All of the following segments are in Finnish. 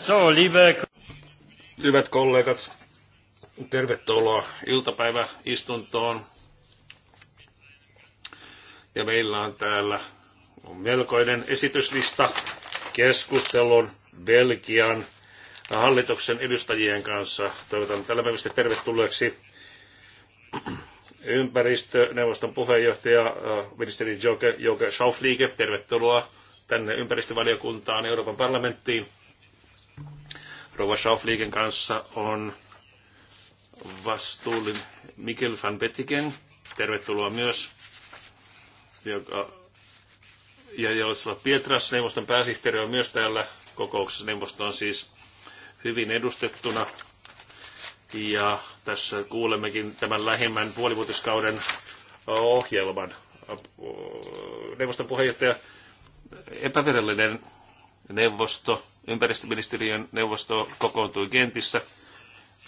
So, liebe... Hyvät kollegat, tervetuloa iltapäiväistuntoon. Ja meillä on täällä on melkoinen esityslista keskustelun Belgian hallituksen edustajien kanssa. Toivotan päivästä tervetulleeksi ympäristöneuvoston puheenjohtaja, äh, ministeri Joke, Joke Schaufliege. Tervetuloa tänne ympäristövaliokuntaan Euroopan parlamenttiin. Rova Schaufliegen kanssa on vastuullinen Mikkel van Bettigen. Tervetuloa myös. Joka, ja Jaroslav Pietras, neuvoston pääsihteeri, on myös täällä kokouksessa. Neuvosto on siis hyvin edustettuna. Ja tässä kuulemmekin tämän lähimmän puolivuotiskauden ohjelman. Neuvoston puheenjohtaja epävirallinen neuvosto ympäristöministeriön neuvosto kokoontui Gentissä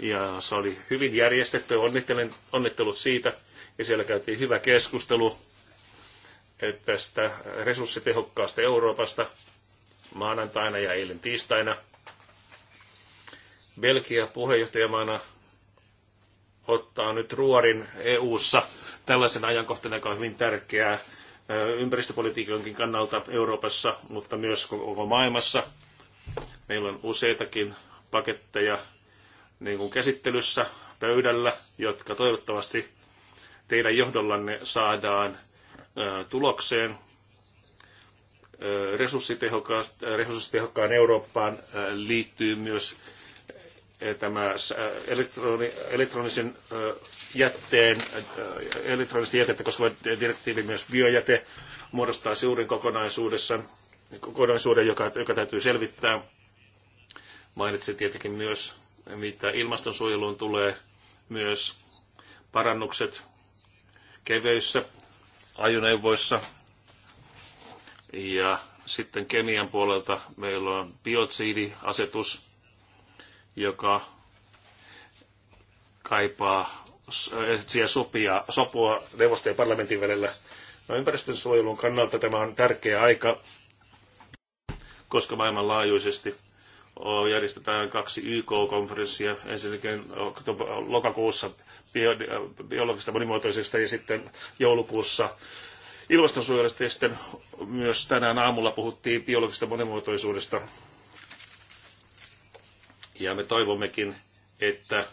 ja se oli hyvin järjestetty. Onnittelen, onnittelut siitä ja siellä käytiin hyvä keskustelu eh, tästä resurssitehokkaasta Euroopasta maanantaina ja eilen tiistaina. Belgia puheenjohtajamaana ottaa nyt ruorin EU-ssa tällaisen ajankohtana, joka on hyvin tärkeää eh, ympäristöpolitiikankin kannalta Euroopassa, mutta myös koko maailmassa. Meillä on useitakin paketteja niin kuin käsittelyssä pöydällä, jotka toivottavasti teidän johdollanne saadaan tulokseen. Resurssitehokkaan Eurooppaan liittyy myös tämä elektroni, elektronisen jätteen, elektronista jätettä koskeva direktiivi, myös biojäte, muodostaa suurin kokonaisuudessa, kokonaisuuden, joka, joka täytyy selvittää Mainitsin tietenkin myös, mitä ilmastonsuojeluun tulee, myös parannukset kevyissä ajoneuvoissa. Ja sitten kemian puolelta meillä on biotsiidiasetus, joka kaipaa etsiä sopia, sopua neuvosto ja parlamentin välillä. No, ympäristön suojelun kannalta tämä on tärkeä aika, koska maailmanlaajuisesti järjestetään kaksi YK-konferenssia, ensinnäkin lokakuussa bio, biologisesta monimuotoisesta ja sitten joulukuussa ilmastonsuojelusta ja sitten myös tänään aamulla puhuttiin biologisesta monimuotoisuudesta. Ja me toivommekin, että,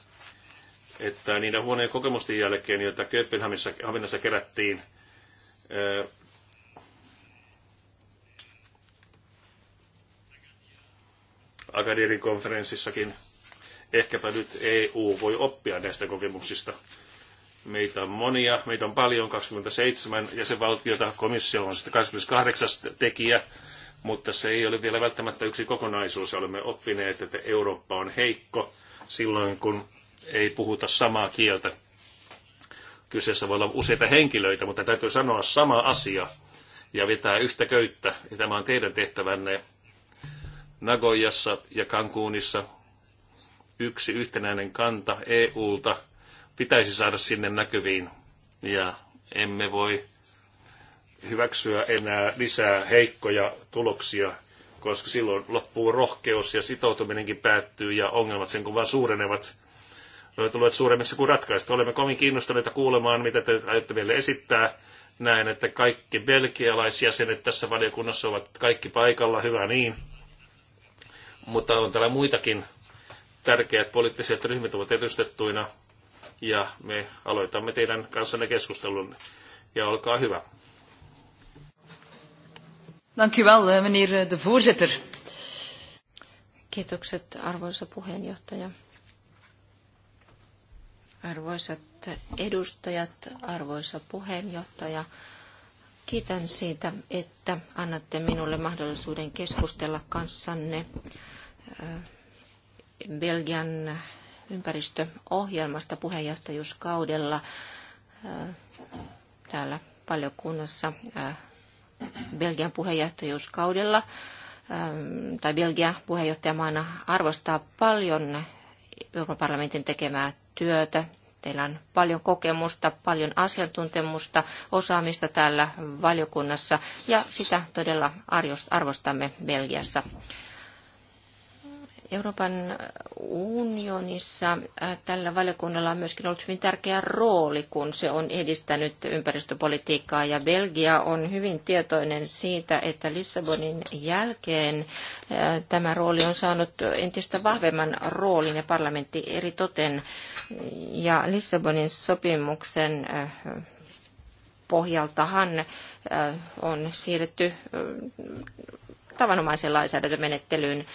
että niiden huoneen kokemusten jälkeen, joita Kööpenhaminassa kerättiin, Agadirin konferenssissakin. Ehkäpä nyt EU voi oppia näistä kokemuksista. Meitä on monia, meitä on paljon, 27 jäsenvaltiota, komissio on sitten 28 tekijä, mutta se ei ole vielä välttämättä yksi kokonaisuus. Olemme oppineet, että Eurooppa on heikko silloin, kun ei puhuta samaa kieltä. Kyseessä voi olla useita henkilöitä, mutta täytyy sanoa sama asia ja vetää yhtä köyttä. Ja tämä on teidän tehtävänne Nagoyassa ja Cancunissa yksi yhtenäinen kanta EUlta pitäisi saada sinne näkyviin. Ja emme voi hyväksyä enää lisää heikkoja tuloksia, koska silloin loppuu rohkeus ja sitoutuminenkin päättyy ja ongelmat sen kun vaan suurenevat tulevat suuremmiksi kuin ratkaisut. Olemme kovin kiinnostuneita kuulemaan, mitä te aiotte meille esittää. Näen, että kaikki belgialaisjäsenet tässä valiokunnassa ovat kaikki paikalla, hyvä niin mutta on täällä muitakin tärkeät poliittiset ryhmät ovat edustettuina, ja me aloitamme teidän kanssanne keskustelun, ja olkaa hyvä. Dank u wel, eh, meneer eh, de voorzitter. Kiitokset, arvoisa puheenjohtaja. Arvoisat edustajat, arvoisa puheenjohtaja, kiitän siitä, että annatte minulle mahdollisuuden keskustella kanssanne Belgian ympäristöohjelmasta puheenjohtajuuskaudella täällä valiokunnassa Belgian puheenjohtajuuskaudella tai Belgia puheenjohtajamaana arvostaa paljon Euroopan parlamentin tekemää työtä. Teillä on paljon kokemusta, paljon asiantuntemusta, osaamista täällä valiokunnassa ja sitä todella arvostamme Belgiassa. Euroopan unionissa äh, tällä valiokunnalla on myöskin ollut hyvin tärkeä rooli, kun se on edistänyt ympäristöpolitiikkaa ja Belgia on hyvin tietoinen siitä, että Lissabonin jälkeen äh, tämä rooli on saanut entistä vahvemman roolin ja parlamentti eri toten ja Lissabonin sopimuksen äh, pohjaltahan on siirretty tavanomaisen lainsäädäntömenettelyyn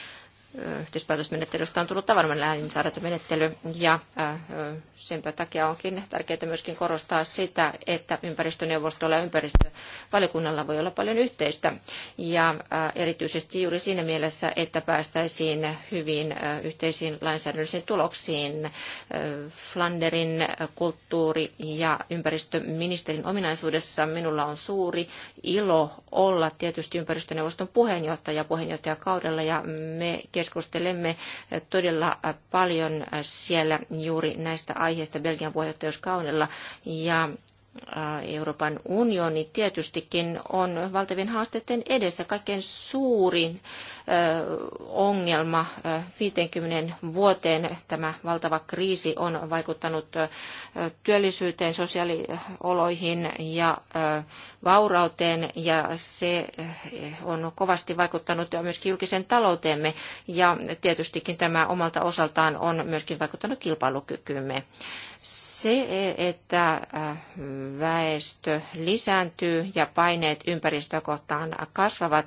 yhteispäätösmenettelystä on tullut tavallinen lainsäädäntömenettely ja sen takia onkin tärkeää myöskin korostaa sitä, että ympäristöneuvostolla ja ympäristövaliokunnalla voi olla paljon yhteistä ja erityisesti juuri siinä mielessä, että päästäisiin hyvin yhteisiin lainsäädännöllisiin tuloksiin. Flanderin kulttuuri- ja ympäristöministerin ominaisuudessa minulla on suuri ilo olla tietysti ympäristöneuvoston puheenjohtaja puheenjohtajakaudella ja me keskustelemme todella paljon siellä juuri näistä aiheista Belgian puheenjohtajuuskaudella. Ja Euroopan unioni tietystikin on valtavien haasteiden edessä. Kaikkein suurin ongelma. 50 vuoteen tämä valtava kriisi on vaikuttanut työllisyyteen, sosiaalioloihin ja vaurauteen ja se on kovasti vaikuttanut myöskin julkisen talouteemme ja tietystikin tämä omalta osaltaan on myöskin vaikuttanut kilpailukykyymme. Se, että väestö lisääntyy ja paineet ympäristöä kasvavat,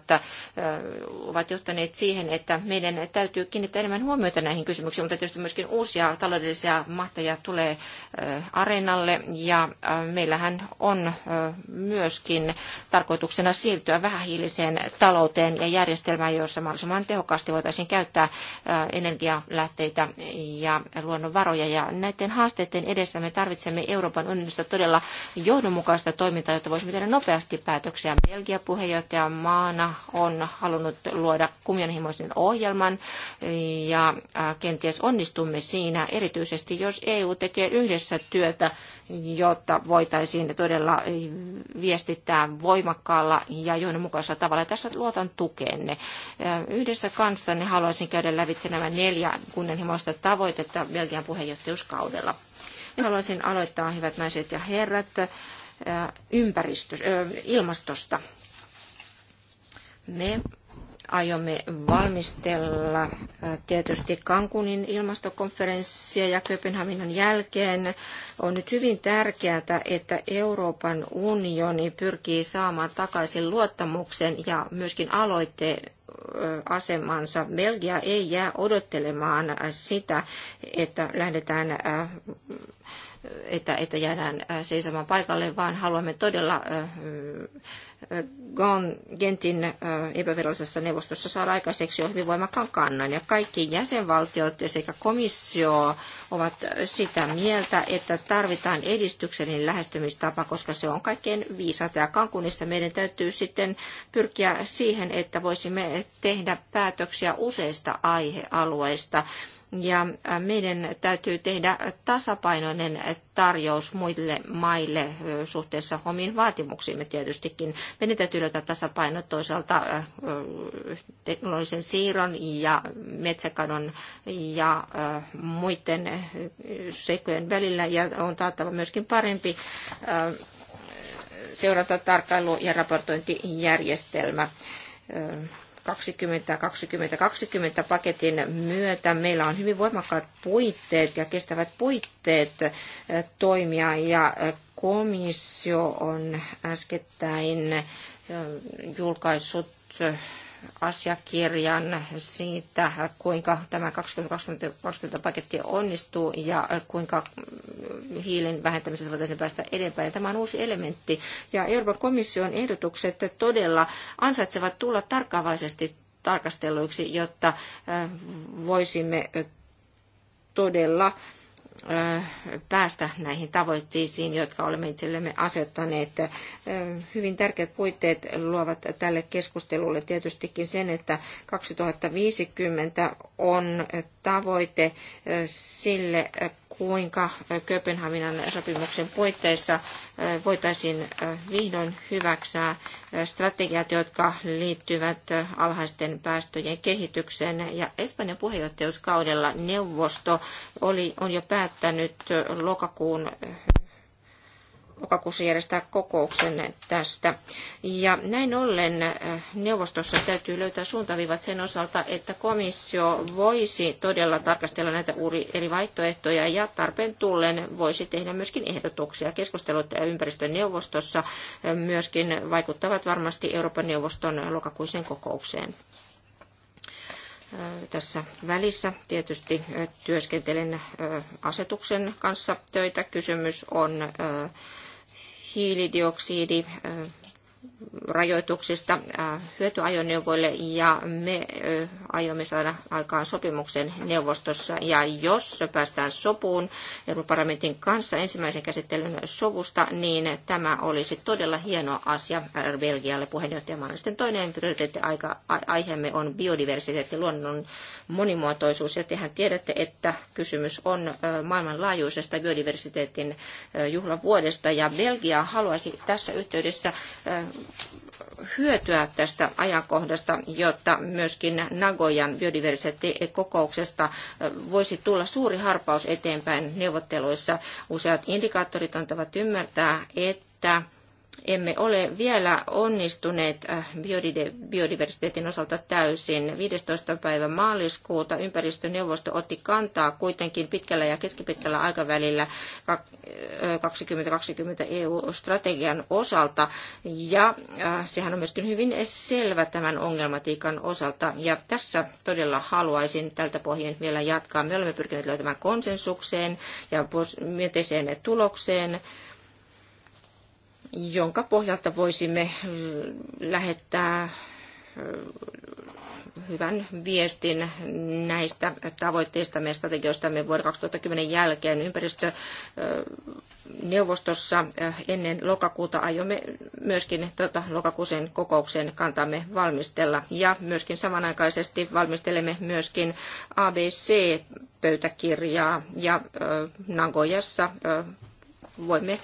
ovat jo johtaneet siihen, että meidän täytyy kiinnittää enemmän huomiota näihin kysymyksiin, mutta tietysti myöskin uusia taloudellisia mahtajia tulee areenalle ja meillähän on myöskin tarkoituksena siirtyä vähähiiliseen talouteen ja järjestelmään, jossa mahdollisimman tehokkaasti voitaisiin käyttää energialähteitä ja luonnonvaroja ja näiden haasteiden edessä me tarvitsemme Euroopan unionista todella johdonmukaista toimintaa, jotta voisimme tehdä nopeasti päätöksiä. Belgia puheenjohtaja maana on halunnut luoda kunnianhimoisen ohjelman ja kenties onnistumme siinä, erityisesti jos EU tekee yhdessä työtä, jotta voitaisiin todella viestittää voimakkaalla ja johdonmukaisella tavalla. Tässä luotan tukeenne. Yhdessä kanssanne haluaisin käydä lävitse nämä neljä kunnianhimoista tavoitetta Belgian puheenjohtajuuskaudella. Haluaisin aloittaa, hyvät naiset ja herrat, ympäristö, ilmastosta. Me aiomme valmistella äh, tietysti Kankunin ilmastokonferenssia ja Kööpenhaminan jälkeen. On nyt hyvin tärkeää, että Euroopan unioni pyrkii saamaan takaisin luottamuksen ja myöskin aloitteen äh, asemansa. Belgia ei jää odottelemaan sitä, että lähdetään äh, että, että jäädään seisomaan paikalle, vaan haluamme todella Gentin epävirallisessa neuvostossa saada aikaiseksi jo hyvin voimakkaan kannan. Ja kaikki jäsenvaltiot sekä komissio ovat sitä mieltä, että tarvitaan edistyksellinen lähestymistapa, koska se on kaikkein viisaata. Ja Kankunissa meidän täytyy sitten pyrkiä siihen, että voisimme tehdä päätöksiä useista aihealueista ja meidän täytyy tehdä tasapainoinen tarjous muille maille suhteessa omiin vaatimuksiimme tietystikin. Meidän täytyy löytää tasapaino toisaalta teknologisen siirron ja metsäkadon ja muiden seikkojen välillä ja on taattava myöskin parempi seurata tarkkailu- ja raportointijärjestelmä 2020-2020 paketin myötä meillä on hyvin voimakkaat puitteet ja kestävät puitteet eh, toimia ja eh, komissio on äskettäin eh, julkaissut asiakirjan siitä, kuinka tämä 2020 paketti onnistuu ja kuinka hiilen vähentämisessä voitaisiin päästä eteenpäin. Tämä on uusi elementti ja Euroopan komission ehdotukset todella ansaitsevat tulla tarkkaavaisesti tarkastelluiksi, jotta voisimme todella päästä näihin tavoitteisiin, jotka olemme itsellemme asettaneet. Hyvin tärkeät puitteet luovat tälle keskustelulle tietystikin sen, että 2050 on tavoite sille, kuinka Kööpenhaminan sopimuksen puitteissa voitaisiin vihdoin hyväksää strategiat, jotka liittyvät alhaisten päästöjen kehitykseen. Ja Espanjan puheenjohtajuuskaudella neuvosto oli, on jo päättänyt, päättänyt lokakuun lokakuussa järjestää kokouksen tästä. Ja näin ollen äh, neuvostossa täytyy löytää suuntaviivat sen osalta, että komissio voisi todella tarkastella näitä eri vaihtoehtoja ja tarpeen tullen voisi tehdä myöskin ehdotuksia. Keskustelut ympäristöneuvostossa äh, myöskin vaikuttavat varmasti Euroopan neuvoston lokakuiseen kokoukseen tässä välissä tietysti työskentelen asetuksen kanssa töitä. Kysymys on hiilidioksidi rajoituksista hyötyajoneuvoille ja me aiomme saada aikaan sopimuksen neuvostossa. Ja jos päästään sopuun Euroopan parlamentin kanssa ensimmäisen käsittelyn sovusta, niin tämä olisi todella hieno asia Belgialle puheenjohtajamaana. Sitten toinen aiheemme on biodiversiteetti, luonnon monimuotoisuus. Ja tehän tiedätte, että kysymys on maailmanlaajuisesta biodiversiteetin juhlavuodesta. Ja Belgia haluaisi tässä yhteydessä hyötyä tästä ajankohdasta, jotta myöskin Nagojan biodiversiteettikokouksesta voisi tulla suuri harpaus eteenpäin neuvotteluissa. Useat indikaattorit antavat ymmärtää, että emme ole vielä onnistuneet äh, biodiversiteetin osalta täysin. 15. päivä maaliskuuta ympäristöneuvosto otti kantaa kuitenkin pitkällä ja keskipitkällä aikavälillä 2020 äh, EU-strategian osalta. Ja äh, sehän on myöskin hyvin selvä tämän ongelmatiikan osalta. Ja tässä todella haluaisin tältä pohjin vielä jatkaa. Me olemme pyrkineet löytämään konsensukseen ja myönteiseen tulokseen jonka pohjalta voisimme äh, lähettää äh, hyvän viestin näistä tavoitteista ja strategioistamme vuoden 2010 jälkeen ympäristöneuvostossa äh, ennen lokakuuta aiomme myöskin tuota lokakuisen kokouksen kantamme valmistella ja myöskin samanaikaisesti valmistelemme myöskin ABC-pöytäkirjaa ja Nagojassa voimme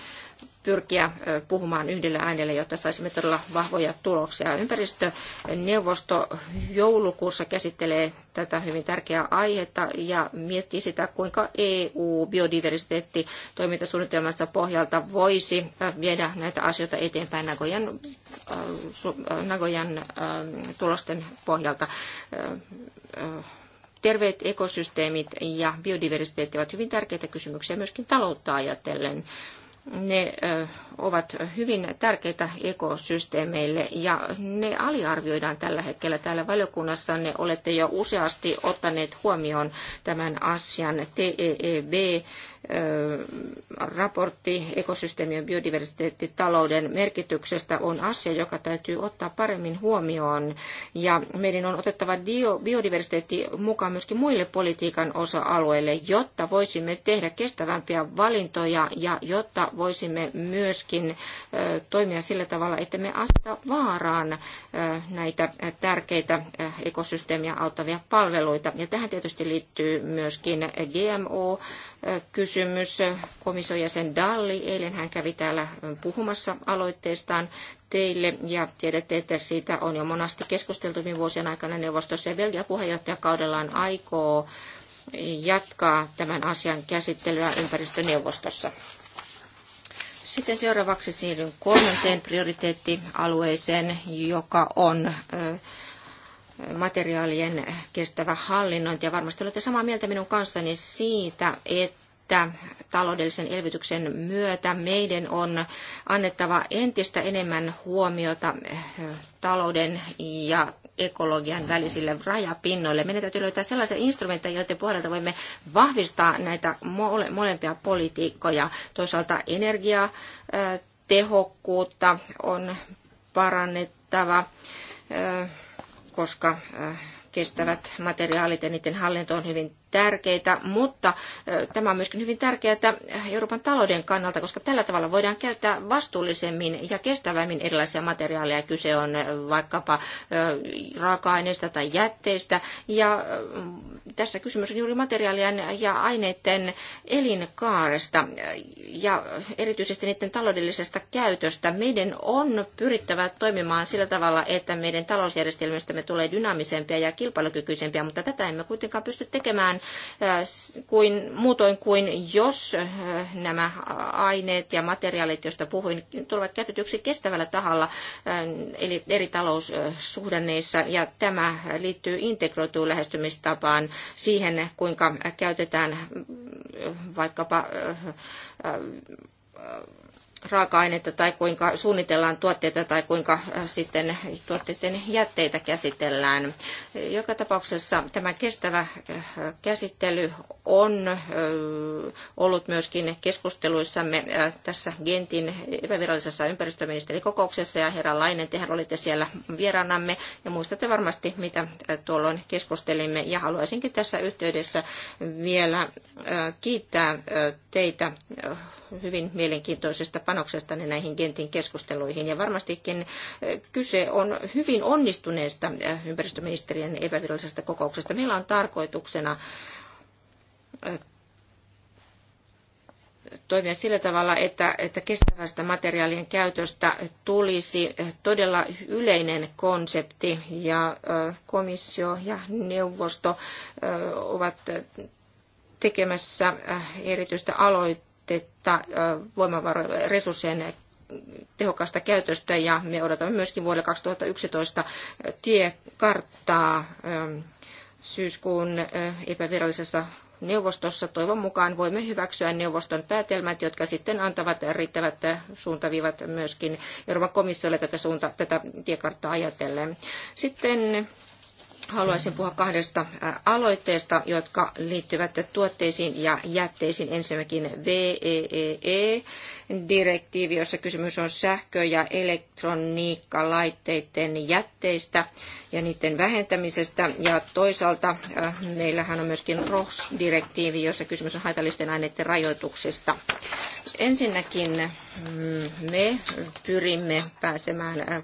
pyrkiä puhumaan yhdellä äänellä, jotta saisimme todella vahvoja tuloksia. Ympäristöneuvosto joulukuussa käsittelee tätä hyvin tärkeää aihetta ja miettii sitä, kuinka EU-biodiversiteetti toimintasuunnitelmassa pohjalta voisi viedä näitä asioita eteenpäin Nagojan, Nagojan tulosten pohjalta terveet ekosysteemit ja biodiversiteetti ovat hyvin tärkeitä kysymyksiä myöskin taloutta ajatellen ne ovat hyvin tärkeitä ekosysteemeille ja ne aliarvioidaan tällä hetkellä täällä valiokunnassa. Ne olette jo useasti ottaneet huomioon tämän asian TEEB raportti ekosysteemien biodiversiteettitalouden merkityksestä on asia, joka täytyy ottaa paremmin huomioon. Ja meidän on otettava biodiversiteetti mukaan myöskin muille politiikan osa-alueille, jotta voisimme tehdä kestävämpiä valintoja ja jotta voisimme myöskin toimia sillä tavalla, että me aseta vaaraan näitä tärkeitä ekosysteemiä auttavia palveluita. Ja tähän tietysti liittyy myöskin GMO, kysymys. Komission jäsen Dalli, eilen hän kävi täällä puhumassa aloitteestaan teille ja tiedätte, että siitä on jo monasti keskusteltu viime vuosien aikana neuvostossa ja Belgia puheenjohtajakaudellaan aikoo jatkaa tämän asian käsittelyä ympäristöneuvostossa. Sitten seuraavaksi siirryn kolmanteen prioriteettialueeseen, joka on materiaalien kestävä hallinnointi. Ja varmasti olette samaa mieltä minun kanssani siitä, että taloudellisen elvytyksen myötä meidän on annettava entistä enemmän huomiota eh, talouden ja ekologian välisille rajapinnoille. Meidän täytyy löytää sellaisia instrumentteja, joiden puolelta voimme vahvistaa näitä mole, molempia politiikkoja. Toisaalta energiatehokkuutta eh, on parannettava eh, koska äh, kestävät materiaalit ja niiden hallinto on hyvin tärkeitä, mutta tämä on myöskin hyvin tärkeää Euroopan talouden kannalta, koska tällä tavalla voidaan käyttää vastuullisemmin ja kestävämmin erilaisia materiaaleja. Kyse on vaikkapa raaka-aineista tai jätteistä. Ja tässä kysymys on juuri materiaalien ja aineiden elinkaaresta ja erityisesti niiden taloudellisesta käytöstä. Meidän on pyrittävä toimimaan sillä tavalla, että meidän talousjärjestelmästämme tulee dynaamisempia ja kilpailukykyisempiä, mutta tätä emme kuitenkaan pysty tekemään kuin, muutoin kuin jos nämä aineet ja materiaalit, joista puhuin, tulevat käytetyksi kestävällä tahalla eli eri taloussuhdanneissa. Ja tämä liittyy integroituun lähestymistapaan siihen, kuinka käytetään vaikkapa raaka-ainetta tai kuinka suunnitellaan tuotteita tai kuinka äh, sitten tuotteiden jätteitä käsitellään. Joka tapauksessa tämä kestävä äh, käsittely on äh, ollut myöskin keskusteluissamme tässä Gentin epävirallisessa ympäristöministerikokouksessa ja herra Lainen, tehän olitte siellä vieraanamme ja muistatte varmasti, mitä tuolloin keskustelimme ja haluaisinkin tässä yhteydessä vielä kiittää teitä hyvin mielenkiintoisesta panoksesta näihin Gentin keskusteluihin. Ja varmastikin eh, kyse on hyvin onnistuneesta eh, ympäristöministerien epävirallisesta kokouksesta. Meillä on tarkoituksena eh, toimia sillä tavalla, että, että kestävästä materiaalien käytöstä tulisi todella yleinen konsepti ja komissio ja neuvosto ovat tekemässä erityistä aloitusta tavoitetta voimavarojen resurssien tehokasta käytöstä ja me odotamme myöskin vuodelle 2011 tiekarttaa syyskuun epävirallisessa neuvostossa. Toivon mukaan voimme hyväksyä neuvoston päätelmät, jotka sitten antavat riittävät suuntaviivat myöskin Euroopan komissiolle tätä, suunta, tätä tiekarttaa ajatellen. Sitten haluaisin puhua kahdesta aloitteesta, jotka liittyvät tuotteisiin ja jätteisiin. Ensinnäkin VEEE-direktiivi, jossa kysymys on sähkö- ja elektroniikkalaitteiden jätteistä ja niiden vähentämisestä. Ja toisaalta meillähän on myöskin ROHS-direktiivi, jossa kysymys on haitallisten aineiden rajoituksista. Ensinnäkin mm, me pyrimme pääsemään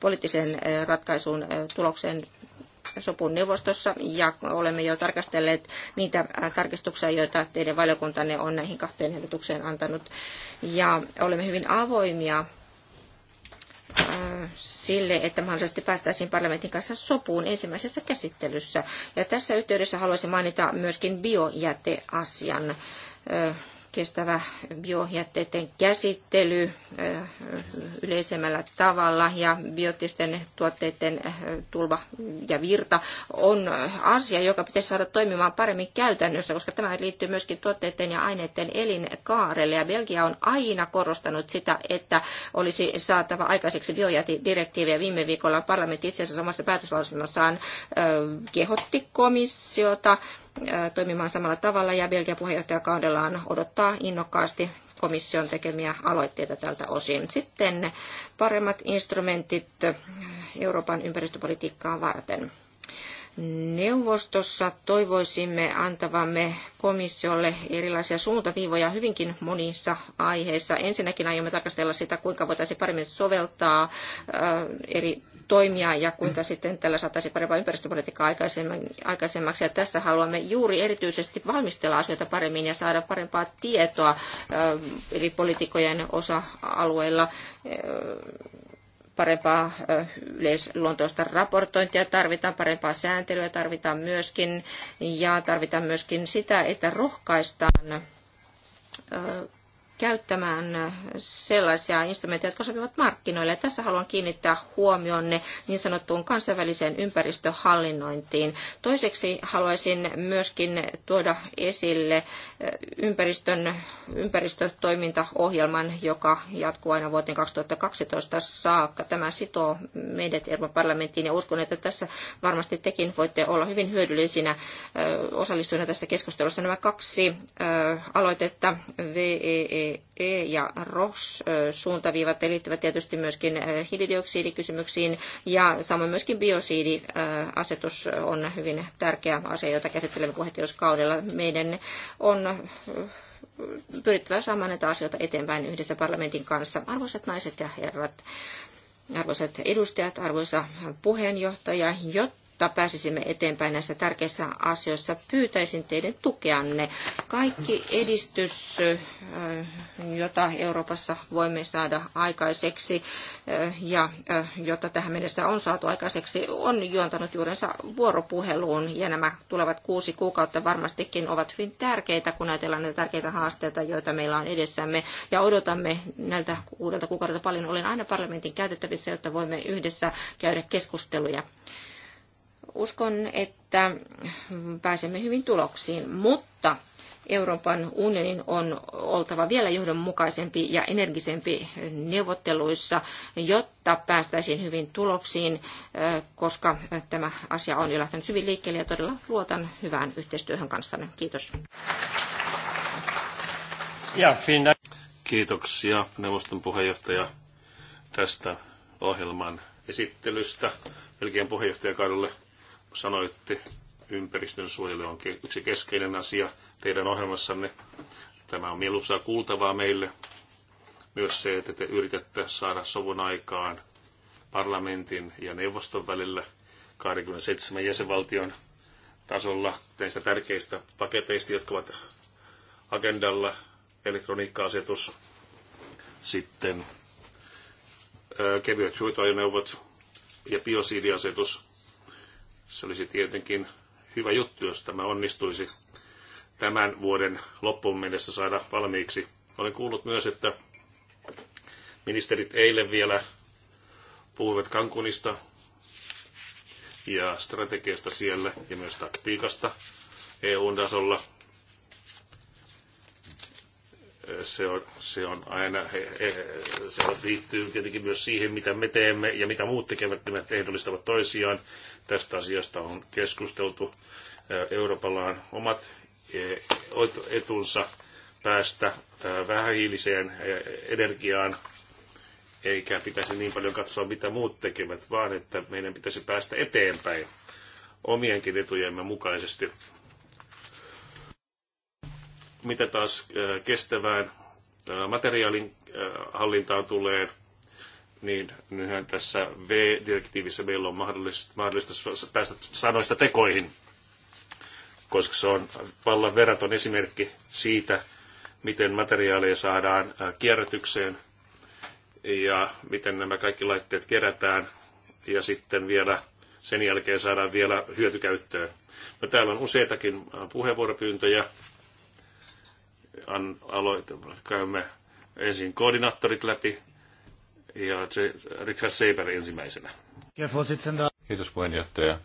poliittiseen ratkaisuun tulokseen sopun neuvostossa ja olemme jo tarkastelleet niitä äh, tarkistuksia, joita teidän valiokuntanne on näihin kahteen ehdotukseen antanut. Ja olemme hyvin avoimia äh, sille, että mahdollisesti päästäisiin parlamentin kanssa sopuun ensimmäisessä käsittelyssä. Ja tässä yhteydessä haluaisin mainita myöskin biojäteasian äh, kestävä biojätteiden käsittely yleisemmällä tavalla ja biotisten tuotteiden tulva ja virta on asia, joka pitäisi saada toimimaan paremmin käytännössä, koska tämä liittyy myöskin tuotteiden ja aineiden elinkaarelle. Ja Belgia on aina korostanut sitä, että olisi saatava aikaiseksi biojätedirektiiviä. Viime viikolla parlamentti itse asiassa omassa päätöslauselmassaan kehotti komissiota Äh, toimimaan samalla tavalla ja Belgia puheenjohtajakaudellaan odottaa innokkaasti komission tekemiä aloitteita tältä osin. Sitten paremmat instrumentit Euroopan ympäristöpolitiikkaa varten. Neuvostossa toivoisimme antavamme komissiolle erilaisia suuntaviivoja hyvinkin monissa aiheissa. Ensinnäkin aiomme tarkastella sitä, kuinka voitaisiin paremmin soveltaa äh, eri toimia ja kuinka sitten tällä saataisiin parempaa ympäristöpolitiikkaa aikaisemmaksi. Ja tässä haluamme juuri erityisesti valmistella asioita paremmin ja saada parempaa tietoa eri poliitikojen osa-alueilla parempaa yleisluontoista raportointia, tarvitaan parempaa sääntelyä, tarvitaan myöskin, ja tarvitaan myöskin sitä, että rohkaistaan käyttämään sellaisia instrumentteja, jotka sopivat markkinoille. Ja tässä haluan kiinnittää huomionne niin sanottuun kansainväliseen ympäristöhallinnointiin. Toiseksi haluaisin myöskin tuoda esille eh, ympäristön, ympäristötoimintaohjelman, joka jatkuu aina vuoteen 2012 saakka. Tämä sitoo meidät Euroopan parlamenttiin ja uskon, että tässä varmasti tekin voitte olla hyvin hyödyllisinä eh, osallistujina tässä keskustelussa. Nämä kaksi eh, aloitetta, VEE e E ja ROS-suuntaviivat liittyvät tietysti myöskin äh, hiilidioksidikysymyksiin ja samoin myöskin biosiidiasetus on hyvin tärkeä asia, jota käsittelemme puheenjohtajuuskaudella. Meidän on äh, pyrittävä saamaan näitä asioita eteenpäin yhdessä parlamentin kanssa. Arvoisat naiset ja herrat, arvoisat edustajat, arvoisa puheenjohtaja, jotta jotta pääsisimme eteenpäin näissä tärkeissä asioissa. Pyytäisin teidän tukeanne. Kaikki edistys, äh, jota Euroopassa voimme saada aikaiseksi äh, ja äh, jota tähän mennessä on saatu aikaiseksi, on juontanut juurensa vuoropuheluun ja nämä tulevat kuusi kuukautta varmastikin ovat hyvin tärkeitä, kun ajatellaan näitä tärkeitä haasteita, joita meillä on edessämme ja odotamme näiltä kuudelta kuukaudelta paljon. Olen aina parlamentin käytettävissä, jotta voimme yhdessä käydä keskusteluja uskon, että pääsemme hyvin tuloksiin, mutta Euroopan unionin on oltava vielä johdonmukaisempi ja energisempi neuvotteluissa, jotta päästäisiin hyvin tuloksiin, äh, koska tämä asia on jo lähtenyt hyvin liikkeelle ja todella luotan hyvään yhteistyöhön kanssanne. Kiitos. Ja, Kiitoksia neuvoston puheenjohtaja tästä ohjelman esittelystä Belgian puheenjohtajakaudelle sanoitte, ympäristön suojelu on yksi keskeinen asia teidän ohjelmassanne. Tämä on mieluisaa kuultavaa meille. Myös se, että te yritätte saada sovun aikaan parlamentin ja neuvoston välillä 27 jäsenvaltion tasolla näistä tärkeistä paketeista, jotka ovat agendalla, elektroniikka-asetus, sitten kevyet hyötyajoneuvot ja biosiidiasetus, se olisi tietenkin hyvä juttu, jos tämä onnistuisi tämän vuoden loppuun mennessä saada valmiiksi. Olen kuullut myös, että ministerit eilen vielä puhuivat Kankunista ja strategiasta siellä ja myös taktiikasta EU-tasolla. Se on, se on aina, se liittyy tietenkin myös siihen, mitä me teemme ja mitä muut tekevät, ne niin ehdollistavat toisiaan. Tästä asiasta on keskusteltu. Euroopalla on omat e, etunsa päästä vähähiiliseen energiaan, eikä pitäisi niin paljon katsoa, mitä muut tekevät, vaan että meidän pitäisi päästä eteenpäin omienkin etujemme mukaisesti. Mitä taas kestävään materiaalin hallintaan tulee, niin nyhän tässä V-direktiivissä meillä on mahdollista päästä sanoista tekoihin, koska se on vallan verraton esimerkki siitä, miten materiaaleja saadaan äh, kierrätykseen ja miten nämä kaikki laitteet kerätään ja sitten vielä sen jälkeen saadaan vielä hyötykäyttöön. No, täällä on useitakin äh, puheenvuoropyyntöjä. An, aloitamme. Käymme ensin koordinaattorit läpi ja Richard Seiber ensimmäisenä. Kiitos puheenjohtaja.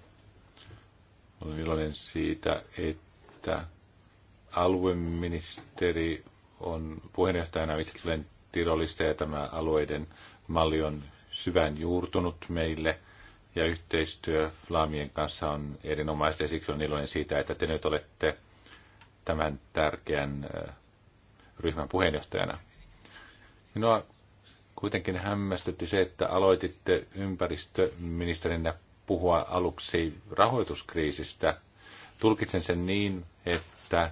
Olen iloinen siitä, että alueministeri on puheenjohtajana itse tulen Tirolista ja tämä alueiden malli on syvän juurtunut meille ja yhteistyö Flaamien kanssa on erinomaista ja siksi on iloinen siitä, että te nyt olette tämän tärkeän äh, ryhmän puheenjohtajana. Minua Kuitenkin hämmästytti se, että aloititte ympäristöministerinä puhua aluksi rahoituskriisistä. Tulkitsen sen niin, että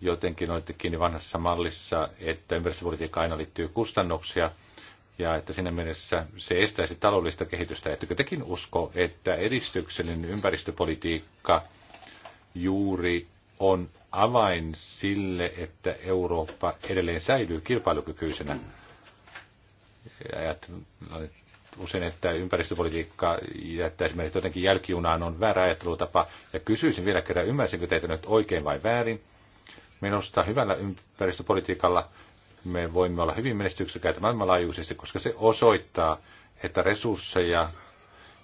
jotenkin olitte kiinni vanhassa mallissa, että ympäristöpolitiikka aina liittyy kustannuksia ja että siinä mielessä se estäisi taloudellista kehitystä. Ettekö tekin usko, että edistyksellinen ympäristöpolitiikka juuri on avain sille, että Eurooppa edelleen säilyy kilpailukykyisenä? usein, että ympäristöpolitiikka jättäisi meidät jotenkin jälkijunaan on väärä ajattelutapa. Ja kysyisin vielä kerran, ymmärsinkö teitä nyt oikein vai väärin? Minusta hyvällä ympäristöpolitiikalla me voimme olla hyvin menestyksekkäitä maailmanlaajuisesti, koska se osoittaa, että resursseja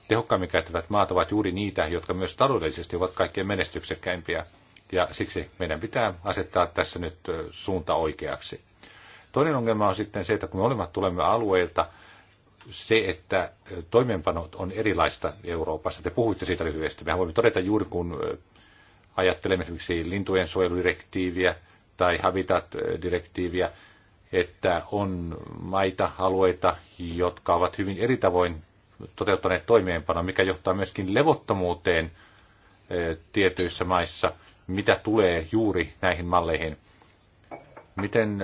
tehokkaammin käyttävät maat ovat juuri niitä, jotka myös taloudellisesti ovat kaikkein menestyksekkäimpiä. Ja siksi meidän pitää asettaa tässä nyt suunta oikeaksi. Toinen ongelma on sitten se, että kun me olemme tulemme alueilta, se, että toimeenpano on erilaista Euroopassa. Te puhuitte siitä lyhyesti. me voimme todeta juuri, kun ajattelemme esimerkiksi lintujen suojeludirektiiviä tai Habitat-direktiiviä, että on maita, alueita, jotka ovat hyvin eri tavoin toteuttaneet toimeenpanoa, mikä johtaa myöskin levottomuuteen tietyissä maissa, mitä tulee juuri näihin malleihin – Miten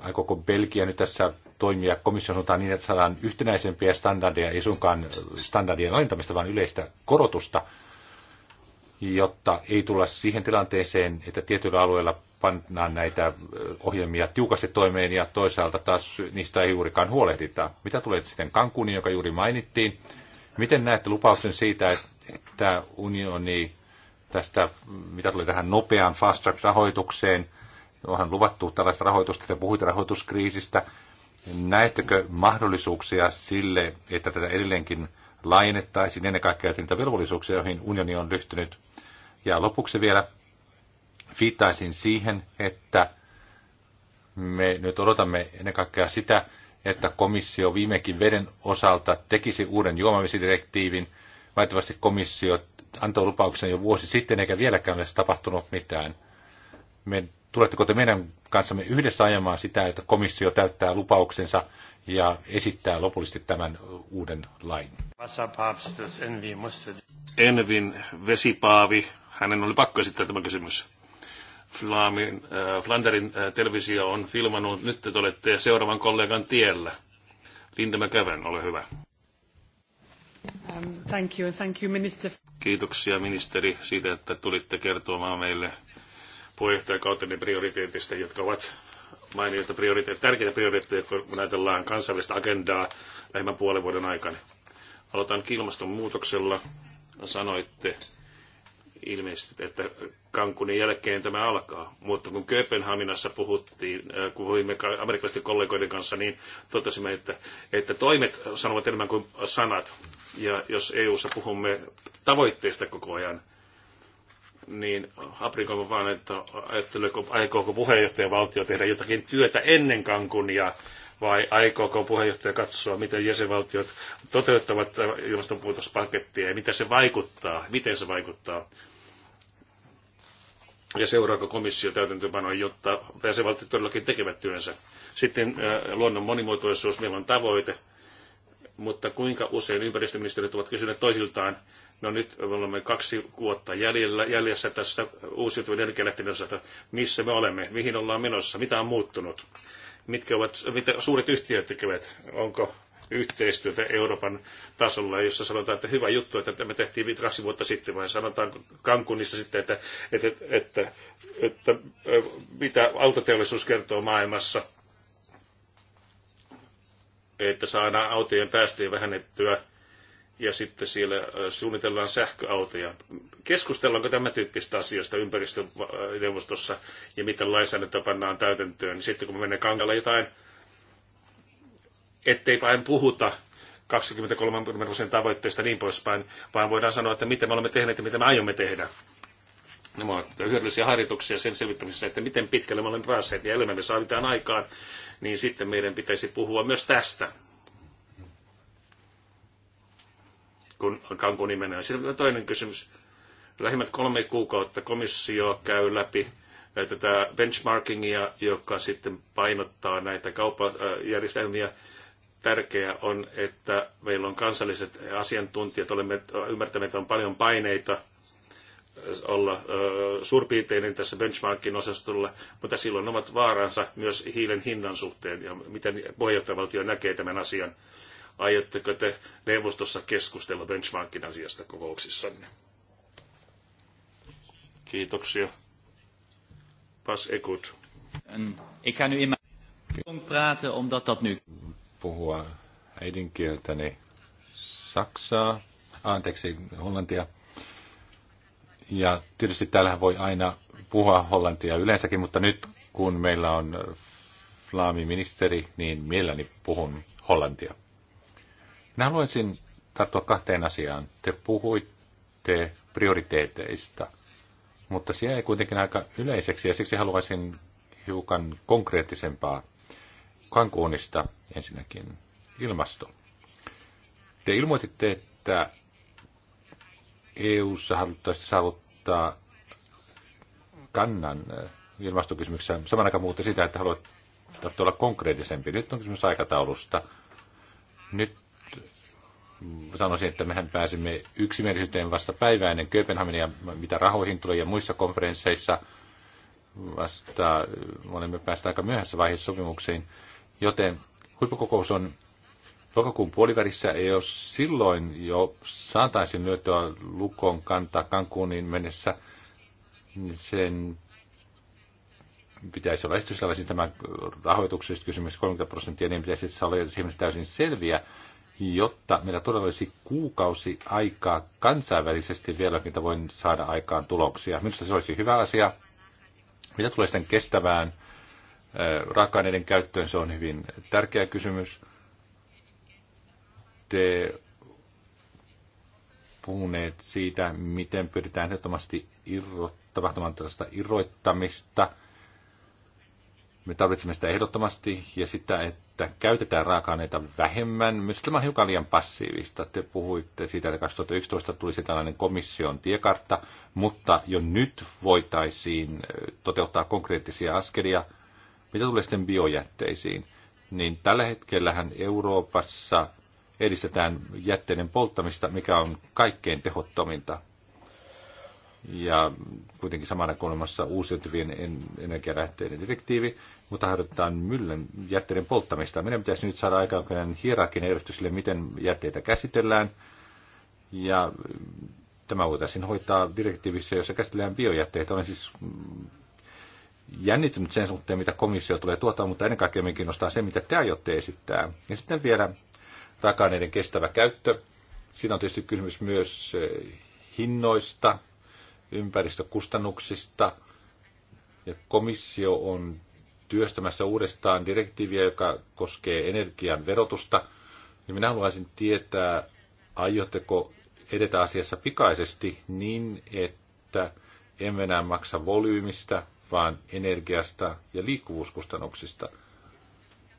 aikooko Belgia nyt tässä toimia komission suuntaan niin, että saadaan yhtenäisempiä standardeja, ei suinkaan standardien alentamista, vaan yleistä korotusta, jotta ei tulla siihen tilanteeseen, että tietyillä alueilla pannaan näitä ohjelmia tiukasti toimeen ja toisaalta taas niistä ei juurikaan huolehdita. Mitä tulee sitten Cancuniin, joka juuri mainittiin? Miten näette lupauksen siitä, että unioni tästä, mitä tulee tähän nopeaan fast track-rahoitukseen – onhan luvattu tällaista rahoitusta, te puhuitte rahoituskriisistä. Näettekö mahdollisuuksia sille, että tätä edelleenkin laajennettaisiin ennen kaikkea niitä velvollisuuksia, joihin unioni on ryhtynyt? Ja lopuksi vielä viittaisin siihen, että me nyt odotamme ennen kaikkea sitä, että komissio viimekin veden osalta tekisi uuden juomavesidirektiivin. Vaihtavasti komissio antoi lupauksen jo vuosi sitten, eikä vieläkään ole tapahtunut mitään. Me tuletteko te meidän kanssamme yhdessä ajamaan sitä, että komissio täyttää lupauksensa ja esittää lopullisesti tämän uuden lain? Envin vesipaavi, hänen oli pakko esittää tämä kysymys. Flamin, äh, Flanderin äh, televisio on filmannut, nyt te olette seuraavan kollegan tiellä. Linda McEwen, ole hyvä. Um, thank you, thank you, minister. Kiitoksia ministeri siitä, että tulitte kertomaan meille puheenjohtajakauteni prioriteetista, jotka ovat mainioita prioriteetteja, tärkeitä prioriteetteja, kun ajatellaan kansainvälistä agendaa lähemmän puolen vuoden aikana. Aloitan ilmastonmuutoksella. Sanoitte ilmeisesti, että Kankunin jälkeen tämä alkaa. Mutta kun Kööpenhaminassa puhuttiin, äh, kun puhuimme amerikkalaisten kollegoiden kanssa, niin totesimme, että, että toimet sanovat enemmän kuin sanat. Ja jos EU-ssa puhumme tavoitteista koko ajan, niin aprikoiva vaan, että ajatteleeko, aikooko puheenjohtajavaltio tehdä jotakin työtä ennen Kankunia, vai aikooko puheenjohtaja katsoa, miten jäsenvaltiot toteuttavat ilmastonmuutospakettia ja mitä se vaikuttaa, miten se vaikuttaa. Ja seuraako komissio täytäntöpanoa, jotta jäsenvaltiot todellakin tekevät työnsä. Sitten äh, luonnon monimuotoisuus, meillä on tavoite, mutta kuinka usein ympäristöministeriöt ovat kysyneet toisiltaan, no nyt me olemme kaksi vuotta jäljellä, jäljessä tässä uusiutuvien energialähteiden osalta, missä me olemme, mihin ollaan menossa, mitä on muuttunut, mitkä ovat, mitä suuret yhtiöt tekevät, onko yhteistyötä Euroopan tasolla, jossa sanotaan, että hyvä juttu, että me tehtiin kaksi vuotta sitten, vai sanotaan Kankunissa sitten, että, että, että, että, että mitä autoteollisuus kertoo maailmassa – että saadaan autojen päästöjä vähennettyä ja sitten siellä suunnitellaan sähköautoja. Keskustellaanko tämä tyyppistä asioista ympäristöneuvostossa ja miten lainsäädäntöä pannaan täytäntöön? Niin sitten kun menee kankalla jotain, ettei vain puhuta 23 prosentin tavoitteista niin poispäin, vaan voidaan sanoa, että mitä me olemme tehneet ja mitä me aiomme tehdä. Nämä ovat hyödyllisiä harjoituksia sen selvittämisessä, että miten pitkälle me olemme päässeet ja elämme me saavitaan aikaan niin sitten meidän pitäisi puhua myös tästä. Kun Cancuni menee. Sitten toinen kysymys. Lähimmät kolme kuukautta komissio käy läpi tätä benchmarkingia, joka sitten painottaa näitä kauppajärjestelmiä. Tärkeää on, että meillä on kansalliset asiantuntijat, olemme ymmärtäneet, että on paljon paineita olla suurpiirteinen tässä benchmarkin osastolla, mutta silloin omat vaaransa myös hiilen hinnan suhteen. Ja miten puheenjohtajavaltio näkee tämän asian? Aiotteko te neuvostossa keskustella benchmarkin asiasta kokouksissanne? Kiitoksia. Pas ekut. Ik nu praten, omdat dat nu... Puhua äidinkieltäni saksaa, anteeksi, hollantia. Ja tietysti täällähän voi aina puhua hollantia yleensäkin, mutta nyt kun meillä on ministeri, niin mielelläni puhun hollantia. Minä haluaisin tarttua kahteen asiaan. Te puhuitte prioriteeteista, mutta se ei kuitenkin aika yleiseksi ja siksi haluaisin hiukan konkreettisempaa Kankuunista ensinnäkin ilmasto. Te ilmoititte, että EU-ssa haluttaisiin saavuttaa kannan äh, ilmastokysymyksessä saman aikaan muuta sitä, että haluat olla konkreettisempi. Nyt on kysymys aikataulusta. Nyt sanoisin, että mehän pääsimme yksimielisyyteen vasta päiväinen Kööpenhaminen ja mitä rahoihin tulee ja muissa konferensseissa vasta äh, olemme päästä aika myöhässä vaiheessa sopimuksiin, joten huippukokous on lokakuun puolivärissä, ei jos silloin jo saataisiin lyötyä lukon kantaa Cancuniin mennessä, niin sen pitäisi olla esityslaisin siis tämä rahoituksesta kysymys 30 prosenttia, niin pitäisi olla esimerkiksi täysin selviä, jotta meillä todella olisi kuukausi aikaa kansainvälisesti vieläkin voin saada aikaan tuloksia. Minusta se olisi hyvä asia. Mitä tulee sitten kestävään raaka-aineiden käyttöön, se on hyvin tärkeä kysymys olette puhuneet siitä, miten pyritään ehdottomasti irrot, tapahtumaan tällaista irroittamista. Me tarvitsemme sitä ehdottomasti ja sitä, että käytetään raaka-aineita vähemmän. Mielestäni tämä on hiukan liian passiivista. Te puhuitte siitä, että 2011 tulisi tällainen komission tiekartta, mutta jo nyt voitaisiin toteuttaa konkreettisia askelia. Mitä tulee sitten biojätteisiin? Niin tällä hetkellähän Euroopassa – edistetään jätteiden polttamista, mikä on kaikkein tehottominta. Ja kuitenkin samana kolmassa uusiutuvien energialähteiden direktiivi, mutta harjoitetaan myllyn jätteiden polttamista. Meidän pitäisi nyt saada aikaan hierarkinen järjestys sille, miten jätteitä käsitellään. Ja tämä voitaisiin hoitaa direktiivissä, jossa käsitellään biojätteitä. Olen siis jännittynyt sen suhteen, mitä komissio tulee tuottamaan, mutta ennen kaikkea me kiinnostaa se, mitä te aiotte esittää. Ja sitten vielä raaka-aineiden kestävä käyttö. Siinä on tietysti kysymys myös eh, hinnoista, ympäristökustannuksista. Ja komissio on työstämässä uudestaan direktiiviä, joka koskee energian verotusta. Ja minä haluaisin tietää, aiotteko edetä asiassa pikaisesti niin, että emme enää maksa volyymista, vaan energiasta ja liikkuvuuskustannuksista.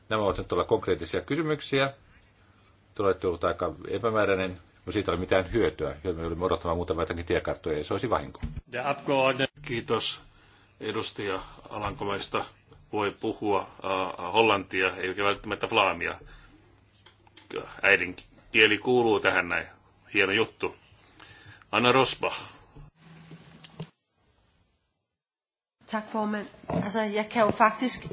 Nämä ovat nyt olla konkreettisia kysymyksiä olette ollut aika epämääräinen, mutta siitä ei ole mitään hyötyä. Me olimme odottamaan muutama jotakin tiekarttoja, ja se olisi vahinko. Kiitos edustaja Alankomaista. Voi puhua uh, hollantia, eikä välttämättä flaamia. Äidin kieli kuuluu tähän näin. Hieno juttu. Anna Rosba. Tak formand. Altså, jeg kan jo faktisk,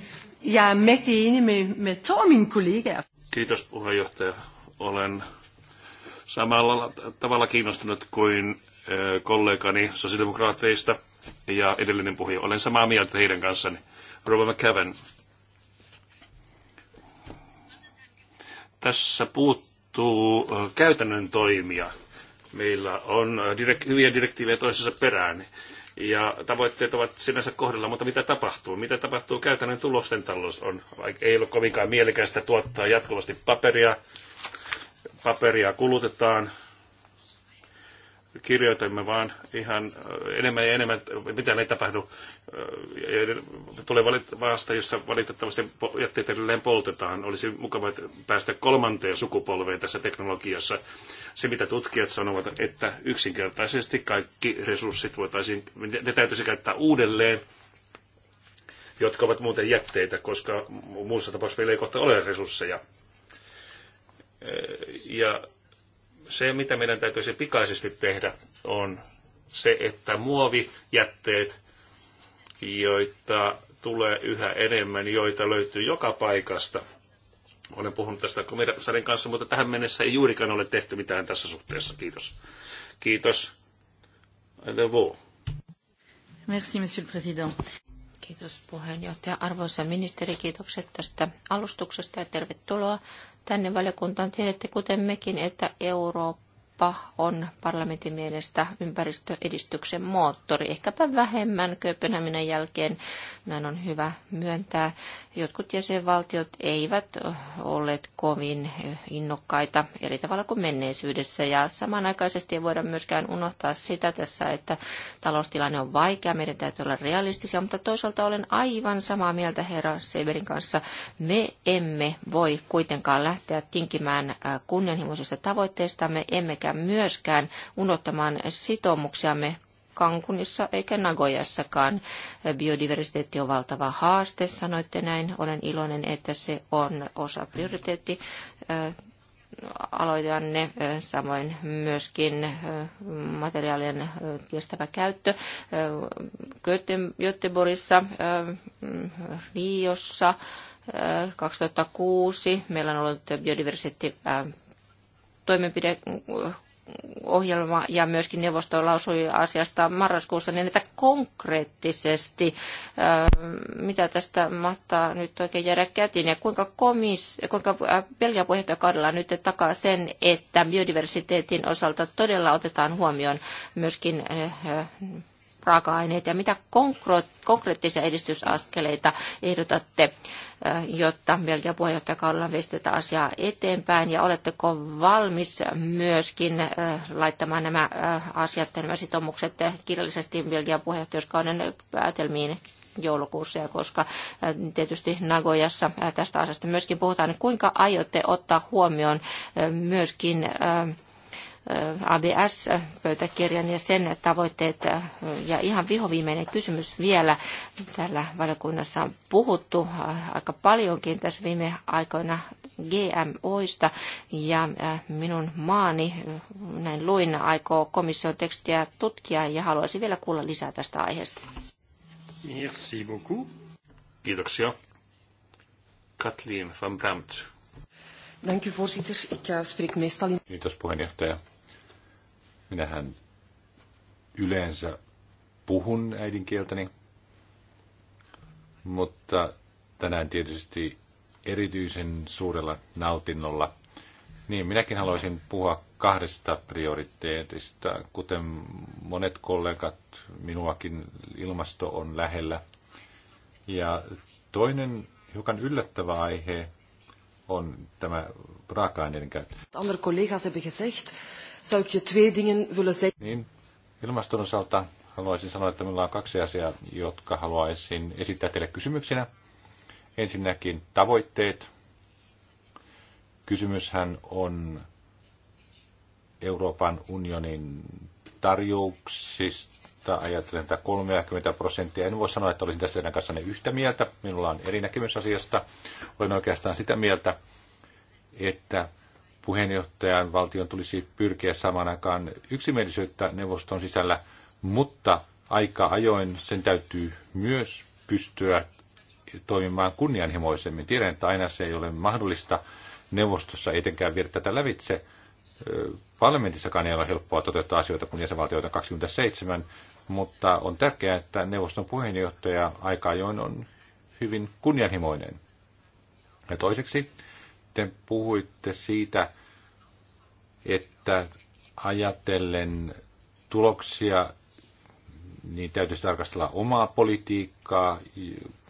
jeg er mægtig enig med, med to af mine kollegaer. Kiitos puheenjohtaja olen samalla tavalla kiinnostunut kuin kollegani sosiaalidemokraateista ja edellinen puhuja. Olen samaa mieltä heidän kanssani. Robert McCavan. Tässä puuttuu käytännön toimia. Meillä on direk- hyviä direktiivejä toisessa perään ja tavoitteet ovat sinänsä kohdalla, mutta mitä tapahtuu? Mitä tapahtuu käytännön tulosten talous? On, ei ole kovinkaan mielekästä tuottaa jatkuvasti paperia, paperia kulutetaan. Kirjoitamme vaan ihan äh, enemmän ja enemmän, mitä ei tapahdu. Äh, tulee vasta, jossa valitettavasti jätteet edelleen poltetaan. Olisi mukava päästä kolmanteen sukupolveen tässä teknologiassa. Se, mitä tutkijat sanovat, että yksinkertaisesti kaikki resurssit voitaisiin, ne täytyisi käyttää uudelleen jotka ovat muuten jätteitä, koska muussa tapauksessa vielä ei kohta ole resursseja. Ja se, mitä meidän täytyisi pikaisesti tehdä, on se, että muovijätteet, joita tulee yhä enemmän, joita löytyy joka paikasta. Olen puhunut tästä komissarin kanssa, mutta tähän mennessä ei juurikaan ole tehty mitään tässä suhteessa. Kiitos. Kiitos. Merci, monsieur le président. Kiitos puheenjohtaja. Arvoisa ministeri, kiitokset tästä alustuksesta ja tervetuloa tänne valiokuntaan. Tiedätte, kuten mekin, että Eurooppa kauppa on parlamentin mielestä ympäristöedistyksen moottori. Ehkäpä vähemmän Kööpenhaminan jälkeen, näin on hyvä myöntää. Jotkut jäsenvaltiot eivät olleet kovin innokkaita eri tavalla kuin menneisyydessä. Ja samanaikaisesti ei voida myöskään unohtaa sitä tässä, että taloustilanne on vaikea, meidän täytyy olla realistisia, mutta toisaalta olen aivan samaa mieltä herra Severin kanssa. Me emme voi kuitenkaan lähteä tinkimään kunnianhimoisesta tavoitteista, me emmekä pyrkikään myöskään unohtamaan sitoumuksiamme Kankunissa eikä Nagojassakaan. Biodiversiteetti on valtava haaste, sanoitte näin. Olen iloinen, että se on osa prioriteetti äh, aloitanne, äh, samoin myöskin äh, materiaalien kestävä käyttö Göteborissa, Riossa, 2006 meillä on ollut biodiversiteetti toimenpideohjelma ja myöskin neuvosto lausui asiasta marraskuussa, niin että konkreettisesti, ähm, mitä tästä mahtaa nyt oikein jäädä käteen, ja kuinka, komis, kuinka äh, Belgia puheenjohtajakaudella nyt takaa sen, että biodiversiteetin osalta todella otetaan huomioon myöskin äh, raaka-aineet ja mitä konkreettisia edistysaskeleita ehdotatte, äh, jotta Belgian puheenjohtajakaudella veisi tätä asiaa eteenpäin ja oletteko valmis myöskin äh, laittamaan nämä äh, asiat ja nämä sitoumukset kirjallisesti Belgian puheenjohtajuuskauden päätelmiin joulukuussa, ja koska tietysti Nagojassa tästä asiasta myöskin puhutaan, niin kuinka aiotte ottaa huomioon myöskin ABS-pöytäkirjan ja sen tavoitteet. Ja ihan vihoviimeinen kysymys vielä. Täällä valiokunnassa on puhuttu aika paljonkin tässä viime aikoina GMOista ja minun maani, näin luin, aikoo komission tekstiä tutkia ja haluaisin vielä kuulla lisää tästä aiheesta. Merci beaucoup. Kiitoksia. Kathleen van Brandt. Dank u voorzitter. Ik eh, spreek meestal in... Kiitos puheenjohtaja. Minähän yleensä puhun äidinkieltäni, mutta tänään tietysti erityisen suurella nautinnolla. Niin, minäkin haluaisin puhua kahdesta prioriteetista. Kuten monet kollegat, minuakin ilmasto on lähellä. Ja toinen hiukan yllättävä aihe on tämä raaka-aineiden käyttö. Andere collega's hebben gezegd, zou ik je twee dingen willen zeggen. Niin, ilmaston osalta haluaisin sanoa, että minulla on kaksi asiaa, jotka haluaisin esittää teille kysymyksinä. Ensinnäkin tavoitteet. Kysymyshän on Euroopan unionin tarjouksista ajattelen tätä 30 prosenttia. En voi sanoa, että olisin tässä teidän kanssanne yhtä mieltä. Minulla on eri näkemys asiasta. Olen oikeastaan sitä mieltä, että puheenjohtajan valtion tulisi pyrkiä saman aikaan yksimielisyyttä neuvoston sisällä, mutta aika ajoin sen täytyy myös pystyä toimimaan kunnianhimoisemmin. Tiedän, että aina se ei ole mahdollista. Neuvostossa etenkään viedä tätä lävitse. Parlamentissakaan ei ole helppoa toteuttaa asioita, kun jäsenvaltioita on 27, mutta on tärkeää, että neuvoston puheenjohtaja aika ajoin on hyvin kunnianhimoinen. Ja toiseksi sitten puhuitte siitä, että ajatellen tuloksia, niin täytyisi tarkastella omaa politiikkaa.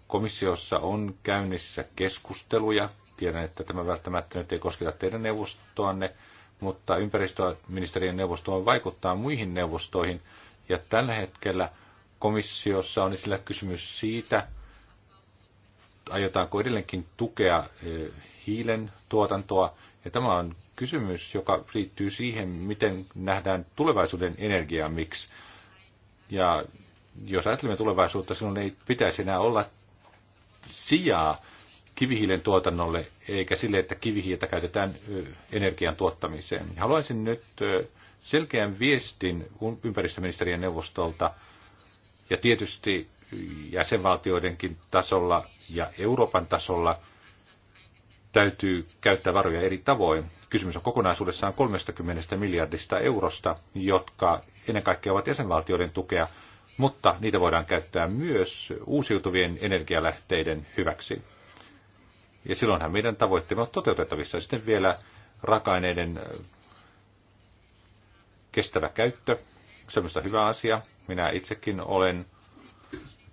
Komissiossa on käynnissä keskusteluja. Tiedän, että tämä välttämättä nyt ei kosketa teidän neuvostoanne, mutta ympäristöministeriön neuvosto on vaikuttaa muihin neuvostoihin. Ja tällä hetkellä komissiossa on esillä kysymys siitä, aiotaanko edelleenkin tukea eh, hiilen tuotantoa. Ja tämä on kysymys, joka liittyy siihen, miten nähdään tulevaisuuden energia, miksi. Ja jos ajattelemme tulevaisuutta, silloin ei pitäisi enää olla sijaa kivihiilen tuotannolle, eikä sille, että kivihiiltä käytetään energian tuottamiseen. Haluaisin nyt selkeän viestin ympäristöministeriön neuvostolta ja tietysti jäsenvaltioidenkin tasolla ja Euroopan tasolla – täytyy käyttää varoja eri tavoin. Kysymys on kokonaisuudessaan 30 miljardista eurosta, jotka ennen kaikkea ovat jäsenvaltioiden tukea, mutta niitä voidaan käyttää myös uusiutuvien energialähteiden hyväksi. Ja silloinhan meidän tavoitteemme on toteutettavissa. Sitten vielä raaka-aineiden kestävä käyttö, se semmoista hyvä asia. Minä itsekin olen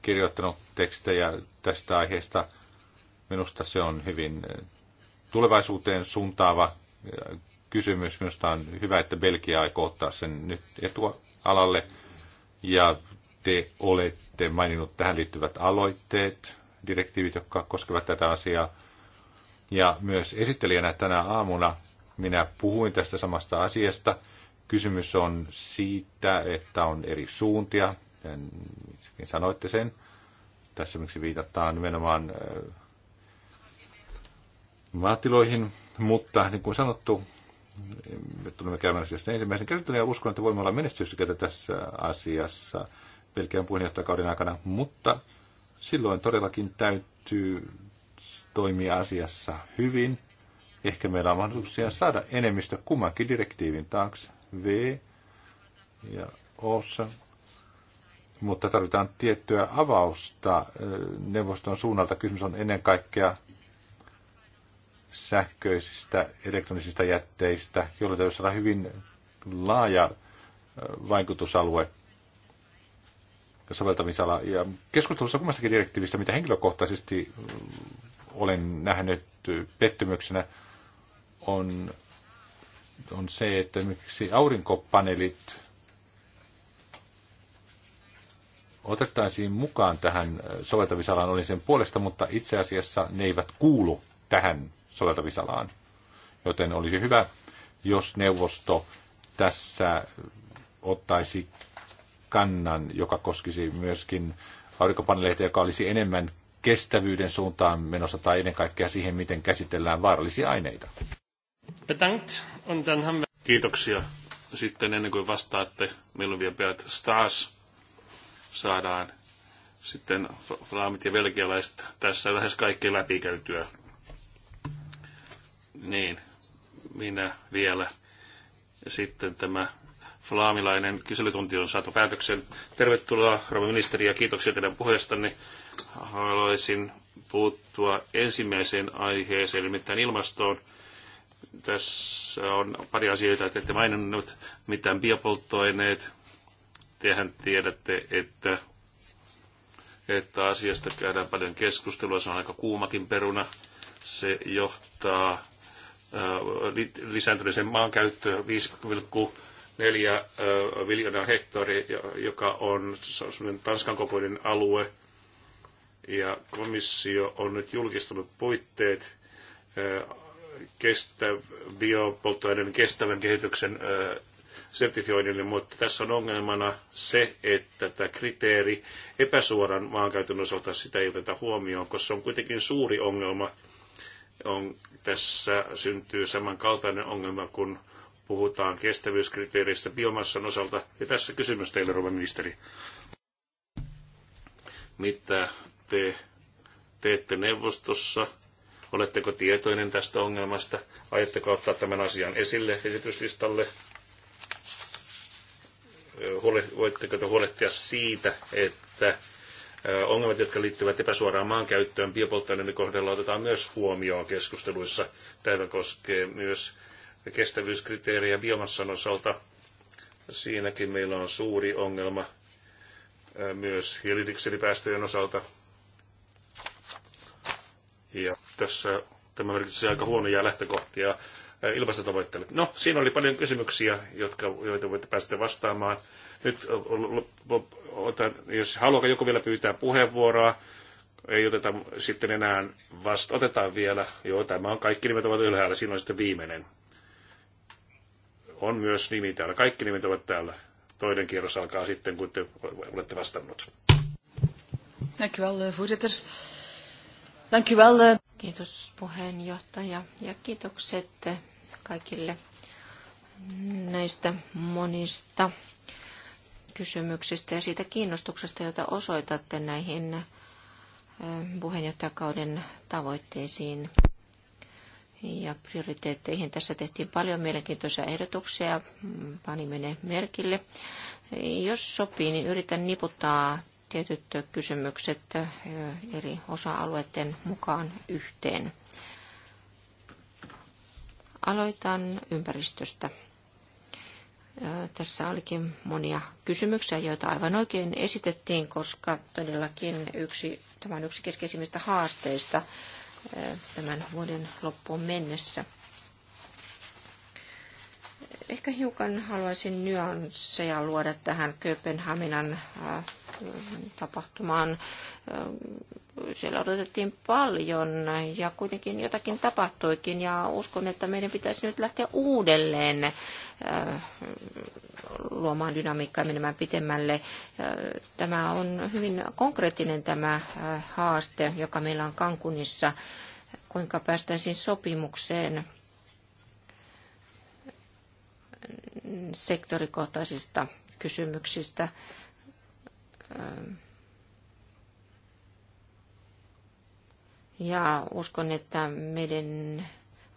kirjoittanut tekstejä tästä aiheesta. Minusta se on hyvin tulevaisuuteen suuntaava äh, kysymys. Minusta on hyvä, että Belgia aikoo ottaa sen nyt etualalle. Ja te olette maininnut tähän liittyvät aloitteet, direktiivit, jotka koskevat tätä asiaa. Ja myös esittelijänä tänä aamuna minä puhuin tästä samasta asiasta. Kysymys on siitä, että on eri suuntia. Sanoitte sen. Tässä miksi viitataan nimenomaan äh, maatiloihin, mutta niin kuin sanottu, me tulemme käymään asiasta ensimmäisen käsittelyn ja uskon, että voimme olla menestyskätä tässä asiassa pelkään puheenjohtajakauden aikana, mutta silloin todellakin täytyy toimia asiassa hyvin. Ehkä meillä on mahdollisuuksia saada enemmistö kummankin direktiivin taakse, V ja Ossa. Mutta tarvitaan tiettyä avausta eh, neuvoston suunnalta. Kysymys on ennen kaikkea sähköisistä elektronisista jätteistä, joilla täytyy olla hyvin laaja vaikutusalue soveltamisala. Ja keskustelussa kummastakin direktiivistä, mitä henkilökohtaisesti olen nähnyt pettymyksenä, on, on se, että miksi aurinkopaneelit otettaisiin mukaan tähän soveltamisalaan, olin sen puolesta, mutta itse asiassa ne eivät kuulu tähän soveltamisalaan. Joten olisi hyvä, jos neuvosto tässä ottaisi kannan, joka koskisi myöskin aurinkopaneeleita, joka olisi enemmän kestävyyden suuntaan menossa tai ennen kaikkea siihen, miten käsitellään vaarallisia aineita. Bedankt. Kiitoksia. Sitten ennen kuin vastaatte, meillä on vielä Beat Stas. Saadaan sitten flaamit ja velkialaiset tässä lähes kaikki läpikäytyä. Niin, minä vielä. Sitten tämä flaamilainen kyselytunti on saatu päätöksen. Tervetuloa, rouva ministeri, ja kiitoksia teidän puheestanne. Haluaisin puuttua ensimmäiseen aiheeseen, nimittäin ilmastoon. Tässä on pari asioita, että ette maininnut mitään biopolttoaineet. Tehän tiedätte, että, että asiasta käydään paljon keskustelua. Se on aika kuumakin peruna. Se johtaa lisääntyneeseen maankäyttöön 5,4 miljoonaa hehtaaria, joka on Tanskan kokoinen alue. Ja komissio on nyt julkistanut puitteet kestä, biopolttoaineiden kestävän kehityksen sertifioinnille, mutta tässä on ongelmana se, että tämä kriteeri epäsuoran maankäytön osalta sitä ei oteta huomioon, koska se on kuitenkin suuri ongelma. On tässä syntyy samankaltainen ongelma, kun puhutaan kestävyyskriteereistä biomassan osalta. Ja tässä kysymys teille, rouva ministeri. Mitä te teette neuvostossa? Oletteko tietoinen tästä ongelmasta? Aiotteko ottaa tämän asian esille esityslistalle? Voitteko te huolehtia siitä, että ongelmat, jotka liittyvät epäsuoraan maankäyttöön biopolttoaineiden kohdalla, otetaan myös huomioon keskusteluissa. Tämä koskee myös kestävyyskriteerejä biomassan osalta. Siinäkin meillä on suuri ongelma myös hiilidioksidipäästöjen osalta. Ja tässä tämä merkitsee aika huonoja lähtökohtia ilmastotavoitteille. No, siinä oli paljon kysymyksiä, jotka, joita voitte päästä vastaamaan. Nyt otan, jos haluaa joku vielä pyytää puheenvuoroa, ei oteta sitten enää vasta, otetaan vielä, joo tämä on, kaikki nimet ovat ylhäällä, siinä on sitten viimeinen. On myös nimi täällä, kaikki nimet ovat täällä. Toinen kierros alkaa sitten, kun te olette vastannut. Eh, eh. Kiitos puheenjohtaja ja kiitokset eh, kaikille näistä monista kysymyksistä ja siitä kiinnostuksesta, jota osoitatte näihin eh, puheenjohtajakauden tavoitteisiin ja prioriteetteihin. Tässä tehtiin paljon mielenkiintoisia ehdotuksia, mm, pani mene merkille. Jos sopii, niin yritän niputtaa tietyt kysymykset eh, eri osa-alueiden mukaan yhteen. Aloitan ympäristöstä. Tässä olikin monia kysymyksiä, joita aivan oikein esitettiin, koska todellakin yksi, tämä on yksi keskeisimmistä haasteista tämän vuoden loppuun mennessä. Ehkä hiukan haluaisin nyansseja luoda tähän Kööpenhaminan äh, tapahtumaan. Äh, siellä odotettiin paljon ja kuitenkin jotakin tapahtuikin ja uskon, että meidän pitäisi nyt lähteä uudelleen äh, luomaan dynamiikkaa menemään pitemmälle. Tämä on hyvin konkreettinen tämä haaste, joka meillä on Kankunissa, kuinka päästäisiin sopimukseen sektorikohtaisista kysymyksistä. Ja uskon, että meidän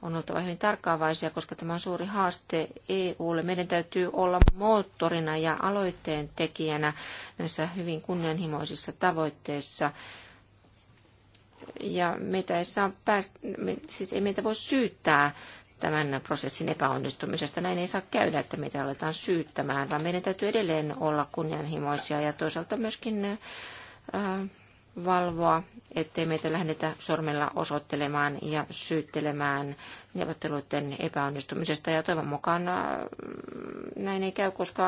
on oltava hyvin tarkkaavaisia, koska tämä on suuri haaste EUlle. Meidän täytyy olla moottorina ja aloitteen tekijänä näissä hyvin kunnianhimoisissa tavoitteissa. Ja meitä ei saa päästä, siis ei meitä voi syyttää tämän prosessin epäonnistumisesta. Näin ei saa käydä, että meitä aletaan syyttämään, vaan meidän täytyy edelleen olla kunnianhimoisia ja toisaalta myöskin äh, valvoa, ettei meitä lähdetä sormella osoittelemaan ja syyttelemään neuvotteluiden epäonnistumisesta. Ja toivon mukaan äh, näin ei käy, koska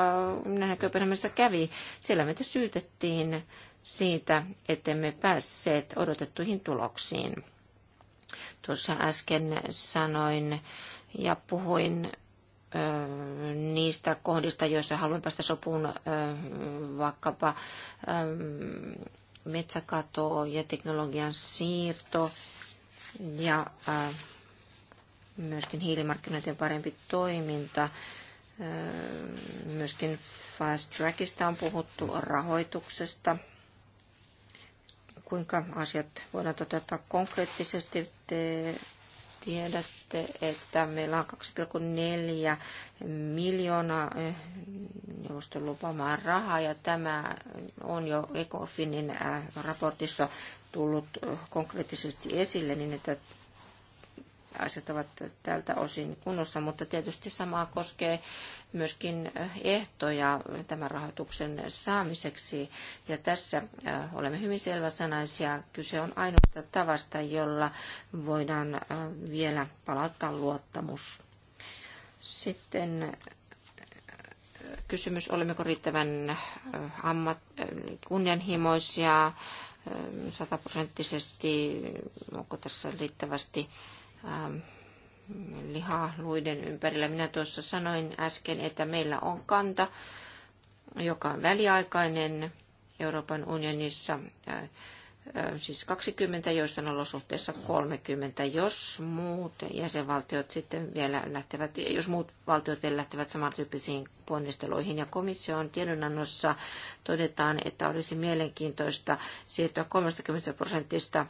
näin Kööpenhaminassa kävi. Siellä meitä syytettiin siitä, ettemme päässeet odotettuihin tuloksiin. Tuossa äsken sanoin ja puhuin niistä kohdista, joissa haluan päästä sopuun vaikkapa metsäkato ja teknologian siirto ja myöskin hiilimarkkinoiden parempi toiminta. Myöskin Fast Trackista on puhuttu rahoituksesta – kuinka asiat voidaan toteuttaa konkreettisesti. Te tiedätte, että meillä on 2,4 miljoonaa eh, neuvoston lupamaa rahaa ja tämä on jo Ecofinin eh, raportissa tullut eh, konkreettisesti esille, niin että asiat ovat tältä osin kunnossa, mutta tietysti samaa koskee myöskin ehtoja tämän rahoituksen saamiseksi. Ja tässä äh, olemme hyvin selväsanaisia. Kyse on ainoasta tavasta, jolla voidaan äh, vielä palauttaa luottamus. Sitten äh, kysymys, olemmeko riittävän ammat, kunnianhimoisia sataprosenttisesti, onko tässä riittävästi ähm, lihaluiden ympärillä. Minä tuossa sanoin äsken, että meillä on kanta, joka on väliaikainen Euroopan unionissa, siis 20, on olosuhteissa 30, jos muut jäsenvaltiot sitten vielä lähtevät, jos muut valtiot vielä lähtevät samantyyppisiin ponnisteluihin. Ja komission tiedonannossa todetaan, että olisi mielenkiintoista siirtyä 30 prosentista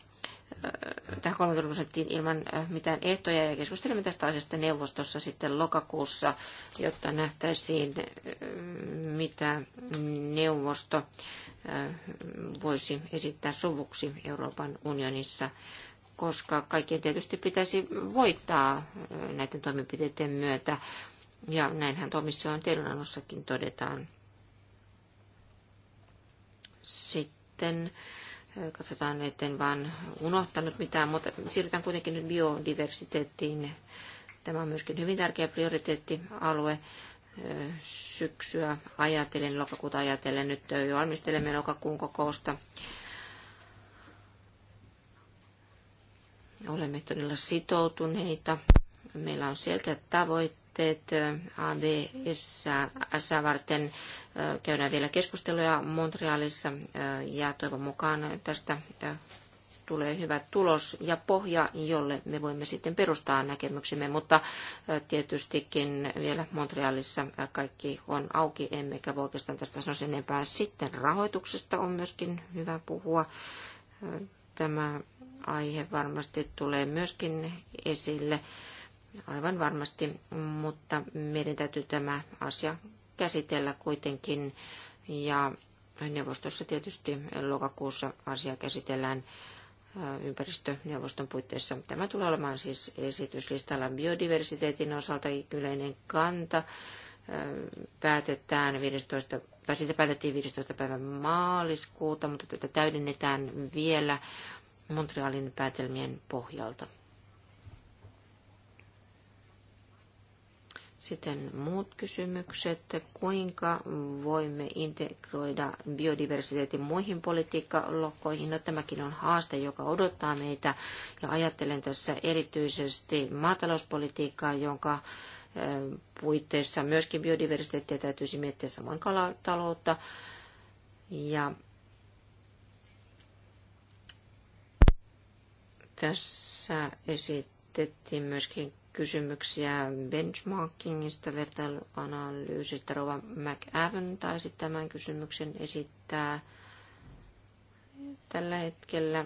tähän 30 prosenttiin ilman äh, mitään ehtoja ja keskustelimme tästä asiasta neuvostossa sitten lokakuussa, jotta nähtäisiin, äh, mitä neuvosto äh, voisi esittää suvuksi Euroopan unionissa koska kaikkien tietysti pitäisi voittaa näiden toimenpiteiden myötä. Ja näinhän komission tiedonannossakin todetaan. Sitten Katsotaan, en vaan unohtanut mitään, mutta siirrytään kuitenkin nyt biodiversiteettiin. Tämä on myöskin hyvin tärkeä prioriteettialue syksyä ajatellen, lokakuuta ajatellen. Nyt jo valmistelemme lokakuun kokousta. Olemme todella sitoutuneita. Meillä on selkeät tavoitteet puitteet sä varten käydään vielä keskusteluja Montrealissa ja toivon mukaan tästä tulee hyvä tulos ja pohja, jolle me voimme sitten perustaa näkemyksemme, mutta tietystikin vielä Montrealissa kaikki on auki, emmekä voi oikeastaan tästä sanoa sen enempää. Sitten rahoituksesta on myöskin hyvä puhua. Tämä aihe varmasti tulee myöskin esille aivan varmasti, mutta meidän täytyy tämä asia käsitellä kuitenkin. Ja neuvostossa tietysti lokakuussa asia käsitellään ympäristöneuvoston puitteissa. Tämä tulee olemaan siis esityslistalla biodiversiteetin osalta yleinen kanta. Päätetään 15, tai siitä päätettiin 15. päivän maaliskuuta, mutta tätä täydennetään vielä Montrealin päätelmien pohjalta. Sitten muut kysymykset, kuinka voimme integroida biodiversiteetin muihin politiikkalokkoihin. No, tämäkin on haaste, joka odottaa meitä. Ja ajattelen tässä erityisesti maatalouspolitiikkaa, jonka puitteissa myöskin biodiversiteettiä täytyisi miettiä samoin kalataloutta. Ja tässä esitettiin myöskin kysymyksiä benchmarkingista, vertailuanalyysistä. Rova McAven taisi tämän kysymyksen esittää. Tällä hetkellä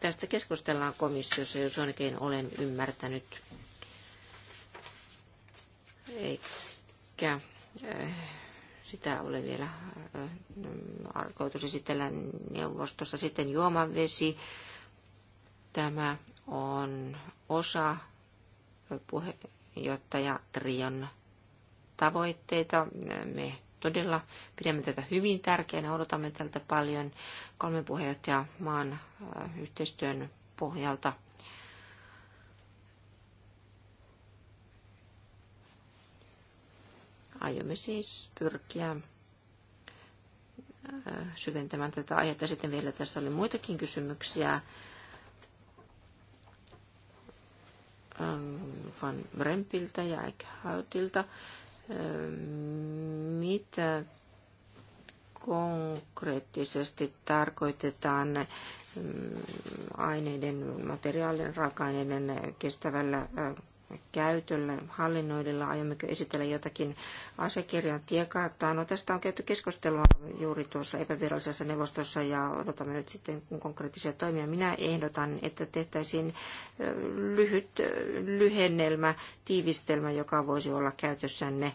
tästä keskustellaan komissiossa, jos oikein olen ymmärtänyt. Eikä eh, sitä ole vielä eh, tarkoitus esitellä neuvostossa. Sitten juomavesi. Tämä on osa puheenjohtaja Trion tavoitteita. Me todella pidämme tätä hyvin tärkeänä, odotamme tältä paljon kolme puheenjohtaja maan äh, yhteistyön pohjalta. Aiomme siis pyrkiä äh, syventämään tätä aihetta. Sitten vielä tässä oli muitakin kysymyksiä Ähm, Van Brempiltä ja Eichhautilta, ähm, mitä konkreettisesti tarkoitetaan ähm, aineiden, materiaalien, raaka-aineiden kestävällä äh, käytöllä, hallinnoidilla, aiommeko esitellä jotakin asiakirjan tiekarttaa. No tästä on käyty keskustelua juuri tuossa epävirallisessa neuvostossa ja odotamme nyt sitten konkreettisia toimia. Minä ehdotan, että tehtäisiin lyhyt lyhennelmä, tiivistelmä, joka voisi olla käytössänne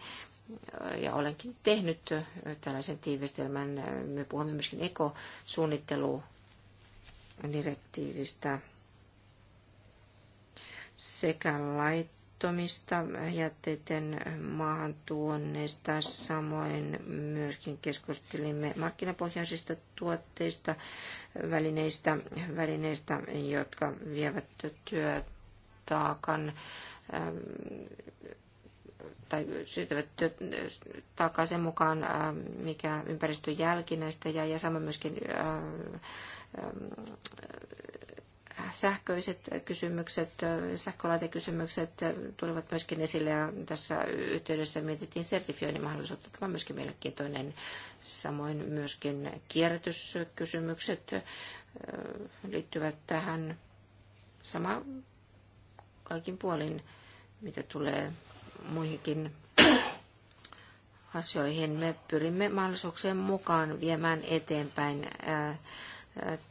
ja olenkin tehnyt tällaisen tiivistelmän. Me puhumme myöskin ekosuunnittelu direktiivistä sekä laittomista jätteiden maahantuonneista, samoin myöskin keskustelimme markkinapohjaisista tuotteista, välineistä, välineistä jotka vievät työtaakan ähm, tai syytävät taakkaa sen mukaan, ähm, mikä ympäristön jälki näistä ja, ja samoin myöskin äh, ähm, sähköiset kysymykset, sähkölaitekysymykset tulivat myöskin esille ja tässä yhteydessä mietittiin sertifioinnin mahdollisuutta. Tämä on myöskin mielenkiintoinen. Samoin myöskin kierrätyskysymykset liittyvät tähän sama kaikin puolin, mitä tulee muihinkin asioihin. Me pyrimme mahdollisuuksien mukaan viemään eteenpäin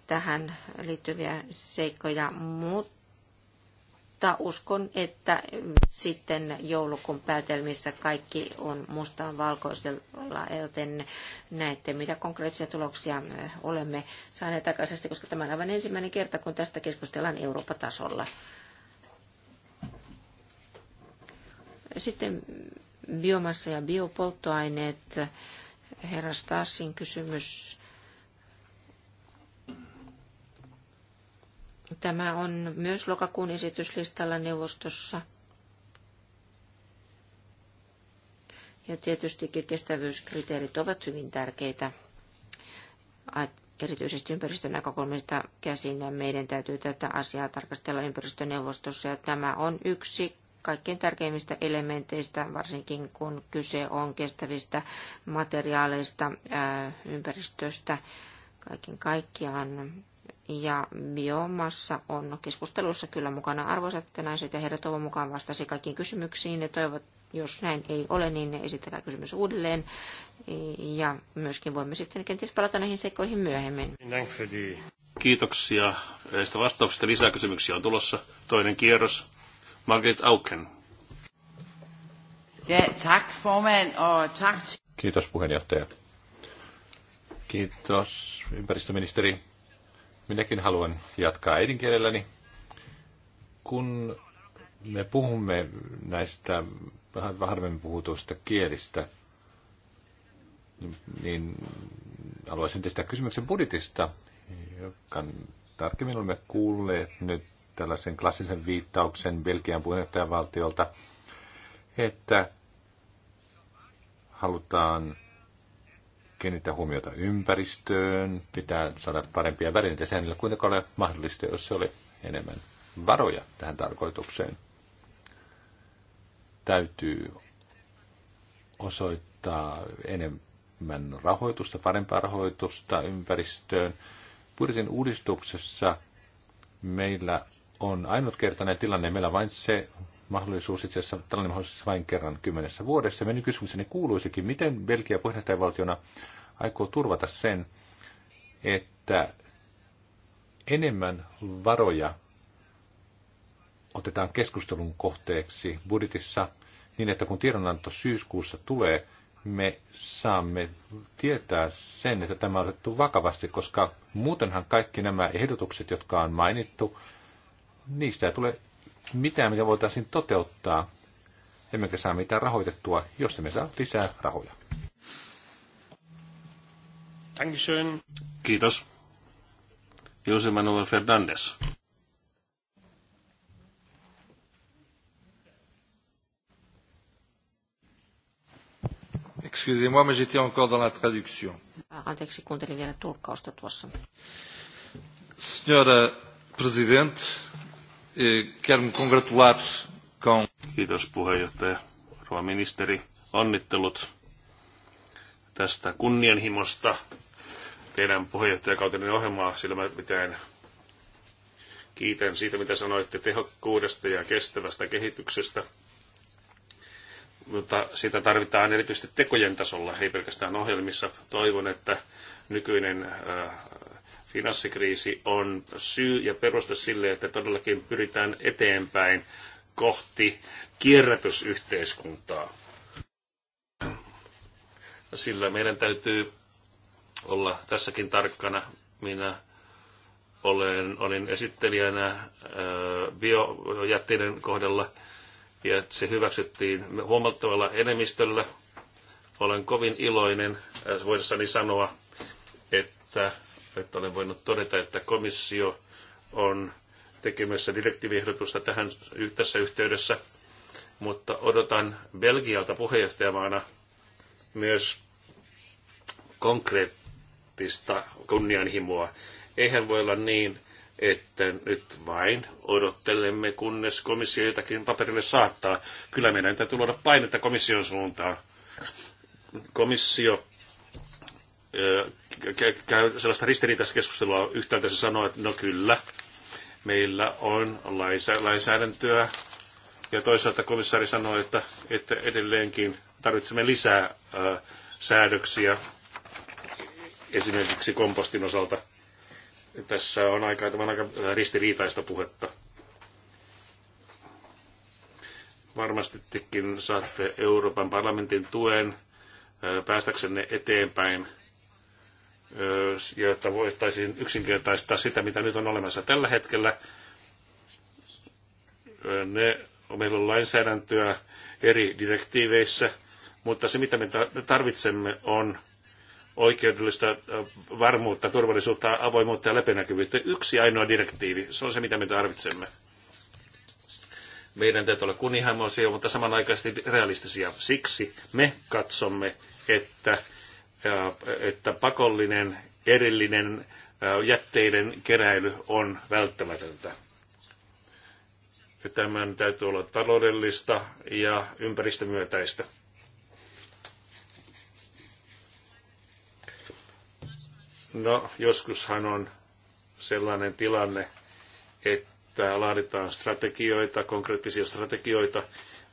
tähän liittyviä seikkoja, mutta uskon, että sitten joulukuun päätelmissä kaikki on mustaan valkoisella, joten näette, mitä konkreettisia tuloksia olemme saaneet takaisesti, koska tämä on aivan ensimmäinen kerta, kun tästä keskustellaan Eurooppa-tasolla. Sitten biomassa ja biopolttoaineet. Herra Stassin kysymys Tämä on myös lokakuun esityslistalla neuvostossa. Ja tietystikin kestävyyskriteerit ovat hyvin tärkeitä. Erityisesti ympäristön näkökulmista käsin ja meidän täytyy tätä asiaa tarkastella ympäristöneuvostossa. Ja tämä on yksi kaikkein tärkeimmistä elementeistä, varsinkin kun kyse on kestävistä materiaaleista, ympäristöstä, kaiken kaikkiaan ja biomassa on keskustelussa kyllä mukana. Arvoisat naiset ja herrat, toivon mukaan vastasi kaikkiin kysymyksiin ja toivot, jos näin ei ole, niin esittäkää kysymys uudelleen. Ja myöskin voimme sitten kenties palata näihin sekoihin myöhemmin. Kiitoksia näistä vastauksista. Lisää kysymyksiä on tulossa. Toinen kierros. Margaret Auken. Ja, tack formen, och tack. Kiitos puheenjohtaja. Kiitos ympäristöministeri Minäkin haluan jatkaa äidinkielelläni. Kun me puhumme näistä vähän harvemmin puhutuista kielistä, niin haluaisin tehdä kysymyksen budjetista, joka tarkemmin olemme kuulleet nyt tällaisen klassisen viittauksen Belgian puheenjohtajavaltiolta, että halutaan kiinnittää huomiota ympäristöön, pitää saada parempia välineitä. Sehän ei kuitenkaan ole mahdollista, jos se oli enemmän varoja tähän tarkoitukseen. Täytyy osoittaa enemmän rahoitusta, parempaa rahoitusta ympäristöön. Budjetin uudistuksessa meillä on ainutkertainen tilanne. Meillä on vain se mahdollisuus itse asiassa, tällainen mahdollisuus vain kerran kymmenessä vuodessa. Meidän kysymykseni kuuluisikin, miten Belgia puheenjohtajavaltiona aikoo turvata sen, että enemmän varoja otetaan keskustelun kohteeksi budjetissa niin, että kun tiedonanto syyskuussa tulee, me saamme tietää sen, että tämä on otettu vakavasti, koska muutenhan kaikki nämä ehdotukset, jotka on mainittu, niistä ei tule mitään, mitä voitaisiin toteuttaa, emmekä saa mitään rahoitettua, jos emme saa lisää rahoja. Dankeschön. Kiitos. Jose Manuel Fernandez. Excusez-moi, mais j'étais encore dans la traduction. Äh, anteeksi, kuuntelin vielä tulkkausta tuossa. Signora Presidente, Eh, congratular com... Kiitos puheenjohtaja, rouva ministeri. Onnittelut tästä kunnianhimosta teidän puheenjohtajakautinen ohjelmaa silmä pitäen. Kiitän siitä, mitä sanoitte tehokkuudesta ja kestävästä kehityksestä. Mutta sitä tarvitaan erityisesti tekojen tasolla, ei pelkästään ohjelmissa. Toivon, että nykyinen äh, finanssikriisi on syy ja peruste sille, että todellakin pyritään eteenpäin kohti kierrätysyhteiskuntaa. Sillä meidän täytyy olla tässäkin tarkkana. Minä olen, olin esittelijänä biojätteiden kohdalla ja se hyväksyttiin huomattavalla enemmistöllä. Olen kovin iloinen voidessani sanoa, että että olen voinut todeta, että komissio on tekemässä direktiiviehdotusta tähän, tässä yhteydessä, mutta odotan Belgialta puheenjohtajamaana myös konkreettista kunnianhimoa. Eihän voi olla niin, että nyt vain odottelemme, kunnes komissio jotakin paperille saattaa. Kyllä meidän täytyy luoda painetta komission suuntaan. Komissio käy sellaista ristiriitaista keskustelua. Yhtäältä se sanoo, että no kyllä, meillä on lainsäädäntöä, ja toisaalta komissaari sanoi, että, että edelleenkin tarvitsemme lisää ää, säädöksiä esimerkiksi kompostin osalta. Tässä on aika, tämä on aika ristiriitaista puhetta. Varmastikin saatte Euroopan parlamentin tuen päästäksenne eteenpäin jotta voitaisiin yksinkertaistaa sitä, mitä nyt on olemassa tällä hetkellä. Ne, meillä on lainsäädäntöä eri direktiiveissä, mutta se, mitä me tarvitsemme, on oikeudellista varmuutta, turvallisuutta, avoimuutta ja läpinäkyvyyttä. Yksi ainoa direktiivi, se on se, mitä me tarvitsemme. Meidän täytyy olla kunnianhimoisia, mutta samanaikaisesti realistisia. Siksi me katsomme, että että pakollinen erillinen jätteiden keräily on välttämätöntä. Tämän täytyy olla taloudellista ja ympäristömyötäistä. No, joskushan on sellainen tilanne, että laaditaan strategioita, konkreettisia strategioita,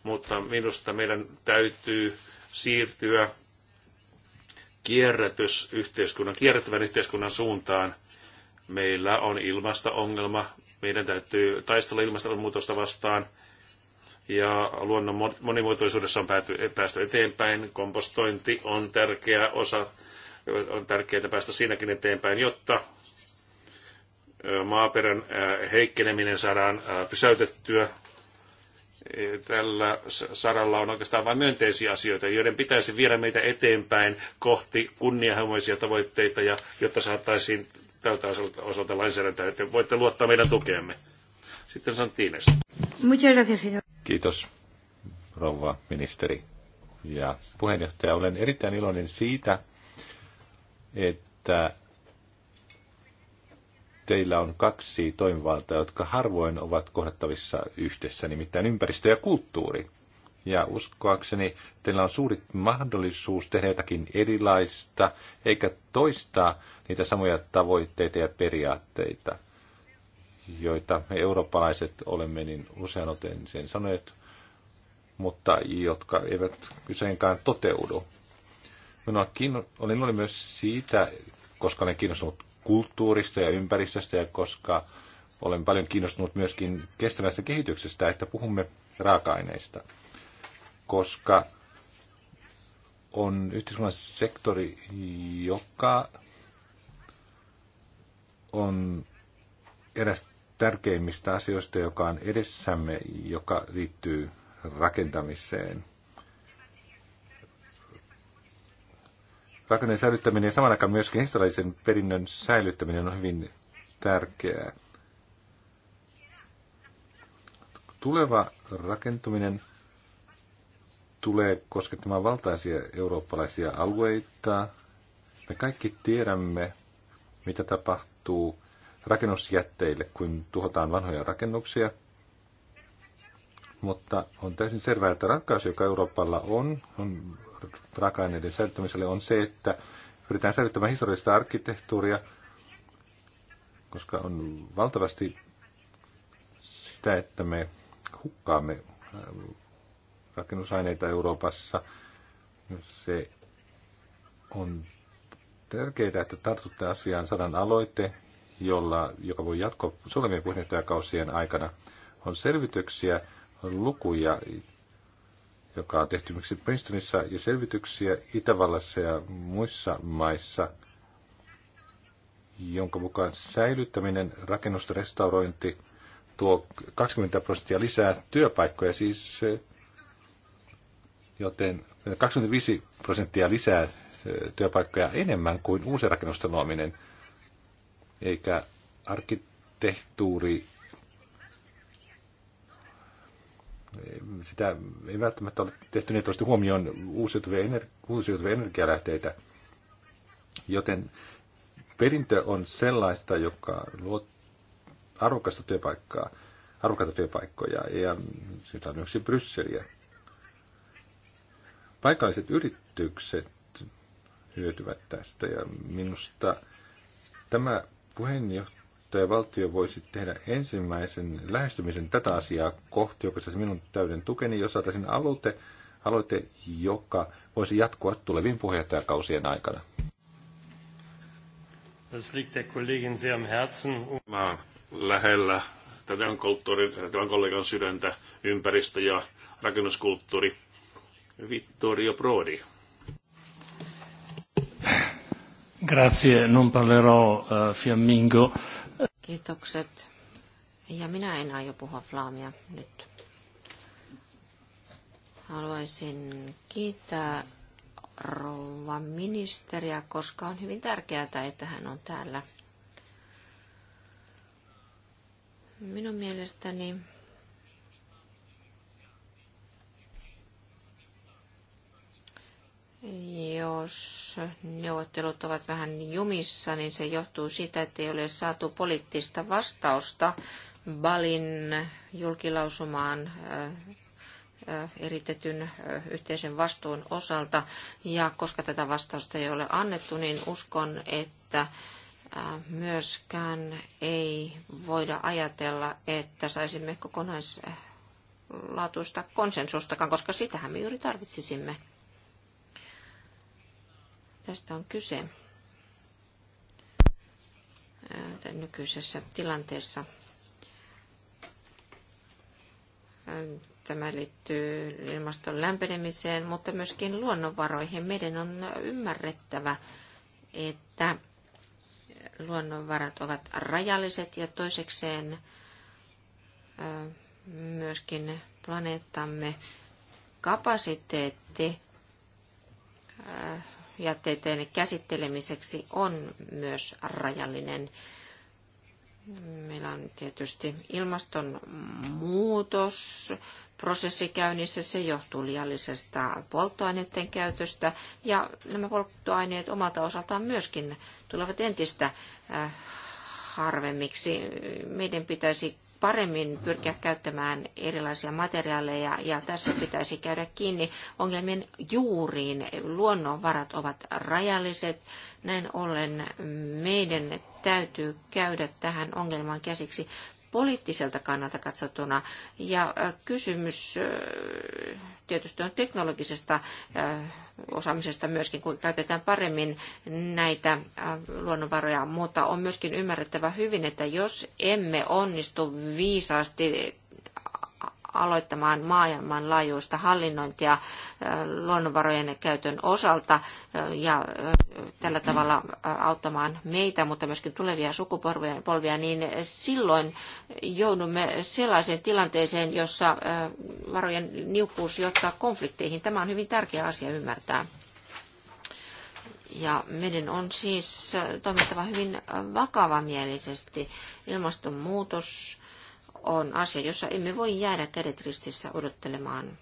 mutta minusta meidän täytyy siirtyä kierrätys yhteiskunnan, kierrättävän yhteiskunnan suuntaan. Meillä on ilmasto-ongelma, meidän täytyy taistella ilmastonmuutosta vastaan ja luonnon monimuotoisuudessa on päästy eteenpäin. Kompostointi on tärkeä osa, on tärkeää päästä siinäkin eteenpäin, jotta maaperän heikkeneminen saadaan pysäytettyä tällä saralla on oikeastaan vain myönteisiä asioita, joiden pitäisi viedä meitä eteenpäin kohti kunnianhimoisia tavoitteita, ja, jotta saataisiin tältä osalta, osalta lainsäädäntöä. Että voitte luottaa meidän tukeemme. Sitten Santines. Kiitos, rouva ministeri ja puheenjohtaja. Olen erittäin iloinen siitä, että teillä on kaksi toimivaltaa, jotka harvoin ovat kohdattavissa yhdessä, nimittäin ympäristö ja kulttuuri. Ja uskoakseni teillä on suuri mahdollisuus tehdä jotakin erilaista, eikä toistaa niitä samoja tavoitteita ja periaatteita, joita me eurooppalaiset olemme niin usein sen sanoneet, mutta jotka eivät useinkaan toteudu. Minua kiinno, olin, olin myös siitä, koska olen kiinnostunut kulttuurista ja ympäristöstä, ja koska olen paljon kiinnostunut myöskin kestävästä kehityksestä, että puhumme raaka-aineista, koska on yhteiskunnan sektori, joka on eräs tärkeimmistä asioista, joka on edessämme, joka liittyy rakentamiseen – Rakenteen säilyttäminen ja saman aikaan myöskin historiallisen perinnön säilyttäminen on hyvin tärkeää. Tuleva rakentuminen tulee koskettamaan valtaisia eurooppalaisia alueita. Me kaikki tiedämme, mitä tapahtuu rakennusjätteille, kun tuhotaan vanhoja rakennuksia – mutta on täysin selvää, että ratkaisu, joka Euroopalla on, on raaka-aineiden säilyttämiselle, on se, että pyritään säilyttämään historiallista arkkitehtuuria, koska on valtavasti sitä, että me hukkaamme äh, rakennusaineita Euroopassa. Se on tärkeää, että tartutte asiaan sadan aloite, jolla, joka voi jatkoa Suomen puheenjohtajakausien aikana. On selvityksiä, lukuja, joka on tehty miksi Princetonissa ja selvityksiä Itävallassa ja muissa maissa, jonka mukaan säilyttäminen, rakennusrestaurointi tuo 20 prosenttia lisää työpaikkoja, siis joten 25 prosenttia lisää työpaikkoja enemmän kuin uusi rakennusten luominen, eikä arkkitehtuuri sitä ei välttämättä ole tehty niin, toista huomioon uusiutuvia, energi- uusiutuvia energialähteitä, joten perintö on sellaista, joka luo arvokasta työpaikkaa, arvokasta työpaikkoja ja sitä on yksi Brysseliä. Paikalliset yritykset hyötyvät tästä ja minusta tämä puheenjohtaja valtio voisi tehdä ensimmäisen lähestymisen tätä asiaa kohti, joka saisi minun täyden tukeni, jos saataisiin aloite, aloite, joka voisi jatkua tulevien puheenjohtajakausien aikana. Das liegt der Kollegin sehr am Herzen. Mä lähellä tämän, tämän äh, kollegan sydäntä ympäristö- ja rakennuskulttuuri Vittorio Prodi. Grazie, non parlerò uh, fiammingo. Kiitokset. Ja minä en aio puhua flaamia nyt. Haluaisin kiittää rouva ministeriä, koska on hyvin tärkeää, että hän on täällä. Minun mielestäni Jos neuvottelut ovat vähän jumissa, niin se johtuu siitä, että ei ole saatu poliittista vastausta Balin julkilausumaan äh, äh, eritetyn äh, yhteisen vastuun osalta. Ja koska tätä vastausta ei ole annettu, niin uskon, että myöskään ei voida ajatella, että saisimme kokonaislaatuista konsensustakaan, koska sitähän me juuri tarvitsisimme. Tästä on kyse Tämän nykyisessä tilanteessa. Tämä liittyy ilmaston lämpenemiseen, mutta myöskin luonnonvaroihin. Meidän on ymmärrettävä, että luonnonvarat ovat rajalliset ja toisekseen myöskin planeettamme kapasiteetti jätteiden käsittelemiseksi on myös rajallinen. Meillä on tietysti ilmastonmuutos, prosessi käynnissä, se johtuu liiallisesta polttoaineiden käytöstä ja nämä polttoaineet omalta osaltaan myöskin tulevat entistä äh, harvemmiksi. Meidän pitäisi paremmin pyrkiä käyttämään erilaisia materiaaleja ja tässä pitäisi käydä kiinni ongelmien juuriin. Luonnonvarat ovat rajalliset. Näin ollen meidän täytyy käydä tähän ongelmaan käsiksi poliittiselta kannalta katsottuna. Ja kysymys tietysti on teknologisesta osaamisesta myöskin, kun käytetään paremmin näitä luonnonvaroja, mutta on myöskin ymmärrettävä hyvin, että jos emme onnistu viisaasti aloittamaan maailmanlaajuista hallinnointia äh, luonnonvarojen käytön osalta äh, ja äh, tällä tavalla auttamaan meitä, mutta myöskin tulevia sukupolvia, niin silloin joudumme sellaiseen tilanteeseen, jossa varojen niukkuus johtaa konflikteihin. Tämä on hyvin tärkeä asia ymmärtää. Ja meidän on siis toimittava hyvin vakavamielisesti. Ilmastonmuutos on asia, jossa emme voi jäädä kädet ristissä odottelemaan.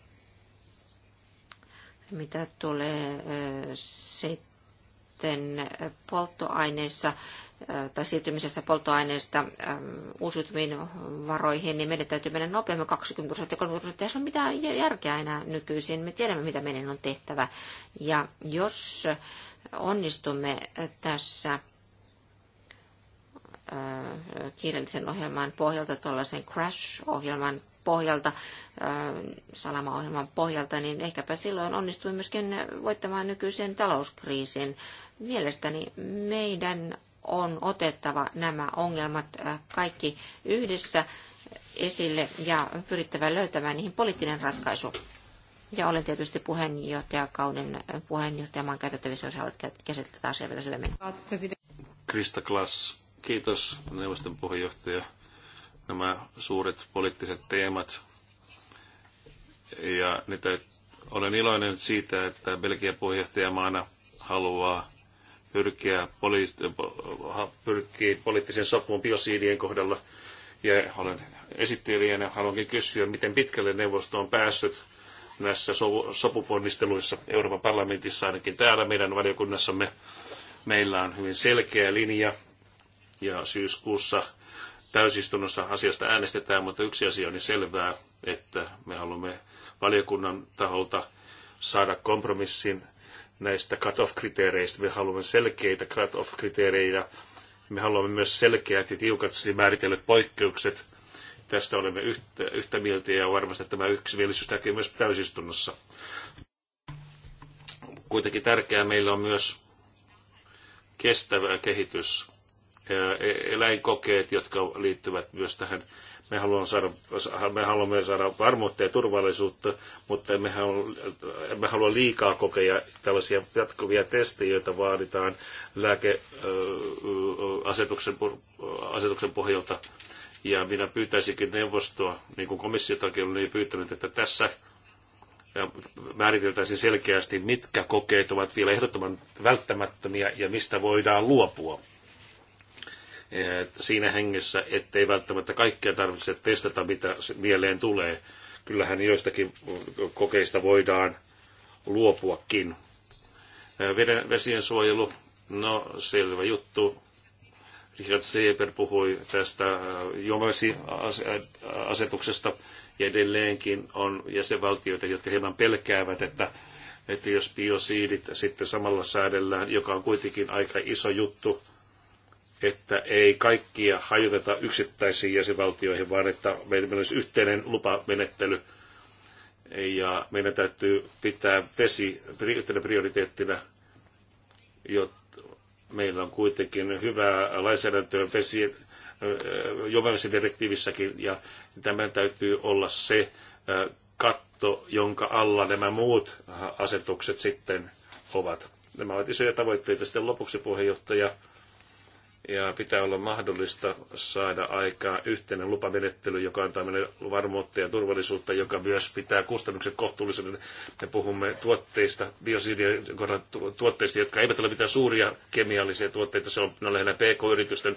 Mitä tulee sitten polttoaineissa tai siirtymisessä polttoaineista uusiutuviin varoihin, niin meidän täytyy mennä nopeammin 20 prosenttia, 30 prosenttia. Se on mitään järkeä enää nykyisin. Me tiedämme, mitä meidän on tehtävä. Ja jos onnistumme tässä Äh, kiireellisen ohjelman pohjalta, tuollaisen crash-ohjelman pohjalta, äh, salamaohjelman pohjalta, niin ehkäpä silloin onnistui myöskin voittamaan nykyisen talouskriisin. Mielestäni meidän on otettava nämä ongelmat äh, kaikki yhdessä esille ja pyrittävä löytämään niihin poliittinen ratkaisu. Ja olen tietysti puheenjohtajakauden puheenjohtajamaan käytettävissä, jos haluat käsitellä tätä asiaa vielä syvemmin. Krista Klass, Kiitos neuvoston puheenjohtaja. Nämä suuret poliittiset teemat. Ja niitä, olen iloinen siitä, että Belgia puheenjohtajamaana haluaa pyrkiä poli- pyrkii poliittisen sopuun biosiidien kohdalla. Ja olen esittelijänä haluankin kysyä, miten pitkälle neuvosto on päässyt näissä so- sopuponnisteluissa Euroopan parlamentissa, ainakin täällä meidän valiokunnassamme. Meillä on hyvin selkeä linja ja syyskuussa täysistunnossa asiasta äänestetään, mutta yksi asia on selvää, että me haluamme valiokunnan taholta saada kompromissin näistä cut-off-kriteereistä. Me haluamme selkeitä cut-off-kriteerejä. Me haluamme myös selkeät ja tiukat määritellyt poikkeukset. Tästä olemme yhtä, yhtä mieltä ja varmasti tämä yksimielisyys näkyy myös täysistunnossa. Kuitenkin tärkeää meillä on myös kestävä kehitys E-, eläinkokeet, jotka liittyvät myös tähän. Me haluamme saada, me haluamme saada varmuutta ja turvallisuutta, mutta emme halua, emme halua liikaa kokea tällaisia jatkuvia testejä, joita vaaditaan lääkeasetuksen asetuksen pohjalta. Ja minä pyytäisinkin neuvostoa, niin kuin komissiotakin on niin pyytänyt, että tässä ja määriteltäisiin selkeästi, mitkä kokeet ovat vielä ehdottoman välttämättömiä ja mistä voidaan luopua. Eh, siinä hengessä, ettei välttämättä kaikkea tarvitse testata, mitä mieleen tulee. Kyllähän joistakin kokeista voidaan luopuakin. Eh, veden, vesien suojelu, no selvä juttu. Richard Seber puhui tästä eh, juomavesiasetuksesta ja edelleenkin on jäsenvaltioita, jotka hieman pelkäävät, että, että jos biosiidit sitten samalla säädellään, joka on kuitenkin aika iso juttu, että ei kaikkia hajoteta yksittäisiin jäsenvaltioihin, vaan että meillä olisi yhteinen lupamenettely ja meidän täytyy pitää vesi yhtenä prioriteettina, jotta meillä on kuitenkin hyvää lainsäädäntöä vesien direktiivissäkin ja tämän täytyy olla se katto, jonka alla nämä muut asetukset sitten ovat. Nämä ovat isoja tavoitteita. Sitten lopuksi puheenjohtaja ja pitää olla mahdollista saada aikaan yhteinen lupamenettely, joka antaa meille varmuutta ja turvallisuutta, joka myös pitää kustannukset kohtuullisena. Me puhumme tuotteista, biosidien tuotteista, jotka eivät ole mitään suuria kemiallisia tuotteita, se on lähinnä pk-yritysten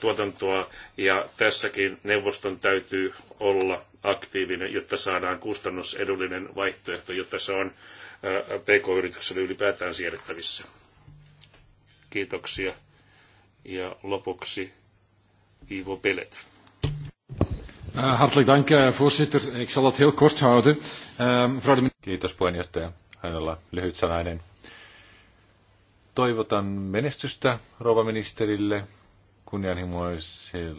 tuotantoa, ja tässäkin neuvoston täytyy olla aktiivinen, jotta saadaan kustannusedullinen vaihtoehto, jotta se on pk-yritykselle ylipäätään siedettävissä. Kiitoksia. Ja lopuksi Ivo Pellet. Eh, hartelijk dank, eh, voorzitter. Ik zal het heel kort houden. Eh, Kiitos puheenjohtaja. Hänellä lyhyt sanainen. Toivotan menestystä rouva ministerille kunnianhimoisen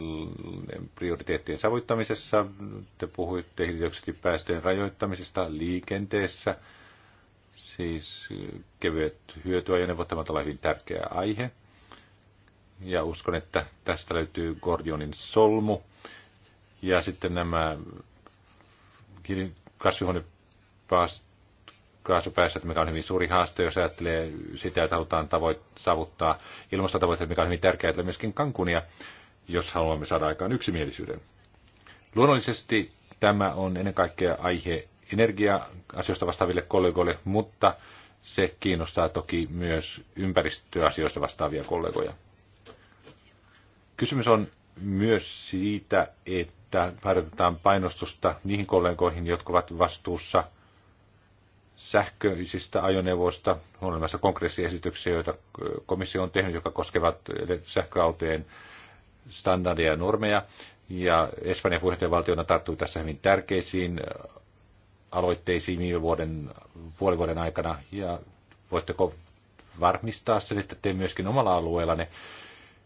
prioriteettien savuttamisessa. Te puhuitte hiilidioksidipäästöjen rajoittamisesta liikenteessä. Siis kevyet hyötyajoneuvot, tämä on hyvin tärkeä aihe ja uskon, että tästä löytyy Gordionin solmu. Ja sitten nämä kasvihuonekaasupäästöt, mikä on hyvin suuri haaste, jos ajattelee sitä, että halutaan tavoit- saavuttaa ilmastotavoitteet, mikä on hyvin tärkeää, että myöskin kankunia, jos haluamme saada aikaan yksimielisyyden. Luonnollisesti tämä on ennen kaikkea aihe energia-asioista vastaaville kollegoille, mutta se kiinnostaa toki myös ympäristöasioista vastaavia kollegoja. Kysymys on myös siitä, että harjoitetaan painostusta niihin kollegoihin, jotka ovat vastuussa sähköisistä ajoneuvoista, olemassa kongressiesityksiä, joita komissio on tehnyt, jotka koskevat sähköautojen standardeja ja normeja. Ja Espanjan puheenjohtajavaltiona tarttuu tässä hyvin tärkeisiin aloitteisiin viime vuoden, puoli vuoden aikana. Ja voitteko varmistaa sen, että te myöskin omalla alueellanne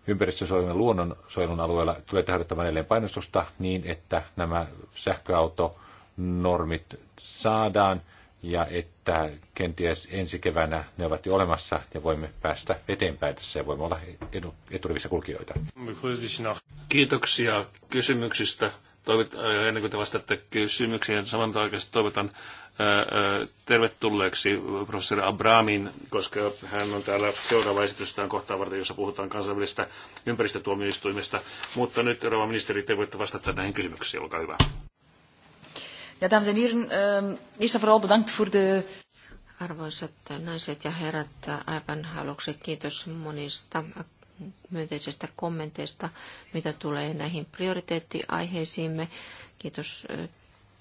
ympäristösuojelun ja luonnonsuojelun alueella tulee harjoittamaan edelleen painostusta niin, että nämä sähköautonormit saadaan ja että kenties ensi keväänä ne ovat jo olemassa ja voimme päästä eteenpäin tässä ja voimme olla eturivissä kulkijoita. Kiitoksia kysymyksistä. Toivot, äh, ennen kuin te vastaatte kysymyksiin, saman oikeastaan toivotan tervetulleeksi professori Abramin, koska hän on täällä seuraava esitystään kohtaa varten, jossa puhutaan kansainvälisestä ympäristötuomioistuimesta. Mutta nyt, rouva ministeri, te voitte vastata näihin kysymyksiin. Olkaa hyvä. Ja tämän sen heren, ehm, eerst en Arvoisat naiset ja herrat, aivan aluksi kiitos monista myönteisistä kommenteista, mitä tulee näihin prioriteettiaiheisiimme. Kiitos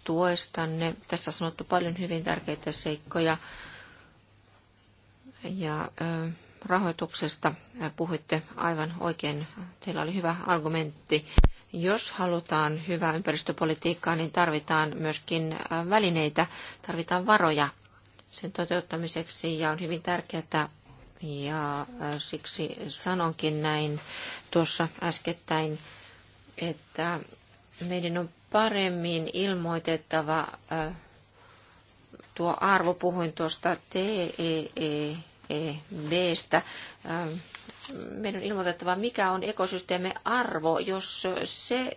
tuestanne. Tässä on sanottu paljon hyvin tärkeitä seikkoja. Ja rahoituksesta puhuitte aivan oikein. Teillä oli hyvä argumentti. Jos halutaan hyvää ympäristöpolitiikkaa, niin tarvitaan myöskin välineitä, tarvitaan varoja sen toteuttamiseksi ja on hyvin tärkeää, ja siksi sanonkin näin tuossa äskettäin, että meidän on paremmin ilmoitettava tuo arvo. Puhuin tuosta TEEBstä. Meidän on ilmoitettava, mikä on ekosysteemin arvo. Jos se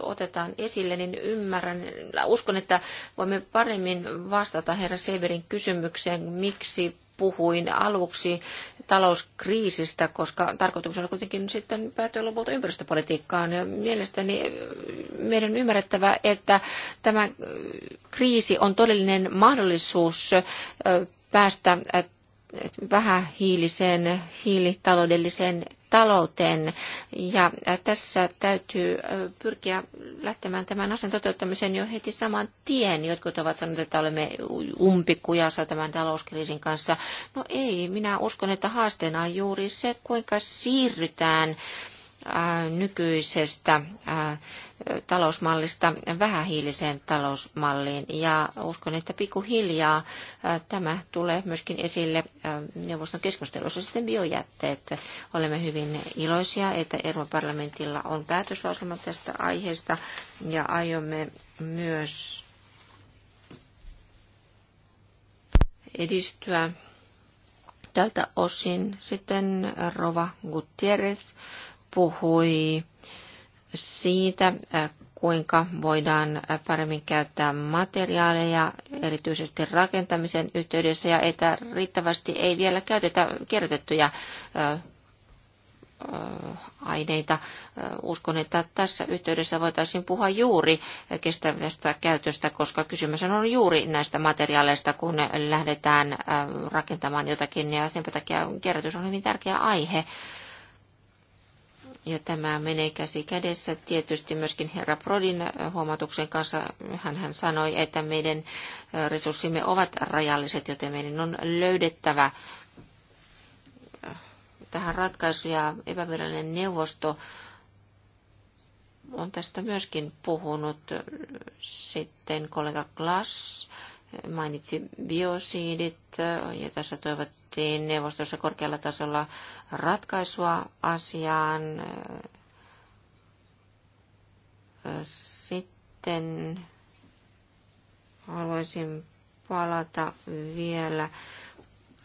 otetaan esille, niin ymmärrän, uskon, että voimme paremmin vastata herra Severin kysymykseen, miksi puhuin aluksi talouskriisistä, koska tarkoituksena on kuitenkin sitten päätyä lopulta ympäristöpolitiikkaan. Ja mielestäni meidän on ymmärrettävä, että tämä kriisi on todellinen mahdollisuus päästä vähähiiliseen hiilitaloudelliseen talouteen. Ja tässä täytyy pyrkiä lähtemään tämän asian toteuttamiseen jo heti saman tien. Jotkut ovat sanoneet, että olemme umpikujassa tämän talouskriisin kanssa. No ei, minä uskon, että haasteena on juuri se, kuinka siirrytään nykyisestä talousmallista vähähiiliseen talousmalliin. Ja uskon, että pikkuhiljaa tämä tulee myöskin esille neuvoston keskustelussa sitten biojätteet. Olemme hyvin iloisia, että Euroopan parlamentilla on päätöslauselma tästä aiheesta ja aiomme myös edistyä tältä osin. Sitten Rova Gutierrez puhui siitä, äh, kuinka voidaan äh, paremmin käyttää materiaaleja, erityisesti rakentamisen yhteydessä, ja että riittävästi ei vielä käytetä kierrätettyjä äh, aineita. Uskon, että tässä yhteydessä voitaisiin puhua juuri kestävästä käytöstä, koska kysymys on juuri näistä materiaaleista, kun lähdetään rakentamaan jotakin, ja sen takia kierrätys on hyvin tärkeä aihe. Ja tämä menee käsi kädessä tietysti myöskin herra Prodin äh, huomautuksen kanssa. Hän, hän sanoi, että meidän äh, resurssimme ovat rajalliset, joten meidän on löydettävä äh, tähän ratkaisuja. Epävirallinen neuvosto on tästä myöskin puhunut sitten kollega Glass mainitsi biosiidit ja tässä toivottiin neuvostossa korkealla tasolla ratkaisua asiaan. Sitten haluaisin palata vielä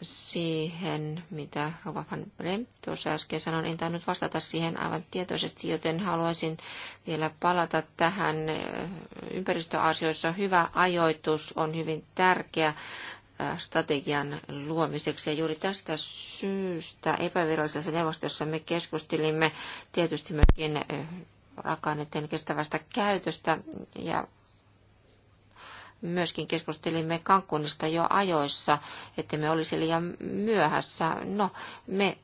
siihen, mitä Rova van Brem tuossa äsken sanoi. En tainnut vastata siihen aivan tietoisesti, joten haluaisin vielä palata tähän. Ympäristöasioissa hyvä ajoitus on hyvin tärkeä strategian luomiseksi. Ja juuri tästä syystä epävirallisessa neuvostossa me keskustelimme tietysti myöskin rakanneiden kestävästä käytöstä ja myöskin keskustelimme Cancunista jo ajoissa, että me olisi liian myöhässä. No, me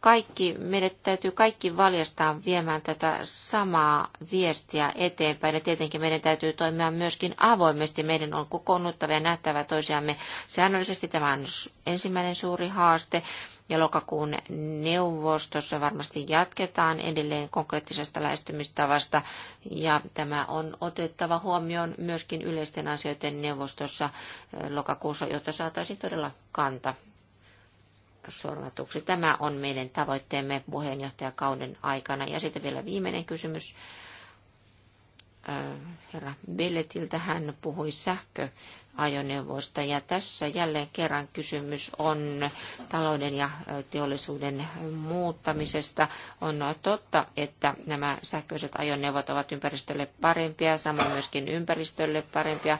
kaikki, meidät täytyy kaikki valjastaa viemään tätä samaa viestiä eteenpäin. Ja tietenkin meidän täytyy toimia myöskin avoimesti. Meidän on kokoonnuttava ja nähtävä toisiamme säännöllisesti. Tämä on ensimmäinen suuri haaste ja lokakuun neuvostossa varmasti jatketaan edelleen konkreettisesta lähestymistavasta ja tämä on otettava huomioon myöskin yleisten asioiden neuvostossa lokakuussa, jotta saataisiin todella kanta sorvatuksi. Tämä on meidän tavoitteemme puheenjohtajakauden aikana. Ja sitten vielä viimeinen kysymys herra Belletiltä. Hän puhui sähkö ajoneuvoista. Ja tässä jälleen kerran kysymys on talouden ja teollisuuden muuttamisesta. On totta, että nämä sähköiset ajoneuvot ovat ympäristölle parempia, samoin myöskin ympäristölle parempia.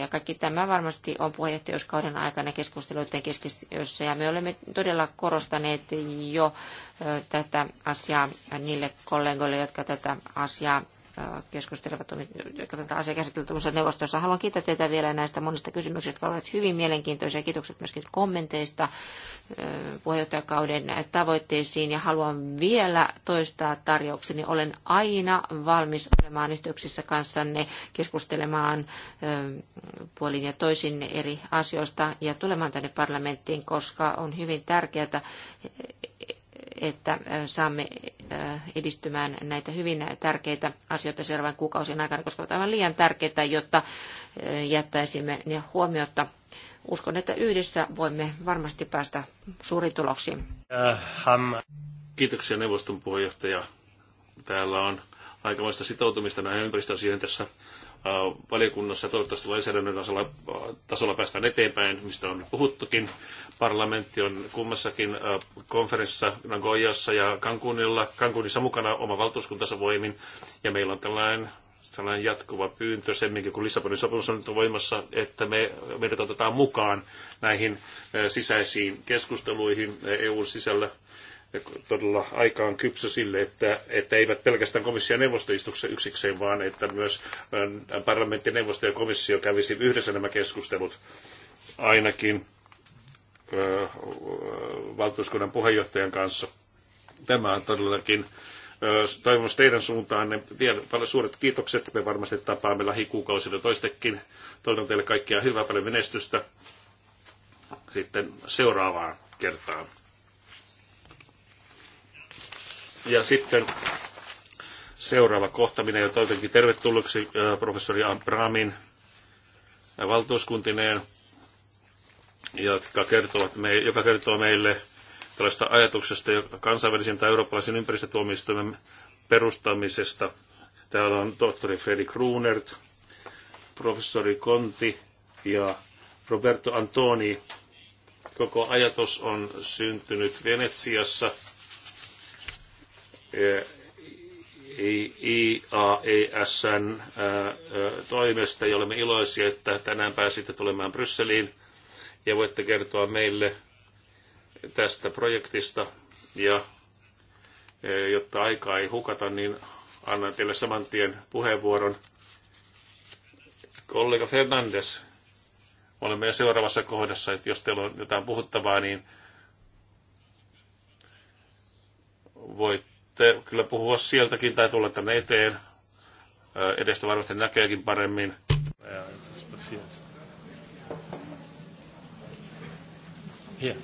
Ja kaikki tämä varmasti on puheenjohtajuuskauden aikana keskusteluiden keskiössä. Ja me olemme todella korostaneet jo tätä asiaa niille kollegoille, jotka tätä asiaa keskustelevat, jotka tätä asiaa käsittelevät neuvostossa. Haluan kiittää teitä vielä näistä monista kysymyksistä, jotka ovat hyvin mielenkiintoisia. Kiitokset myöskin kommenteista puheenjohtajakauden tavoitteisiin. Ja haluan vielä toistaa tarjoukseni. Olen aina valmis olemaan yhteyksissä kanssanne keskustelemaan puolin ja toisin eri asioista ja tulemaan tänne parlamenttiin, koska on hyvin tärkeää, että saamme edistymään näitä hyvin tärkeitä asioita seuraavan kuukausien aikana, koska ovat aivan liian tärkeitä, jotta jättäisimme ne huomiota. Uskon, että yhdessä voimme varmasti päästä suuriin tuloksiin. Kiitoksia neuvoston puheenjohtaja. Täällä on aikamoista sitoutumista näihin ympäristöasioihin tässä valiokunnassa. Toivottavasti lainsäädännön tasolla, tasolla päästään eteenpäin, mistä on puhuttukin. Parlamentti on kummassakin konferenssissa Nagoyassa ja Cancunilla, Cancunissa mukana oma valtuuskuntansa voimin. Ja meillä on tällainen sellainen jatkuva pyyntö semminkin, kun Lissabonin sopimus on nyt voimassa, että me, meidät otetaan mukaan näihin sisäisiin keskusteluihin EUn sisällä todella aikaan kypsä sille, että, että eivät pelkästään komission neuvostoistuksessa yksikseen, vaan että myös äh, parlamentti neuvosto ja komissio kävisi yhdessä nämä keskustelut ainakin äh, valtuuskunnan puheenjohtajan kanssa. Tämä on todellakin äh, toivomus teidän suuntaanne. Vielä paljon suuret kiitokset. Me varmasti tapaamme lähikuukausina toistekin. Toivon teille kaikkia hyvää, paljon menestystä. Sitten seuraavaan kertaan. Ja sitten seuraava kohta, minä jo toivotankin tervetulleeksi äh, professori Abramin äh, valtuuskuntineen, jotka kertovat me, joka kertoo meille tällaista ajatuksesta joka kansainvälisen tai eurooppalaisen ympäristötuomioistuimen perustamisesta. Täällä on tohtori Fredrik Kruunert, professori Konti ja Roberto Antoni. Koko ajatus on syntynyt Venetsiassa – E IAESn toimesta ja olemme iloisia, että tänään pääsitte tulemaan Brysseliin ja voitte kertoa meille tästä projektista. Ja jotta aikaa ei hukata, niin annan teille saman tien puheenvuoron. Kollega Fernandes, olemme jo seuraavassa kohdassa, että jos teillä on jotain puhuttavaa, niin voit sitten kyllä puhua sieltäkin tai tulla tänne eteen. Edestä varmasti näkeekin paremmin. Here.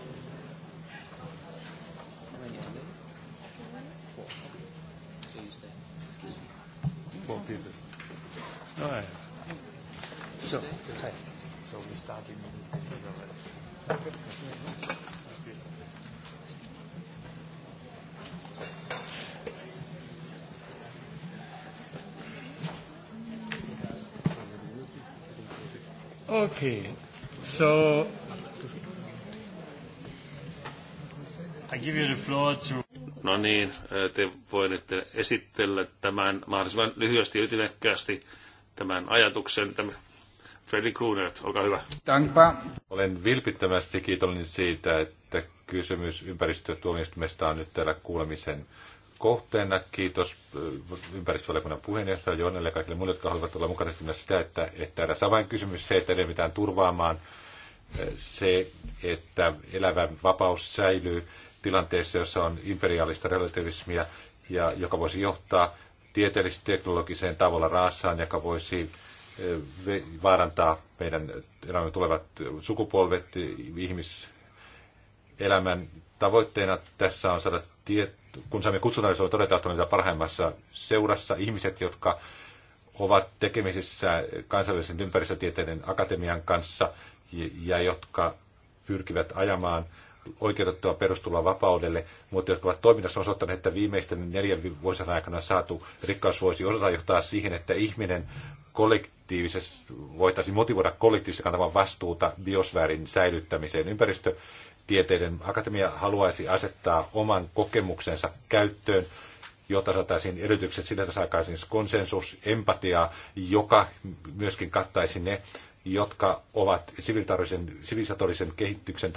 Four people. Oh, so, okay. So we start in minutes. Okay, so I give you the floor to... No niin, te voitte esitellä tämän mahdollisimman lyhyesti ja ytimekkäästi tämän ajatuksen. Freddy Kruner, olkaa hyvä. Dankpa. Olen vilpittömästi kiitollinen siitä, että kysymys ympäristötuomioistumista on nyt täällä kuulemisen kohteena. Kiitos äh, ympäristövaliokunnan puheenjohtajalle Jonnelle ja kaikille muille, jotka haluavat olla mukana myös sitä, että, että eräs avainkysymys se, että edellytään turvaamaan äh, se, että elävä vapaus säilyy tilanteessa, jossa on imperiaalista relativismia, ja joka voisi johtaa tieteellisesti teknologiseen tavalla raassaan, joka voisi äh, vaarantaa meidän elämän tulevat sukupolvet, ihmiselämän tavoitteena tässä on saada tiet, kun saamme kutsutaan, niin todeta, että on niitä parhaimmassa seurassa ihmiset, jotka ovat tekemisissä kansainvälisen ympäristötieteiden akatemian kanssa ja, ja jotka pyrkivät ajamaan oikeutettua perustuloa vapaudelle, mutta jotka ovat toiminnassa osoittaneet, että viimeisten neljän vuosien aikana saatu rikkaus voisi osata johtaa siihen, että ihminen kollektiivisesti voitaisiin motivoida kollektiivisesti kantamaan vastuuta biosfäärin säilyttämiseen. Ympäristö tieteiden akatemia haluaisi asettaa oman kokemuksensa käyttöön, jotta saataisiin edellytykset sillä, että saataisiin konsensus, empatia, joka myöskin kattaisi ne, jotka ovat sivilisatorisen kehityksen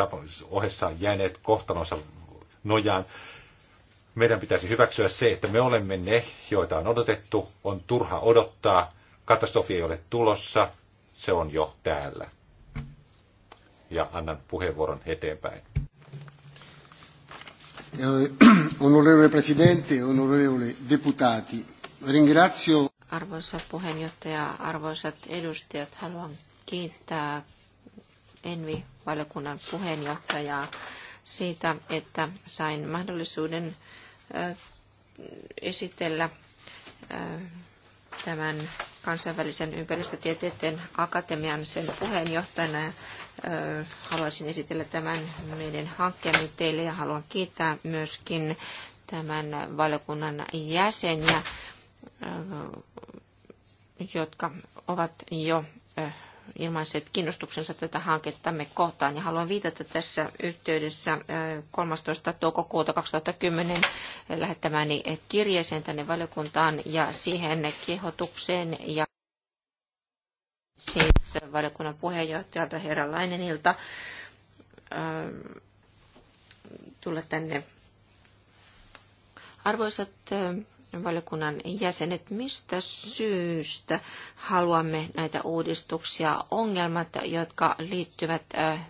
ohessa jääneet kohtalonsa nojaan. Meidän pitäisi hyväksyä se, että me olemme ne, joita on odotettu, on turha odottaa, katastrofi ei ole tulossa, se on jo täällä ja annan puheenvuoron eteenpäin. Eh, onorevole presidente, deputati, ringrazio. Arvoisa puheenjohtaja, arvoisat edustajat, haluan kiittää Envi-valiokunnan puheenjohtajaa siitä, että sain mahdollisuuden eh, esitellä eh, tämän kansainvälisen ympäristötieteiden akatemian sen puheenjohtajana haluaisin esitellä tämän meidän hankkeemme teille ja haluan kiittää myöskin tämän valiokunnan jäseniä, jotka ovat jo ilmaiset kiinnostuksensa tätä hankettamme kohtaan. Ja haluan viitata tässä yhteydessä 13. toukokuuta 2010 lähettämäni kirjeeseen tänne valiokuntaan ja siihen kehotukseen ja siis valiokunnan puheenjohtajalta herra Lainenilta ähm, tulla tänne. Arvoisat äh, valiokunnan jäsenet, mistä syystä haluamme näitä uudistuksia, ongelmat, jotka liittyvät äh,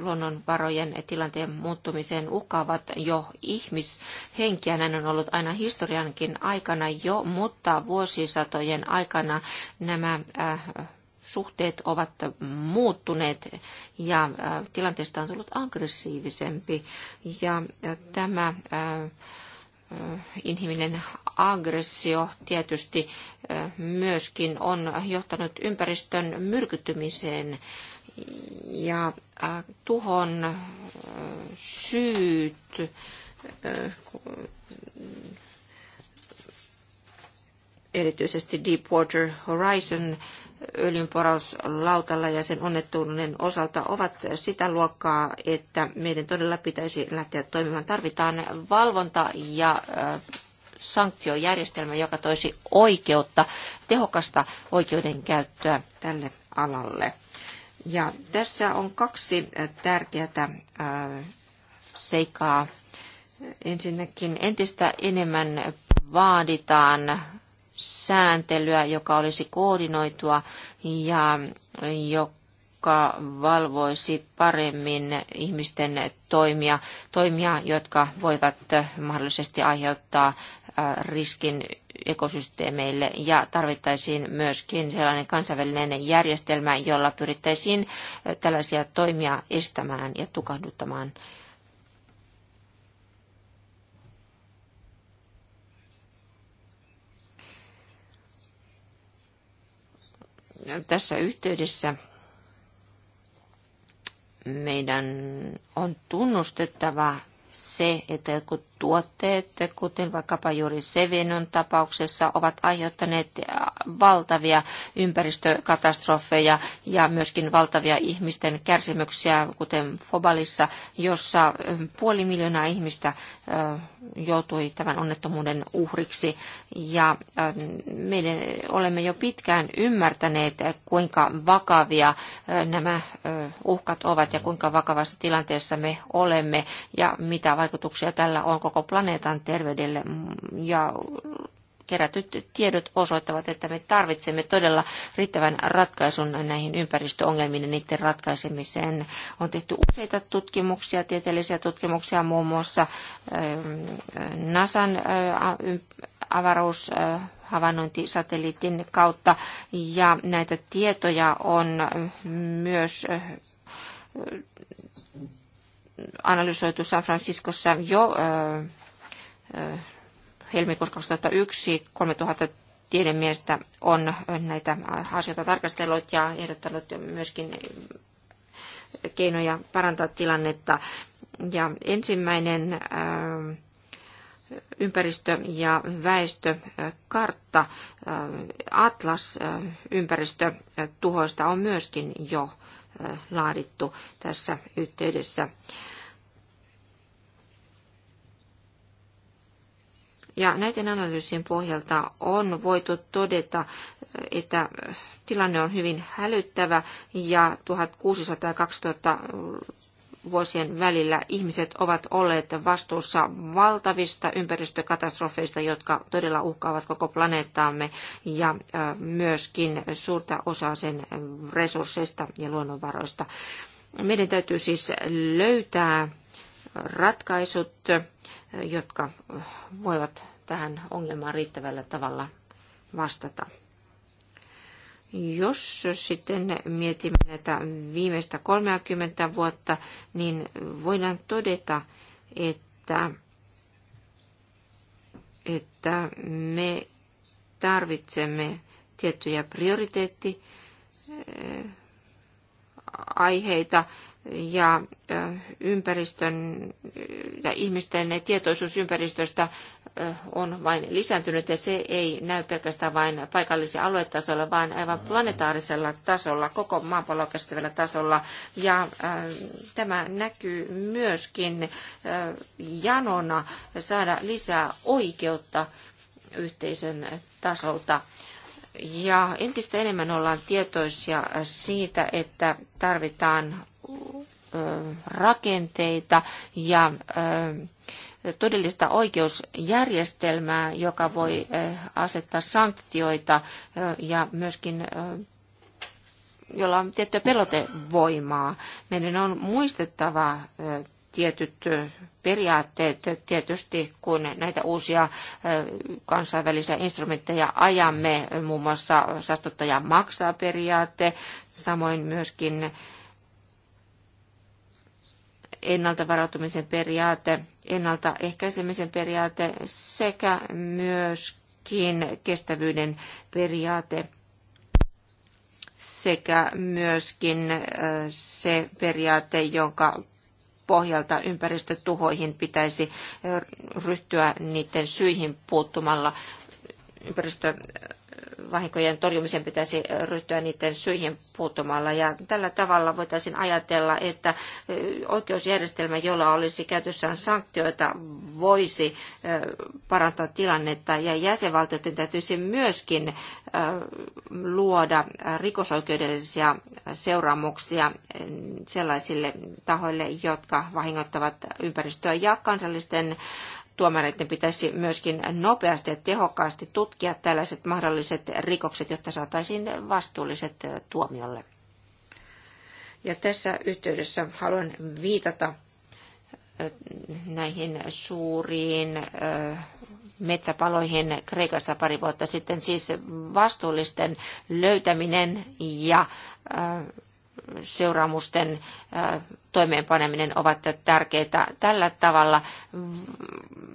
luonnonvarojen tilanteen muuttumiseen, ukavat jo ihmishenkiä. Näin on ollut aina historiankin aikana jo, mutta vuosisatojen aikana nämä äh, suhteet ovat muuttuneet ja äh, tilanteesta on tullut aggressiivisempi. Ja äh, tämä äh, inhimillinen aggressio tietysti myöskin on johtanut ympäristön myrkyttymiseen ja tuhon syyt erityisesti Deepwater Horizon öljynporauslautalla ja sen onnettuuden osalta ovat sitä luokkaa, että meidän todella pitäisi lähteä toimimaan. Tarvitaan valvonta ja sanktiojärjestelmä, joka toisi oikeutta, tehokasta oikeudenkäyttöä tälle alalle. Ja tässä on kaksi tärkeää seikkaa. Ensinnäkin entistä enemmän vaaditaan sääntelyä, joka olisi koordinoitua ja joka valvoisi paremmin ihmisten toimia, toimia jotka voivat mahdollisesti aiheuttaa riskin ekosysteemeille ja tarvittaisiin myöskin sellainen kansainvälinen järjestelmä, jolla pyrittäisiin tällaisia toimia estämään ja tukahduttamaan tässä yhteydessä meidän on tunnustettava se, että jotkut tuotteet, kuten vaikkapa juuri Sevenon tapauksessa, ovat aiheuttaneet valtavia ympäristökatastrofeja ja myöskin valtavia ihmisten kärsimyksiä, kuten Fobalissa, jossa puoli miljoonaa ihmistä joutui tämän onnettomuuden uhriksi. Ja me olemme jo pitkään ymmärtäneet, kuinka vakavia nämä uhkat ovat ja kuinka vakavassa tilanteessa me olemme ja mitä vaikutuksia tällä on koko planeetan terveydelle. Ja kerätyt tiedot osoittavat, että me tarvitsemme todella riittävän ratkaisun näihin ympäristöongelmiin ja niiden ratkaisemiseen. On tehty useita tutkimuksia, tieteellisiä tutkimuksia, muun muassa ähm, NASAn äh, avaruus äh, havainnointisatelliitin kautta ja näitä tietoja on äh, myös analysoitu San Franciscossa jo helmikuussa 2001 3000 tiedemiestä on näitä asioita tarkastellut ja ehdottanut myöskin keinoja parantaa tilannetta. Ja ensimmäinen ympäristö- ja väestökartta, Atlas ympäristötuhoista on myöskin jo laadittu tässä yhteydessä. Ja näiden analyysien pohjalta on voitu todeta, että tilanne on hyvin hälyttävä ja 1600 2000 vuosien välillä ihmiset ovat olleet vastuussa valtavista ympäristökatastrofeista, jotka todella uhkaavat koko planeettaamme ja myöskin suurta osaa sen resursseista ja luonnonvaroista. Meidän täytyy siis löytää ratkaisut jotka voivat tähän ongelmaan riittävällä tavalla vastata. Jos sitten mietimme näitä viimeistä 30 vuotta, niin voidaan todeta, että, että me tarvitsemme tiettyjä prioriteetti eh, aiheita ja ympäristön ja ihmisten tietoisuus ympäristöstä on vain lisääntynyt ja se ei näy pelkästään vain paikallisen aluetasolla, vaan aivan planetaarisella tasolla, koko maapalloa käsittävällä tasolla. Ja äh, tämä näkyy myöskin äh, janona saada lisää oikeutta yhteisön tasolta. Ja entistä enemmän ollaan tietoisia siitä, että tarvitaan rakenteita ja todellista oikeusjärjestelmää, joka voi asettaa sanktioita ja myöskin jolla on tiettyä pelotevoimaa. Meidän on muistettava tietyt periaatteet. Tietysti kun näitä uusia kansainvälisiä instrumentteja ajamme, muun muassa saastuttaja maksaa periaate, samoin myöskin ennalta varautumisen periaate, ennaltaehkäisemisen periaate sekä myöskin kestävyyden periaate sekä myöskin se periaate, jonka pohjalta ympäristötuhoihin pitäisi ryhtyä niiden syihin puuttumalla ympäristö vahinkojen torjumiseen pitäisi ryhtyä niiden syihin puuttumalla. Ja tällä tavalla voitaisiin ajatella, että oikeusjärjestelmä, jolla olisi käytössään sanktioita, voisi parantaa tilannetta. Ja jäsenvaltioiden täytyisi myöskin luoda rikosoikeudellisia seuraamuksia sellaisille tahoille, jotka vahingoittavat ympäristöä ja kansallisten tuomareiden pitäisi myöskin nopeasti ja tehokkaasti tutkia tällaiset mahdolliset rikokset, jotta saataisiin vastuulliset tuomiolle. Ja tässä yhteydessä haluan viitata näihin suuriin metsäpaloihin Kreikassa pari vuotta sitten. Siis vastuullisten löytäminen ja seuraamusten toimeenpaneminen ovat tärkeitä. Tällä tavalla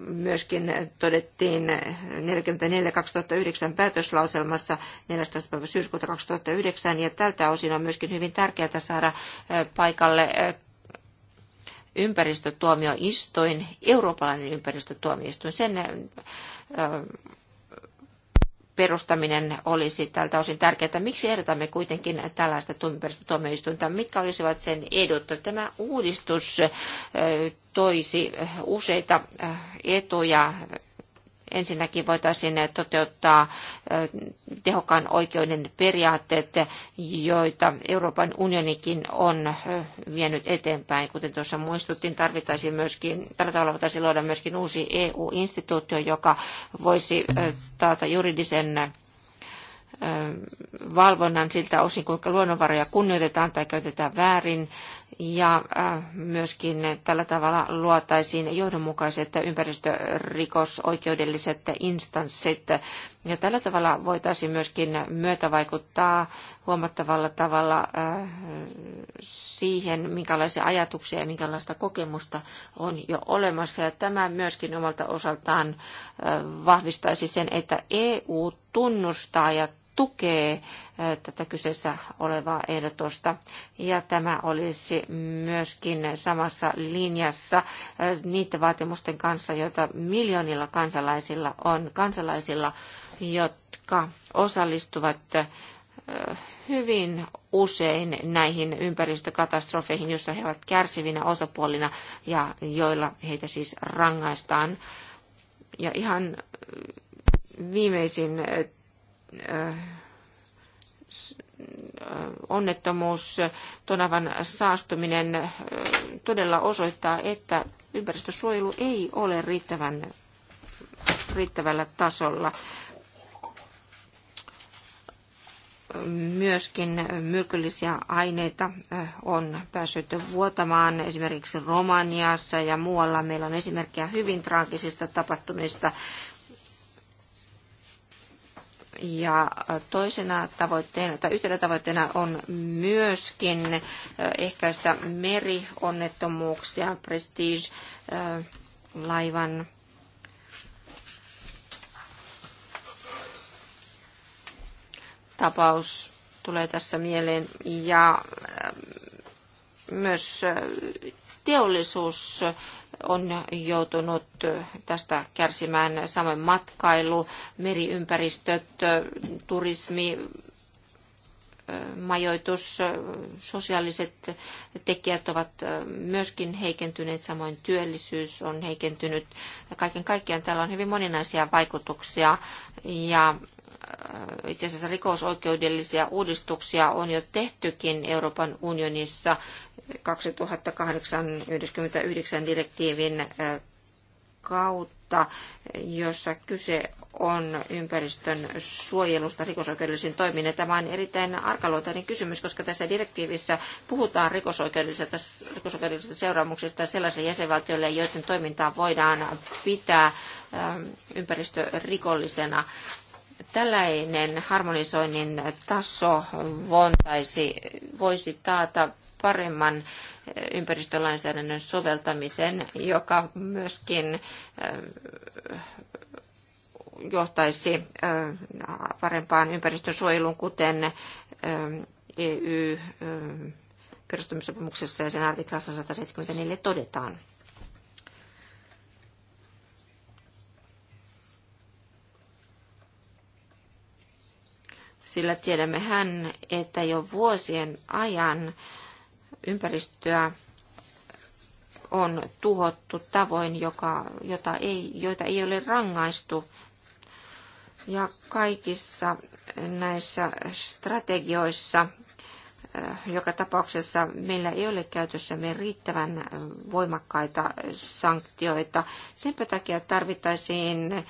myöskin todettiin 44-2009 päätöslauselmassa 14. päivä syyskuuta 2009, ja tältä osin on myöskin hyvin tärkeää saada paikalle ympäristötuomioistuin, eurooppalainen ympäristötuomioistuin. Sen perustaminen olisi tältä osin tärkeää. Miksi ehdotamme kuitenkin tällaista tuomioistuinta? Mitkä olisivat sen edut? Tämä uudistus toisi useita etuja Ensinnäkin voitaisiin toteuttaa tehokkaan oikeuden periaatteet, joita Euroopan unionikin on vienyt eteenpäin. Kuten tuossa muistutin, tarvittaisiin myöskin, tällä tavalla voitaisiin luoda myöskin uusi EU-instituutio, joka voisi taata juridisen valvonnan siltä osin, kuinka luonnonvaroja kunnioitetaan tai käytetään väärin. Ja myöskin tällä tavalla luotaisiin johdonmukaiset ympäristörikosoikeudelliset instanssit. Ja tällä tavalla voitaisiin myöskin myötävaikuttaa huomattavalla tavalla siihen, minkälaisia ajatuksia ja minkälaista kokemusta on jo olemassa. Ja tämä myöskin omalta osaltaan vahvistaisi sen, että EU tunnustaa ja tukee tätä kyseessä olevaa ehdotusta. Ja tämä olisi myöskin samassa linjassa niiden vaatimusten kanssa, joita miljoonilla kansalaisilla on, kansalaisilla, jotka osallistuvat hyvin usein näihin ympäristökatastrofeihin, joissa he ovat kärsivinä osapuolina ja joilla heitä siis rangaistaan. Ja ihan viimeisin Äh, äh, onnettomuus, Tonavan saastuminen äh, todella osoittaa, että ympäristösuojelu ei ole riittävän, riittävällä tasolla. Myöskin myrkyllisiä aineita on päässyt vuotamaan esimerkiksi Romaniassa ja muualla. Meillä on esimerkkejä hyvin traagisista tapahtumista, ja äh, toisena tavoitteena, tai yhtenä tavoitteena on myöskin äh, ehkäistä merionnettomuuksia, prestige äh, laivan tapaus tulee tässä mieleen. Ja myös teollisuus on joutunut tästä kärsimään. Samoin matkailu, meriympäristöt, turismi, majoitus, sosiaaliset tekijät ovat myöskin heikentyneet, samoin työllisyys on heikentynyt. Kaiken kaikkiaan täällä on hyvin moninaisia vaikutuksia ja itse asiassa rikosoikeudellisia uudistuksia on jo tehtykin Euroopan unionissa 2008-99 direktiivin äh, kautta, jossa kyse on ympäristön suojelusta rikosoikeudellisiin toimiin. tämä on erittäin arkaluontoinen kysymys, koska tässä direktiivissä puhutaan rikosoikeudellisista, rikosoikeudellisista seuraamuksista sellaisille jäsenvaltioille, joiden toimintaa voidaan pitää ähm, ympäristörikollisena. Tällainen harmonisoinnin taso vontaisi, voisi taata paremman eh, ympäristölainsäädännön soveltamisen, joka myöskin eh, johtaisi eh, parempaan ympäristönsuojeluun, kuten EU e perustamissopimuksessa ja sen artiklassa 174 todetaan. sillä tiedämme hän, että jo vuosien ajan ympäristöä on tuhottu tavoin, joka, jota ei, joita ei ole rangaistu. Ja kaikissa näissä strategioissa Äh, joka tapauksessa meillä ei ole käytössämme riittävän äh, voimakkaita sanktioita. Senpä takia tarvittaisiin äh,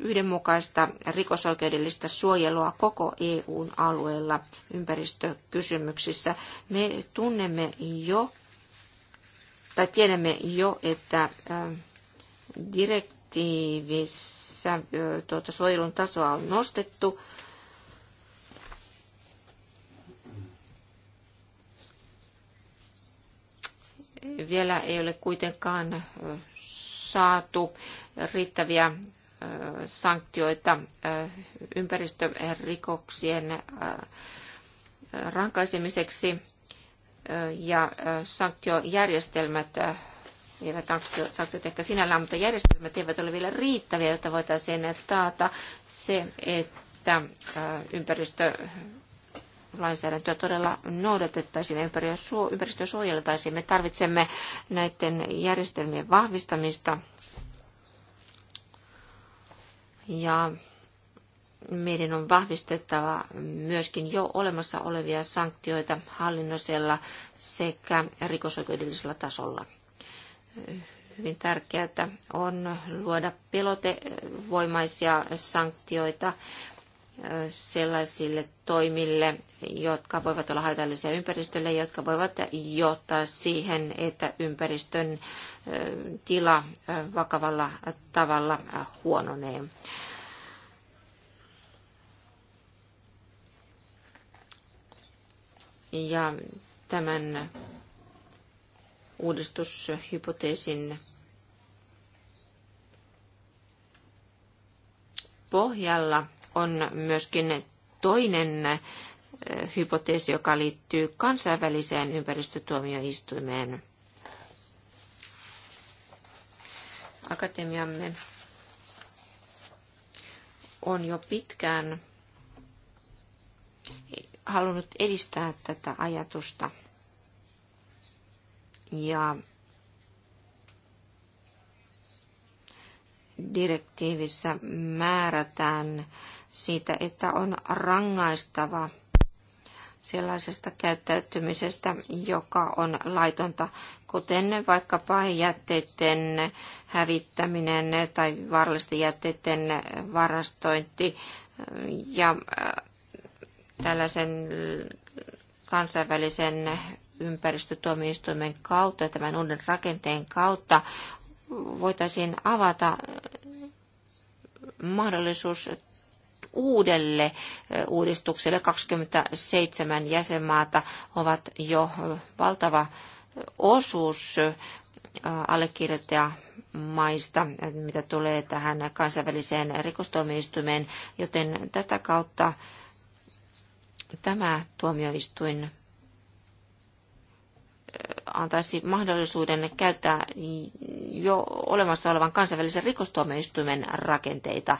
yhdenmukaista rikosoikeudellista suojelua koko EUn alueella ympäristökysymyksissä. Me tunnemme jo, tai tiedämme jo, että direktiivissä tuota suojelun tasoa on nostettu vielä ei ole kuitenkaan saatu riittäviä sanktioita ympäristörikoksien rankaisemiseksi ja sanktiojärjestelmät eivät sanktiot ehkä sinällään, mutta järjestelmät eivät ole vielä riittäviä, jotta voitaisiin taata se, että ympäristö lainsäädäntöä todella noudatettaisiin ja ympäristöä suojeltaisiin. Me tarvitsemme näiden järjestelmien vahvistamista ja meidän on vahvistettava myöskin jo olemassa olevia sanktioita hallinnollisella sekä rikosoikeudellisella tasolla. Hyvin tärkeää on luoda pelotevoimaisia sanktioita sellaisille toimille, jotka voivat olla haitallisia ympäristölle, jotka voivat johtaa siihen, että ympäristön tila vakavalla tavalla huononee. Ja tämän uudistushypoteesin pohjalla – on myöskin toinen eh, hypoteesi, joka liittyy kansainväliseen ympäristötuomioistuimeen. Akatemiamme on jo pitkään halunnut edistää tätä ajatusta. Ja direktiivissä määrätään äh, siitä, että on rangaistava sellaisesta käyttäytymisestä, joka on laitonta, kuten vaikkapa jätteiden hävittäminen tai vaarallisten jätteiden varastointi ja äh, tällaisen kansainvälisen ympäristötuomioistuimen kautta, tämän uuden rakenteen kautta voitaisiin avata mahdollisuus uudelle uudistukselle. 27 jäsenmaata ovat jo valtava osuus allekirjoittaja maista, mitä tulee tähän kansainväliseen rikostuomioistuimeen, joten tätä kautta tämä tuomioistuin antaisi mahdollisuuden käyttää jo olemassa olevan kansainvälisen rikostuomioistuimen rakenteita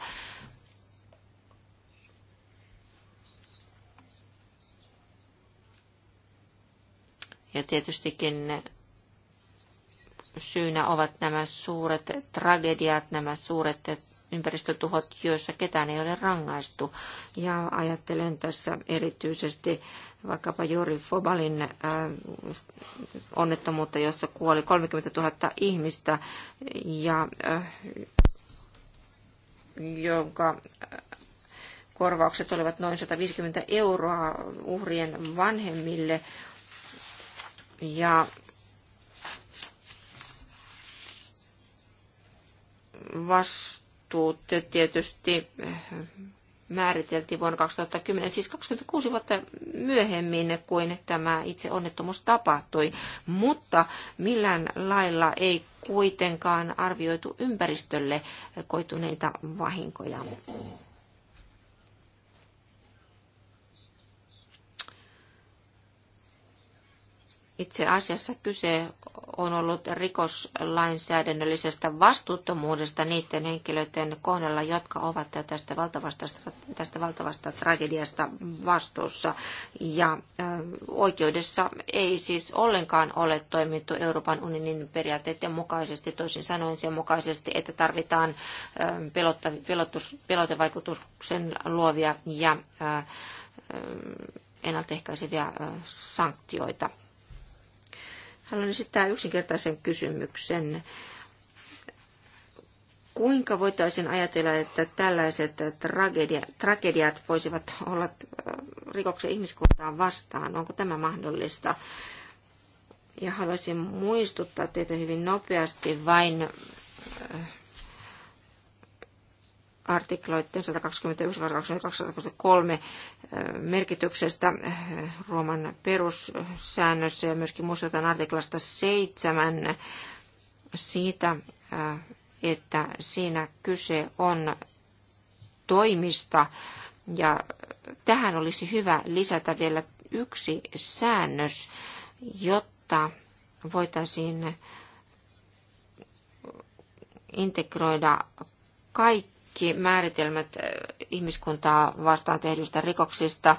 Ja tietystikin syynä ovat nämä suuret tragediat, nämä suuret ympäristötuhot, joissa ketään ei ole rangaistu. Ja ajattelen tässä erityisesti vaikkapa juuri Fobalin äh, onnettomuutta, jossa kuoli 30 000 ihmistä, ja, äh, jonka äh, korvaukset olivat noin 150 euroa uhrien vanhemmille ja vastuut tietysti määriteltiin vuonna 2010, siis 26 vuotta myöhemmin kuin tämä itse onnettomuus tapahtui, mutta millään lailla ei kuitenkaan arvioitu ympäristölle koituneita vahinkoja. Itse asiassa kyse on ollut rikoslainsäädännöllisestä vastuuttomuudesta niiden henkilöiden kohdalla, jotka ovat tästä valtavasta, tästä valtavasta tragediasta vastuussa. Ja oikeudessa ei siis ollenkaan ole toimittu Euroopan unionin periaatteiden mukaisesti, toisin sanoen sen mukaisesti, että tarvitaan pelotevaikutuksen luovia ja ennaltaehkäiseviä sanktioita Haluan esittää yksinkertaisen kysymyksen. Kuinka voitaisiin ajatella, että tällaiset tragedia, tragediat voisivat olla äh, rikoksen ihmiskuntaan vastaan? Onko tämä mahdollista? Ja haluaisin muistuttaa teitä hyvin nopeasti vain äh, artikloiden 121 123 merkityksestä Rooman perussäännössä ja myöskin muistetaan artiklasta 7 siitä, että siinä kyse on toimista ja tähän olisi hyvä lisätä vielä yksi säännös, jotta voitaisiin integroida kaikki kaikki määritelmät äh, ihmiskuntaa vastaan tehdyistä rikoksista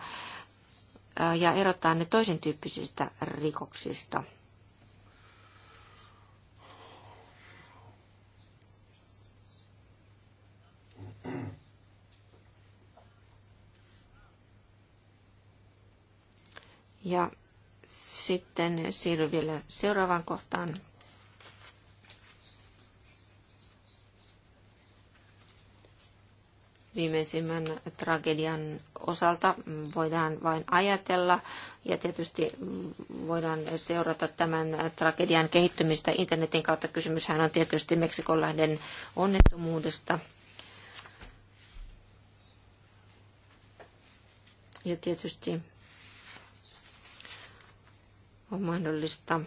äh, ja erottaa ne toisen tyyppisistä rikoksista. Ja sitten siirryn vielä seuraavaan kohtaan. viimeisimmän tragedian osalta voidaan vain ajatella ja tietysti voidaan seurata tämän tragedian kehittymistä internetin kautta. Kysymyshän on tietysti Meksikonlahden onnettomuudesta. Ja tietysti on mahdollista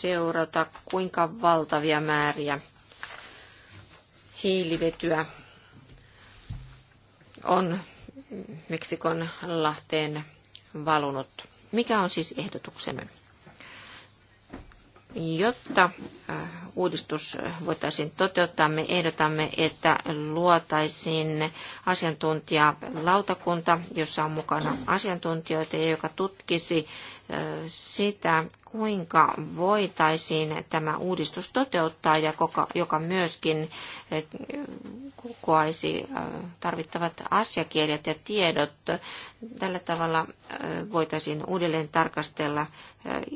seurata, kuinka valtavia määriä hiilivetyä on Meksikon lahteen valunut. Mikä on siis ehdotuksemme? Jotta äh, uudistus voitaisiin toteuttaa, me ehdotamme, että luotaisiin asiantuntijalautakunta, jossa on mukana asiantuntijoita joka tutkisi sitä, kuinka voitaisiin tämä uudistus toteuttaa ja joka myöskin kokoaisi tarvittavat asiakirjat ja tiedot. Tällä tavalla voitaisiin uudelleen tarkastella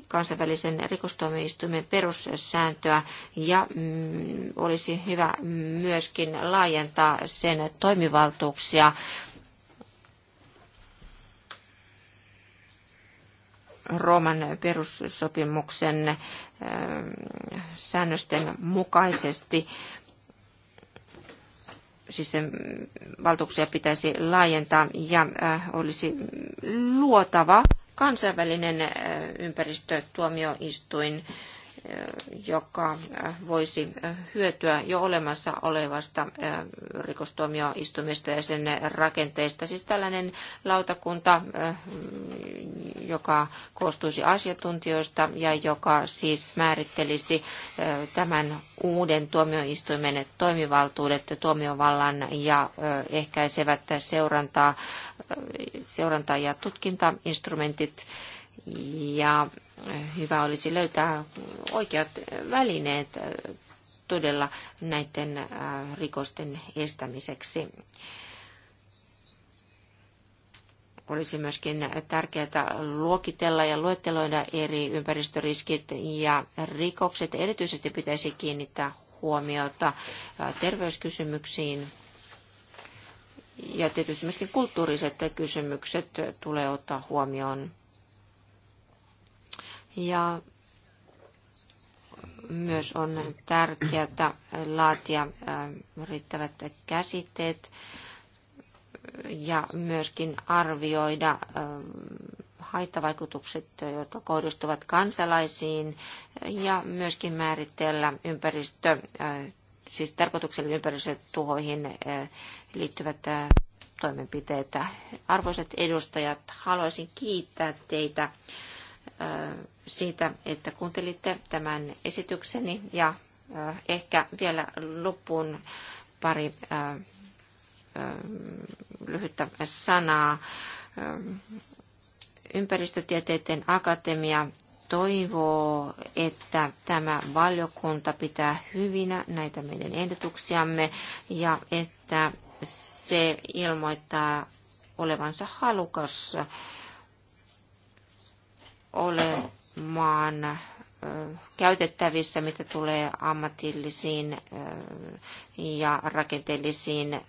kansainvälisen rikostoimistumien perussääntöä ja mm, olisi hyvä myöskin laajentaa sen toimivaltuuksia Rooman perussopimuksen ähm, säännösten mukaisesti. Siis sen valtuuksia pitäisi laajentaa ja äh, olisi luotava kansainvälinen äh, ympäristötuomioistuin joka äh, voisi äh, hyötyä jo olemassa olevasta äh, rikostuomioistumista ja sen rakenteista. Siis tällainen lautakunta, joka koostuisi asiantuntijoista ja joka siis määrittelisi tämän uuden tuomioistuimen toimivaltuudet, tuomiovallan ja ehkäisevät seurantaa, seurantaa ja tutkintainstrumentit. Ja hyvä olisi löytää oikeat välineet todella näiden äh, rikosten estämiseksi. Olisi myöskin tärkeää luokitella ja luetteloida eri ympäristöriskit ja rikokset. Erityisesti pitäisi kiinnittää huomiota äh, terveyskysymyksiin, ja tietysti myöskin kulttuuriset kysymykset tulee ottaa huomioon. Ja myös on tärkeää laatia äh, riittävät käsitteet ja myöskin arvioida äh, haittavaikutukset, jotka kohdistuvat kansalaisiin ja myöskin määritellä ympäristö, äh, siis tarkoituksellinen ympäristötuhoihin liittyvät toimenpiteitä. Arvoisat edustajat, haluaisin kiittää teitä siitä, että kuuntelitte tämän esitykseni ja äh, ehkä vielä loppuun pari äh, äh, lyhyttä sanaa. Ympäristötieteiden akatemia toivoo, että tämä valiokunta pitää hyvinä näitä meidän ehdotuksiamme ja että se ilmoittaa olevansa halukas. ole maan käytettävissä, mitä tulee ammatillisiin ja rakenteellisiin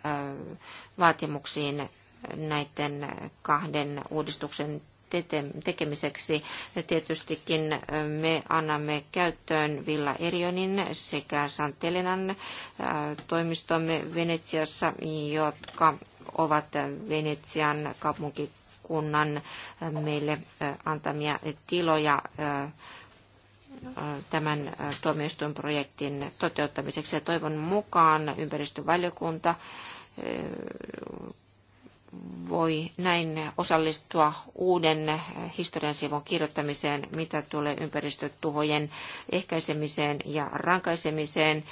vaatimuksiin näiden kahden uudistuksen tekemiseksi. Tietystikin me annamme käyttöön Villa Erionin sekä Santelinan toimistomme Venetsiassa, jotka ovat Venetsian kaupunki yhteiskunnan meille antamia tiloja tämän tuomioistuinprojektin toteuttamiseksi. Ja toivon mukaan ympäristövaliokunta voi näin osallistua uuden historian sivun kirjoittamiseen, mitä tulee ympäristötuhojen ehkäisemiseen ja rankaisemiseen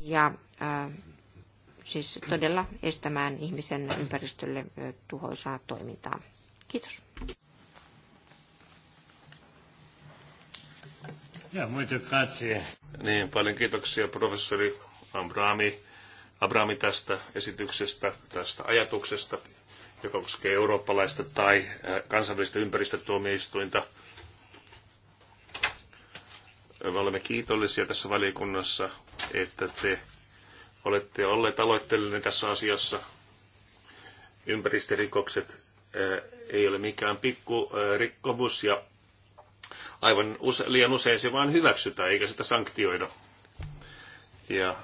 ja äh, siis todella estämään ihmisen ympäristölle tuhoisaa toimintaa. Kiitos. Ja, muito grazie. Niin, paljon kiitoksia professori Abrami, Abrami tästä esityksestä, tästä ajatuksesta, joka koskee eurooppalaista tai kansainvälistä ympäristötuomioistuinta. Me olemme kiitollisia tässä valiokunnassa, että te olette olleet aloitteellinen tässä asiassa. Ympäristörikokset ei ole mikään pikku rikkomus ja aivan use, liian usein se vaan hyväksytään eikä sitä sanktioida. Ja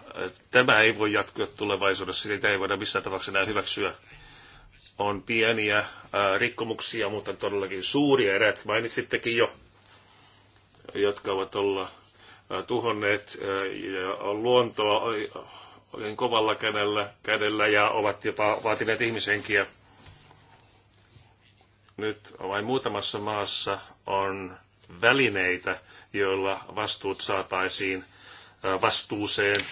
tämä ei voi jatkua tulevaisuudessa, sitä ei voida missään tapauksessa enää hyväksyä. On pieniä ää, rikkomuksia, mutta todellakin suuria erät, mainitsittekin jo, jotka ovat olla ää, tuhonneet ää, ja luontoa oikein kovalla kädellä, kädellä ja ovat jopa vaatineet ihmisenkiä. Nyt vain muutamassa maassa on välineitä, joilla vastuut saataisiin vastuuseen.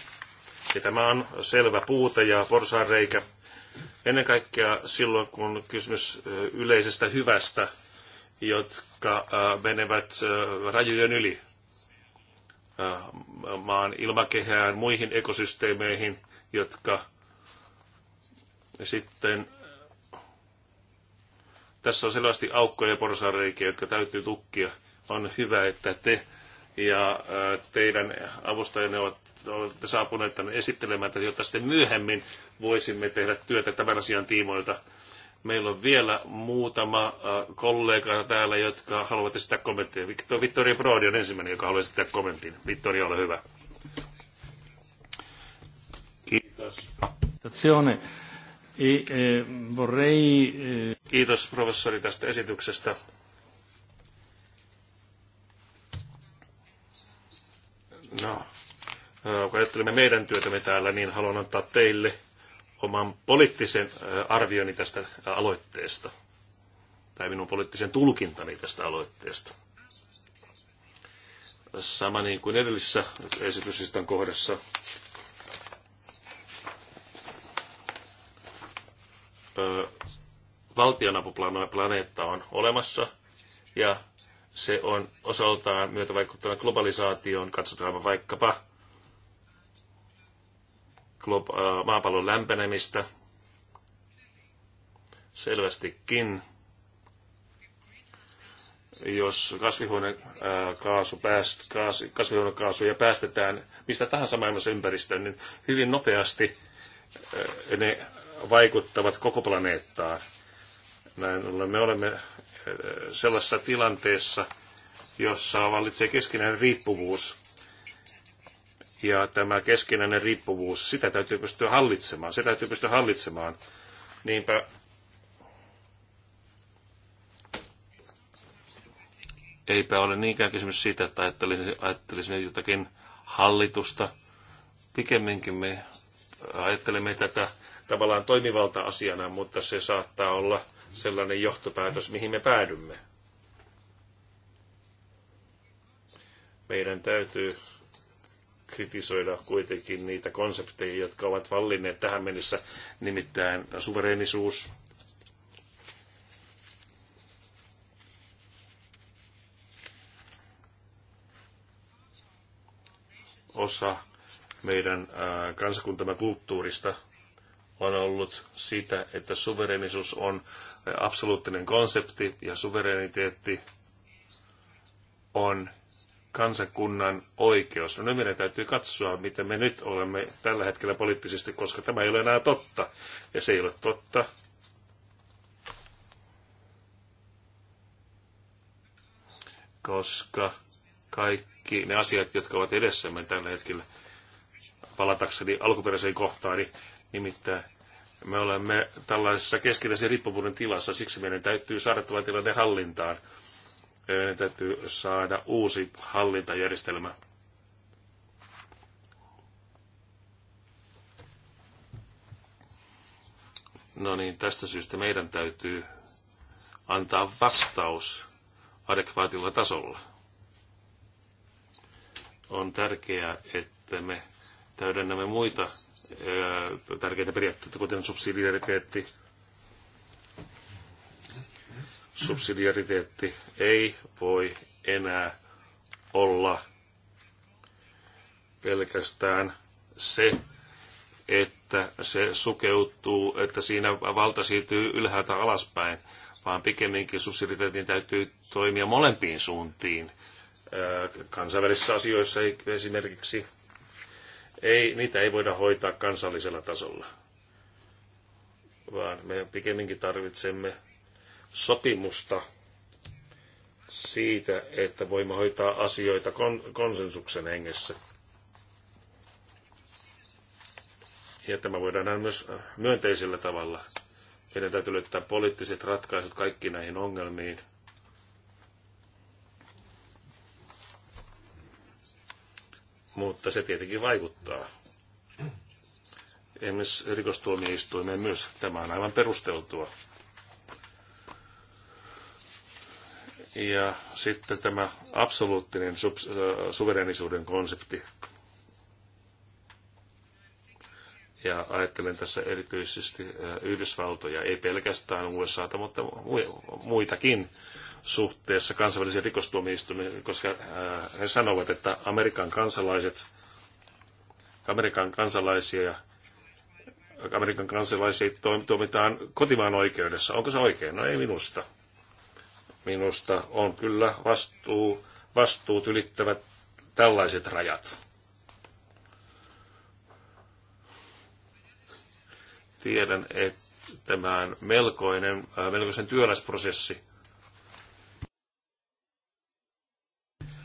Ja tämä on selvä puute ja porsaanreikä. Ennen kaikkea silloin, kun on kysymys yleisestä hyvästä, jotka menevät rajojen yli maan ilmakehään, muihin ekosysteemeihin, jotka sitten tässä on selvästi aukkoja ja porsareikiä, jotka täytyy tukkia. On hyvä, että te ja teidän avustajanne ovat olette saapuneet tänne esittelemään, jotta sitten myöhemmin voisimme tehdä työtä tämän asian tiimoilta. Meillä on vielä muutama kollega täällä, jotka haluavat esittää kommentteja. Vittoria Brodi on ensimmäinen, joka haluaa esittää kommentin. Vittoria, ole hyvä. Kiitos. Eh, eh, Kiitos professori tästä esityksestä. No, kun ajattelemme meidän työtämme täällä, niin haluan antaa teille oman poliittisen arvioni tästä aloitteesta, tai minun poliittisen tulkintani tästä aloitteesta. Sama niin kuin edellisessä esityslistan kohdassa, valtionapuplaneetta on olemassa ja se on osaltaan myötä vaikuttava globalisaatioon. Katsotaan vaikkapa maapallon lämpenemistä selvästikin. Jos kasvihuonekaasuja päästetään mistä tahansa maailmassa ympäristöön, niin hyvin nopeasti ne vaikuttavat koko planeettaan. Näin ollen me olemme äh, sellaisessa tilanteessa, jossa vallitsee keskinäinen riippuvuus. Ja tämä keskinäinen riippuvuus, sitä täytyy pystyä hallitsemaan. Sitä täytyy pystyä hallitsemaan. Niinpä eipä ole niinkään kysymys siitä, että ajattelisin, ajattelisin jotakin hallitusta. Pikemminkin me ajattelemme tätä tavallaan toimivalta-asiana, mutta se saattaa olla sellainen johtopäätös, mihin me päädymme. Meidän täytyy kritisoida kuitenkin niitä konsepteja, jotka ovat vallinneet tähän mennessä, nimittäin suvereenisuus, osa meidän kansakuntamme kulttuurista – on ollut sitä, että suverenisuus on eh, absoluuttinen konsepti ja suvereniteetti on kansakunnan oikeus. No nyt meidän täytyy katsoa, miten me nyt olemme tällä hetkellä poliittisesti, koska tämä ei ole enää totta. Ja se ei ole totta. Koska kaikki ne asiat, jotka ovat edessämme tällä hetkellä, palatakseni alkuperäiseen kohtaan, niin Nimittäin me olemme tällaisessa keskinäisen riippuvuuden tilassa, siksi meidän täytyy saada tämä tilanne hallintaan. Meidän täytyy saada uusi hallintajärjestelmä. No niin, tästä syystä meidän täytyy antaa vastaus adekvaatilla tasolla. On tärkeää, että me täydennämme muita tärkeitä periaatteita, kuten subsidiariteetti. Subsidiariteetti ei voi enää olla pelkästään se, että se sukeutuu, että siinä valta siirtyy ylhäältä alaspäin, vaan pikemminkin subsidiariteetin täytyy toimia molempiin suuntiin. Kansainvälisissä asioissa esimerkiksi ei, niitä ei voida hoitaa kansallisella tasolla, vaan me pikemminkin tarvitsemme sopimusta siitä, että voimme hoitaa asioita kon- konsensuksen hengessä. Ja tämä voidaan nähdä myös myönteisellä tavalla. Meidän täytyy löytää poliittiset ratkaisut kaikkiin näihin ongelmiin – mutta se tietenkin vaikuttaa. Esimerkiksi rikostuomioistuimeen myös tämä on aivan perusteltua. Ja sitten tämä absoluuttinen äh, suverenisuuden konsepti – Ja ajattelen tässä erityisesti Yhdysvaltoja, ei pelkästään USAta, mutta muitakin suhteessa kansainvälisiä rikostuomioistuimia, koska he sanovat, että Amerikan kansalaiset, Amerikan kansalaisia ja Amerikan kansalaisia tuomitaan kotimaan oikeudessa. Onko se oikein? No ei minusta. Minusta on kyllä vastuu, vastuut ylittävät tällaiset rajat. Tiedän, että tämä on melkoinen, äh, melkoisen työläs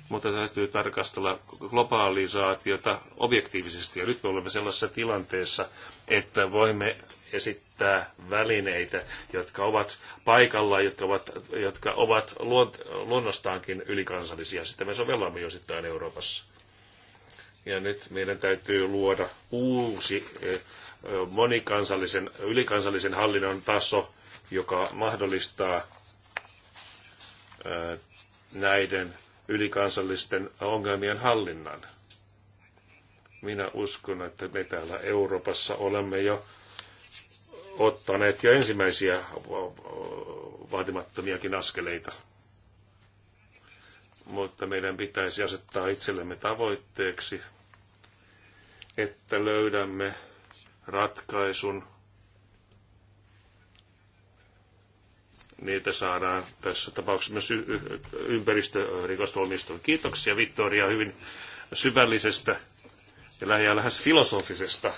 Mutta täytyy tarkastella globaalisaatiota objektiivisesti. Ja nyt me olemme sellaisessa tilanteessa, että voimme esittää välineitä, jotka ovat paikalla, jotka ovat, jotka ovat luonnostaankin ylikansallisia. Sitten me sovellamme jo sitten Euroopassa. Ja nyt meidän täytyy luoda uusi eh, monikansallisen, ylikansallisen hallinnon taso, joka mahdollistaa näiden ylikansallisten ongelmien hallinnan. Minä uskon, että me täällä Euroopassa olemme jo ottaneet jo ensimmäisiä vaatimattomiakin askeleita. Mutta meidän pitäisi asettaa itsellemme tavoitteeksi, että löydämme ratkaisun. Niitä saadaan tässä tapauksessa myös y- ympäristörikostuomioistuin. Kiitoksia Vittoria hyvin syvällisestä ja lähes filosofisesta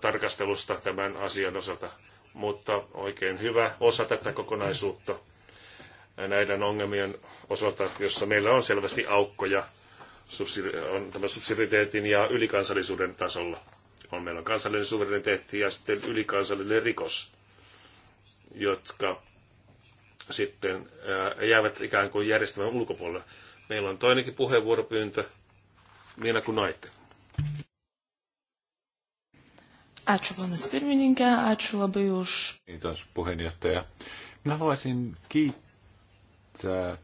tarkastelusta tämän asian osalta, mutta oikein hyvä osa tätä kokonaisuutta näiden ongelmien osalta, jossa meillä on selvästi aukkoja on tämä subsidiariteetin ja ylikansallisuuden tasolla on, meillä on kansallinen suvereniteetti ja sitten ylikansallinen rikos, jotka sitten jäävät ikään kuin järjestelmän ulkopuolelle. Meillä on toinenkin puheenvuoropyyntö, Miina Kunaitė. Ačiū, panas pirmininkė, ačiū labai už. Kiitos, puheenjohtaja. Minä haluaisin kiittää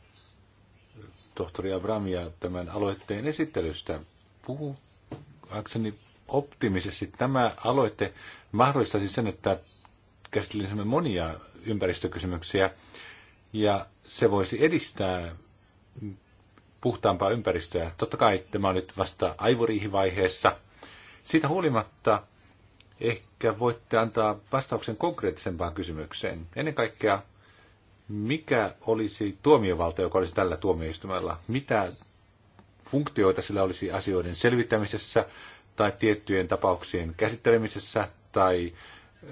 tohtori Abramia tämän aloitteen esittelystä. Puhu, akseni optimisesti tämä aloite mahdollistaisi sen, että käsittelisimme monia ympäristökysymyksiä ja se voisi edistää puhtaampaa ympäristöä. Totta kai tämä on nyt vasta aivoriihivaiheessa. Siitä huolimatta ehkä voitte antaa vastauksen konkreettisempaan kysymykseen. Ennen kaikkea, mikä olisi tuomiovalta, joka olisi tällä tuomioistuimella? Mitä funktioita sillä olisi asioiden selvittämisessä, tai tiettyjen tapauksien käsittelemisessä tai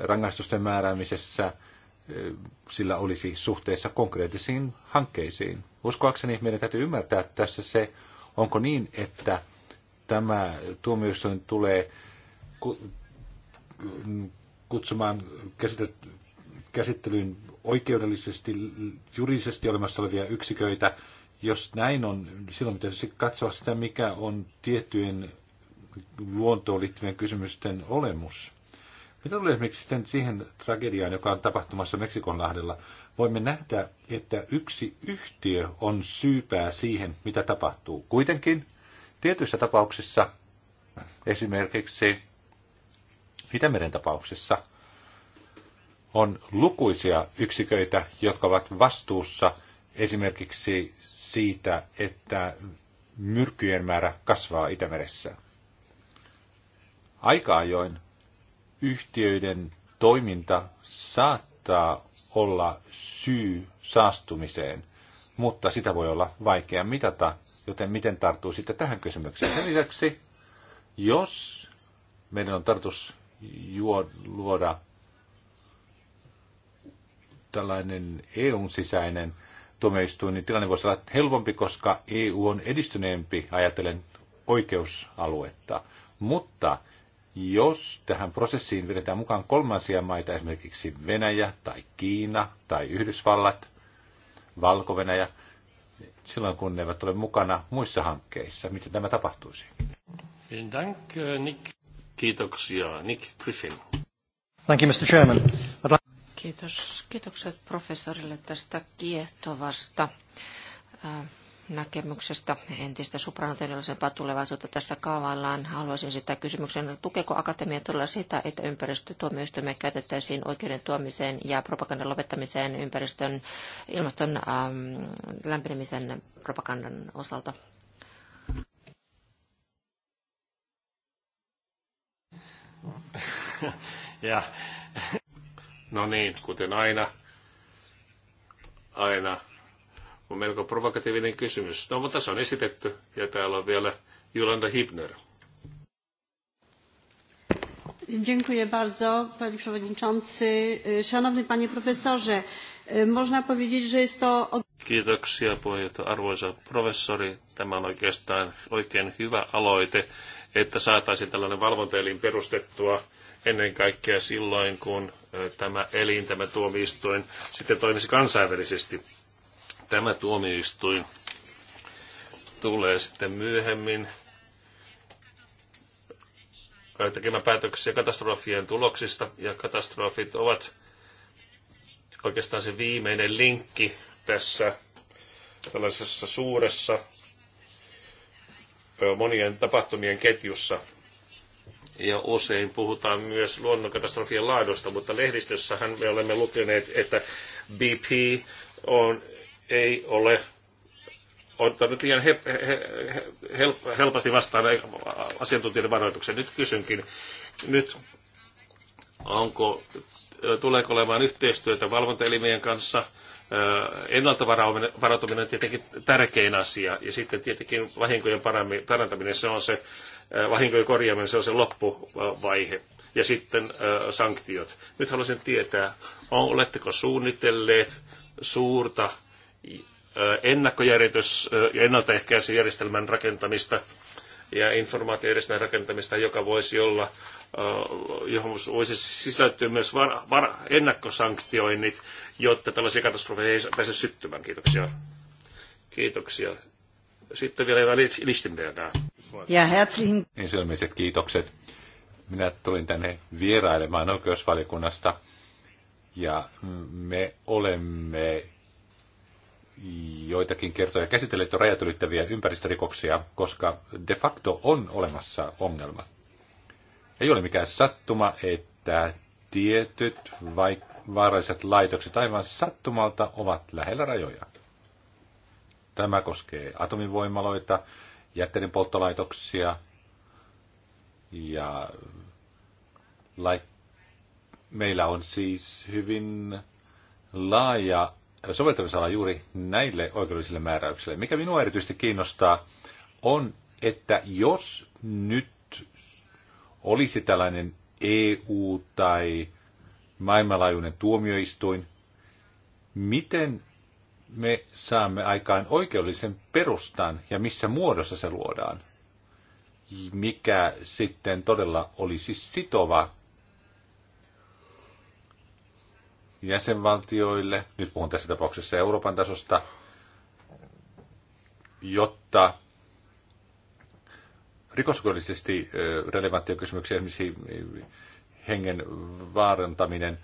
rangaistusten määräämisessä eh, sillä olisi suhteessa konkreettisiin hankkeisiin. Uskoakseni meidän täytyy ymmärtää tässä se, onko niin, että tämä tuomioistuin tulee kutsumaan käsittelyyn oikeudellisesti, juridisesti olemassa olevia yksiköitä. Jos näin on, niin silloin pitäisi katsoa sitä, mikä on tiettyjen luontoon liittyvien kysymysten olemus. Mitä tulee esimerkiksi sitten siihen tragediaan, joka on tapahtumassa Meksikonlahdella, voimme nähdä, että yksi yhtiö on syypää siihen, mitä tapahtuu. Kuitenkin tietyissä tapauksissa, esimerkiksi Itämeren tapauksessa, on lukuisia yksiköitä, jotka ovat vastuussa esimerkiksi siitä, että myrkyjen määrä kasvaa Itämeressä aika ajoin yhtiöiden toiminta saattaa olla syy saastumiseen, mutta sitä voi olla vaikea mitata, joten miten tarttuu sitten tähän kysymykseen? Sen lisäksi, jos meidän on tarkoitus luoda tällainen EUn sisäinen tuomioistuin, niin tilanne voisi olla helpompi, koska EU on edistyneempi, ajatellen oikeusaluetta. Mutta jos tähän prosessiin vedetään mukaan kolmansia maita, esimerkiksi Venäjä tai Kiina tai Yhdysvallat, valko -Venäjä, silloin kun ne eivät ole mukana muissa hankkeissa, miten tämä tapahtuisi? Kiitoksia, Nick Griffin. Thank you, Mr. Chairman. Kiitos. Kiitokset professorille tästä kiehtovasta näkemyksestä entistä supranationaalisempaa tulevaisuutta tässä kaavaillaan. Haluaisin sitä kysymyksen, tukeeko akatemia todella sitä, että ympäristötuomioistuimia käytettäisiin oikeuden tuomiseen ja propagandan lopettamiseen ympäristön ilmaston ähm, lämpenemisen propagandan osalta? ja. No niin, kuten aina, aina on melko provokatiivinen kysymys. No, mutta se on esitetty, ja täällä on vielä Jolanda Hibner. Dziękuję bardzo, panie przewodniczący. E, szanowny panie profesorze, e, można powiedzieć, że jest to... Kiitoksia, puheenjohtaja. Arvoisa professori, tämä on oikeastaan oikein hyvä aloite, että saataisiin tällainen valvontaelin perustettua ennen kaikkea silloin, kun e, tämä elin, tämä tuomioistuin, sitten toimisi kansainvälisesti Tämä tuomioistuin tulee sitten myöhemmin tekemään päätöksiä katastrofien tuloksista, ja katastrofit ovat oikeastaan se viimeinen linkki tässä tällaisessa suuressa monien tapahtumien ketjussa. Ja usein puhutaan myös luonnonkatastrofien laadusta, mutta lehdistössähän me olemme lukeneet, että BP on ei ole ottanut liian he, he, he, he, helposti vastaan asiantuntijoiden varoituksen. Nyt kysynkin, nyt onko, tuleeko olemaan yhteistyötä valvontaelimien kanssa, ennalta varautuminen on tietenkin tärkein asia, ja sitten tietenkin vahinkojen parantaminen, se on se, vahinkojen korjaaminen, se on se loppuvaihe, ja sitten sanktiot. Nyt haluaisin tietää, on, oletteko suunnitelleet suurta ennakkojärjestys ja ennaltaehkäisyjärjestelmän rakentamista ja informaatiojärjestelmän rakentamista, joka voisi olla, johon voisi sisältyä myös var, var, ennakkosanktioinnit, jotta tällaisia katastrofeja ei pääse syttymään. Kiitoksia. Kiitoksia. Sitten vielä Eva Ja herzlichen... Niin Ensimmäiset kiitokset. Minä tulin tänne vierailemaan oikeusvaliokunnasta ja me olemme joitakin kertoja käsitelleet on rajat ylittäviä ympäristörikoksia, koska de facto on olemassa ongelma. Ei ole mikään sattuma, että tietyt vaik- vaaralliset laitokset aivan sattumalta ovat lähellä rajoja. Tämä koskee atomivoimaloita, jätteiden polttolaitoksia ja lait- meillä on siis hyvin laaja soveltamisala juuri näille oikeudellisille määräyksille. Mikä minua erityisesti kiinnostaa, on, että jos nyt olisi tällainen EU- tai maailmanlaajuinen tuomioistuin, miten me saamme aikaan oikeudellisen perustan ja missä muodossa se luodaan? Mikä sitten todella olisi sitova jäsenvaltioille, nyt puhun tässä tapauksessa Euroopan tasosta, jotta rikoskodisesti relevanttia kysymyksiä, esimerkiksi hengen vaarantaminen,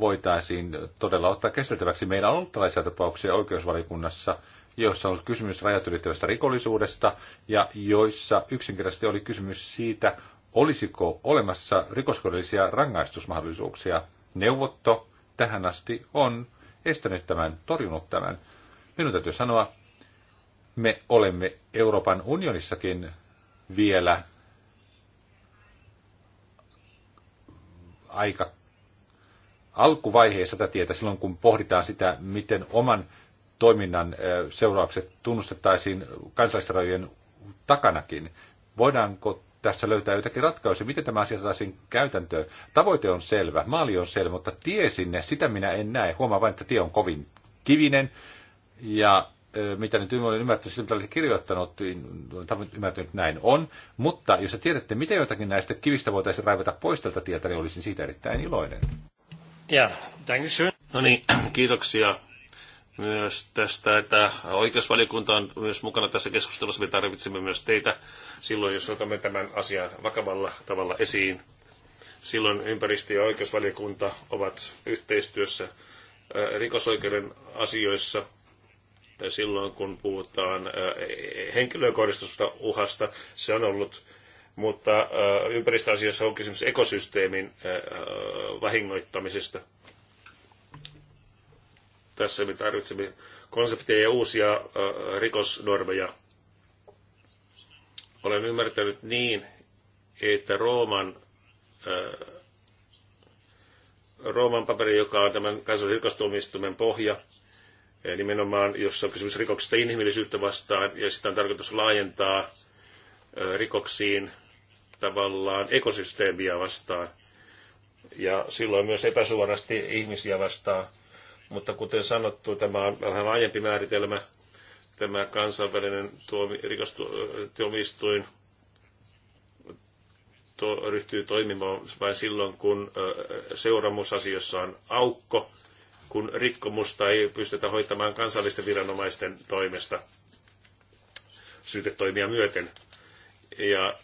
voitaisiin todella ottaa kesteltäväksi. Meillä on ollut tällaisia tapauksia oikeusvalikunnassa, joissa on ollut kysymys rajat ylittävästä rikollisuudesta ja joissa yksinkertaisesti oli kysymys siitä, olisiko olemassa rikoskodellisia rangaistusmahdollisuuksia. Neuvotto tähän asti on estänyt tämän, torjunut tämän. Minun täytyy sanoa, me olemme Euroopan unionissakin vielä aika alkuvaiheessa tätä tietä, silloin kun pohditaan sitä, miten oman toiminnan seuraukset tunnustettaisiin rajojen takanakin. Voidaanko tässä löytää jotakin ratkaisuja, miten tämä asia saataisiin käytäntöön. Tavoite on selvä, maali on selvä, mutta tie sinne, sitä minä en näe. Huomaa vain, että tie on kovin kivinen ja mitä nyt niin olen ymmärtänyt, sitä mitä olette kirjoittanut, olen ymmärtänyt, että näin on. Mutta jos tiedätte, miten jotakin näistä kivistä voitaisiin raivata pois tältä tieltä, niin olisin siitä erittäin iloinen. Ja, yeah, No niin, kiitoksia myös tästä, että oikeusvaliokunta on myös mukana tässä keskustelussa. Me tarvitsemme myös teitä silloin, jos otamme tämän asian vakavalla tavalla esiin. Silloin ympäristö- ja oikeusvaliokunta ovat yhteistyössä äh, rikosoikeuden asioissa silloin, kun puhutaan äh, henkilökohdistusta uhasta. Se on ollut mutta äh, ympäristöasioissa on kysymys ekosysteemin vahingoittamisesta – tässä me tarvitsemme konsepteja ja uusia äh, rikosnormeja. Olen ymmärtänyt niin, että Rooman, äh, Rooman paperi, joka on tämän kansallisen rikostuomioistuimen pohja, äh, nimenomaan, jossa on kysymys rikoksesta inhimillisyyttä vastaan, ja sitä on tarkoitus laajentaa rikoksiin tavallaan ekosysteemiä vastaan, ja silloin myös epäsuorasti ihmisiä vastaan, mutta kuten sanottu, tämä on vähän aiempi määritelmä, tämä kansainvälinen rikostuomioistuin to, ryhtyy toimimaan vain silloin, kun ö, seuraamusasiossa on aukko, kun rikkomusta ei pystytä hoitamaan kansallisten viranomaisten toimesta syytetoimia myöten. Ja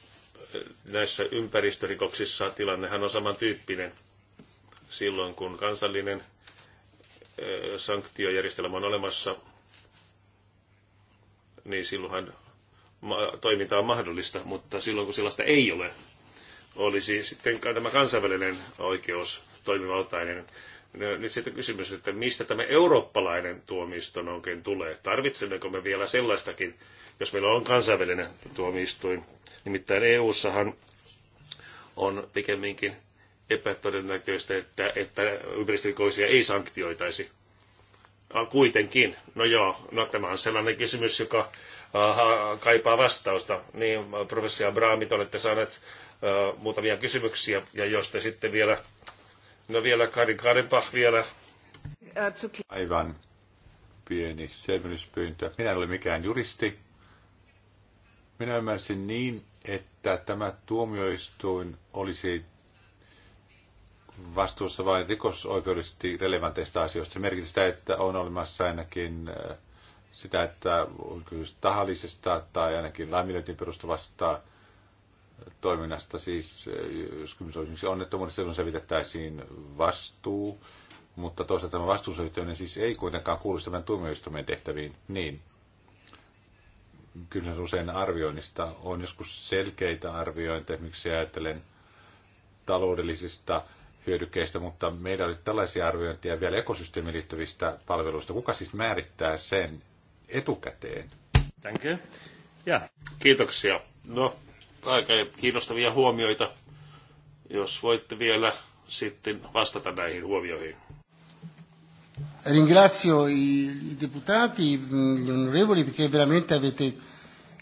näissä ympäristörikoksissa tilannehan on samantyyppinen silloin, kun kansallinen sanktiojärjestelmä on olemassa, niin silloinhan toiminta on mahdollista, mutta silloin kun sellaista ei ole, olisi sitten tämä kansainvälinen oikeus toimivaltainen. No, nyt sitten kysymys, että mistä tämä eurooppalainen tuomioistuin oikein tulee? Tarvitsemmeko me vielä sellaistakin, jos meillä on kansainvälinen tuomioistuin? Nimittäin EU-sahan on pikemminkin epätodennäköistä, että, että ympäristörikollisia ei sanktioitaisi. Kuitenkin, no joo, no tämä on sellainen kysymys, joka aha, kaipaa vastausta. Niin professori Abrahamit olette saaneet uh, muutamia kysymyksiä, ja jos te sitten vielä, no vielä Karin Karenpah vielä. Aivan pieni selvennyspyyntö. Minä en ole mikään juristi. Minä ymmärsin niin, että tämä tuomioistuin olisi vastuussa vain rikosoikeudellisesti relevanteista asioista. Se merkitsee sitä, että on olemassa ainakin äh, sitä, että on kysymys tahallisesta tai ainakin laiminlyöntiin perustuvasta toiminnasta. Siis äh, jos kysymys on esimerkiksi onnettomuudesta, silloin selvitettäisiin vastuu, mutta toisaalta tämä vastuunselvittäminen siis ei kuitenkaan kuulu tämän tuomioistuimen tehtäviin niin. Kyllä usein arvioinnista. On joskus selkeitä arviointeja, miksi ajattelen taloudellisista hyödykkeistä, mutta meillä oli tällaisia arviointia vielä ekosysteemiin liittyvistä palveluista. Kuka siis määrittää sen etukäteen? Thank you. Yeah. Kiitoksia. No, aika kiinnostavia huomioita. Jos voitte vielä sitten vastata näihin huomioihin. Ringrazio i deputati, gli onorevoli, perché veramente avete...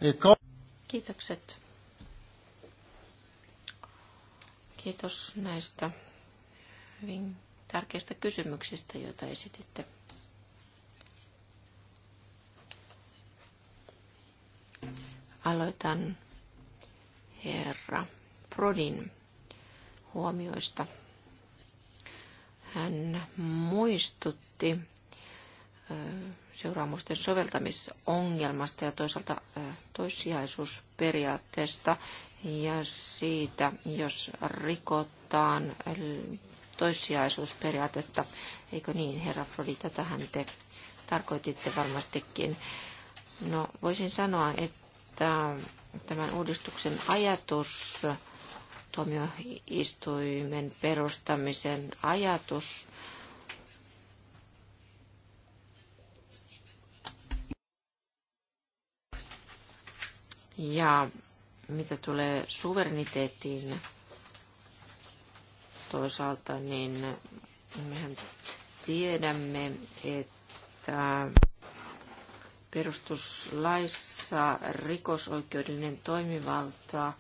Eh, Kiitokset. Kiitos näistä hyvin tärkeistä kysymyksistä, joita esititte. Aloitan herra Prodin huomioista. Hän muistutti seuraamusten soveltamisongelmasta ja toisaalta toissijaisuusperiaatteesta ja siitä, jos rikotaan toissijaisuusperiaatetta. Eikö niin, herra Frodita, tähän te tarkoititte varmastikin. No, voisin sanoa, että tämän uudistuksen ajatus, tuomioistuimen perustamisen ajatus, ja mitä tulee suvereniteettiin, toisaalta, niin mehän tiedämme, että perustuslaissa rikosoikeudellinen toimivalta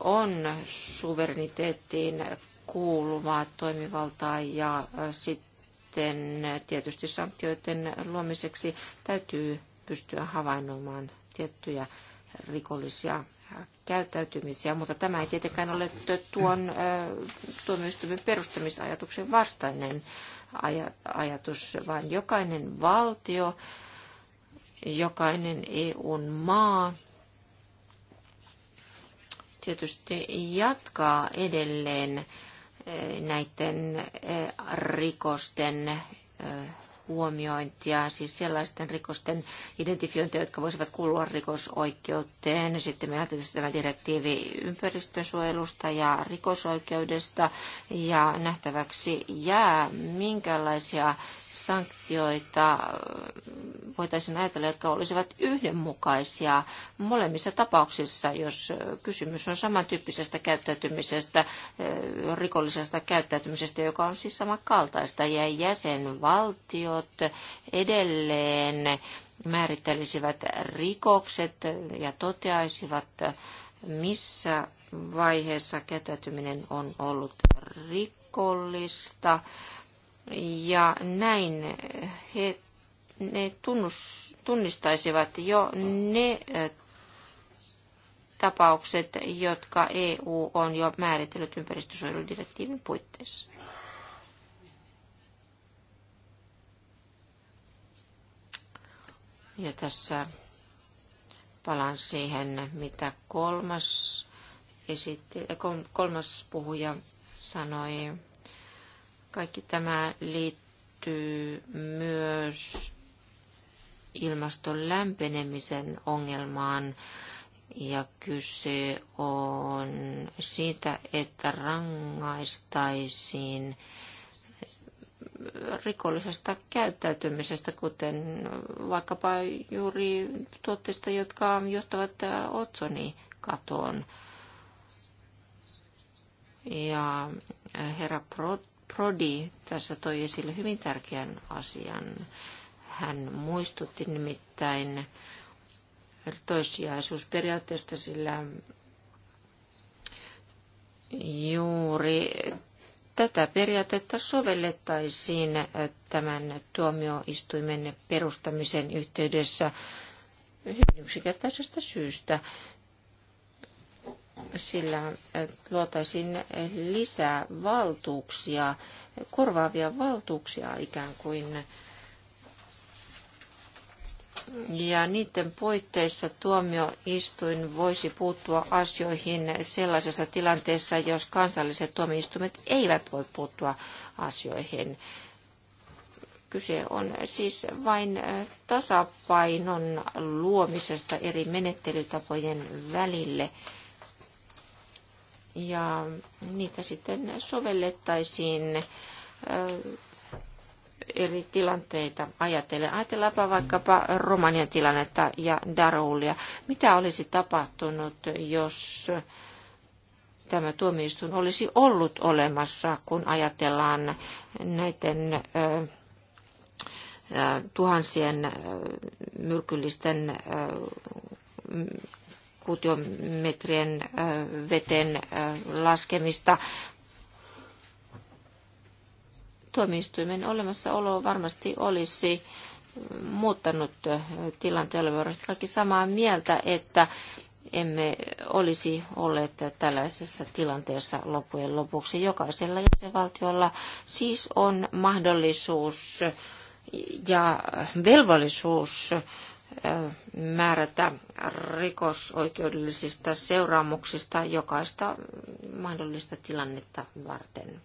on suvereniteettiin kuuluvaa toimivaltaa ja sitten tietysti sanktioiden luomiseksi täytyy pystyä havainnoimaan tiettyjä rikollisia käyttäytymisiä, mutta tämä ei tietenkään ole tuon tuomioistuimen perustamisajatuksen vastainen ajatus, vaan jokainen valtio, jokainen eu maa tietysti jatkaa edelleen näiden rikosten huomiointia, siis sellaisten rikosten identifiointia, jotka voisivat kuulua rikosoikeuteen. Sitten meillä on tietysti tämä direktiivi ympäristönsuojelusta ja rikosoikeudesta, ja nähtäväksi jää, minkälaisia sanktioita äh, voitaisiin ajatella, jotka olisivat yhdenmukaisia molemmissa tapauksissa, jos äh, kysymys on samantyyppisestä käyttäytymisestä, äh, rikollisesta käyttäytymisestä, joka on siis samankaltaista, ja jäsenvaltiot edelleen määrittelisivät rikokset ja toteaisivat, missä vaiheessa käyttäytyminen on ollut rikollista ja näin he, ne tunnus, tunnistaisivat jo ne tapaukset, jotka EU on jo määritellyt ympäristösuojeludirektiivin puitteissa. Ja tässä palaan siihen, mitä kolmas, esitti, kolmas puhuja sanoi. Kaikki tämä liittyy myös ilmaston lämpenemisen ongelmaan. Ja kyse on siitä, että rangaistaisiin rikollisesta käyttäytymisestä, kuten vaikkapa juuri tuotteista, jotka johtavat katoon. Ja herra Prot Prodi tässä toi esille hyvin tärkeän asian. Hän muistutti nimittäin toissijaisuusperiaatteesta, sillä juuri tätä periaatetta sovellettaisiin tämän tuomioistuimen perustamisen yhteydessä hyvin yksinkertaisesta syystä sillä luotaisiin lisää valtuuksia, korvaavia valtuuksia ikään kuin. Ja niiden puitteissa tuomioistuin voisi puuttua asioihin sellaisessa tilanteessa, jos kansalliset tuomioistuimet eivät voi puuttua asioihin. Kyse on siis vain tasapainon luomisesta eri menettelytapojen välille ja niitä sitten sovellettaisiin eri tilanteita ajatellen. Ajatellaanpa vaikkapa Romanian tilannetta ja Darulia. Mitä olisi tapahtunut, jos tämä tuomioistuin olisi ollut olemassa, kun ajatellaan näiden tuhansien myrkyllisten kuutiometrien veden laskemista. Tuomioistuimen olemassaolo varmasti olisi muuttanut tilanteen olemme kaikki samaa mieltä, että emme olisi olleet tällaisessa tilanteessa loppujen lopuksi. Jokaisella jäsenvaltiolla siis on mahdollisuus ja velvollisuus määrätä rikosoikeudellisista seuraamuksista jokaista mahdollista tilannetta varten.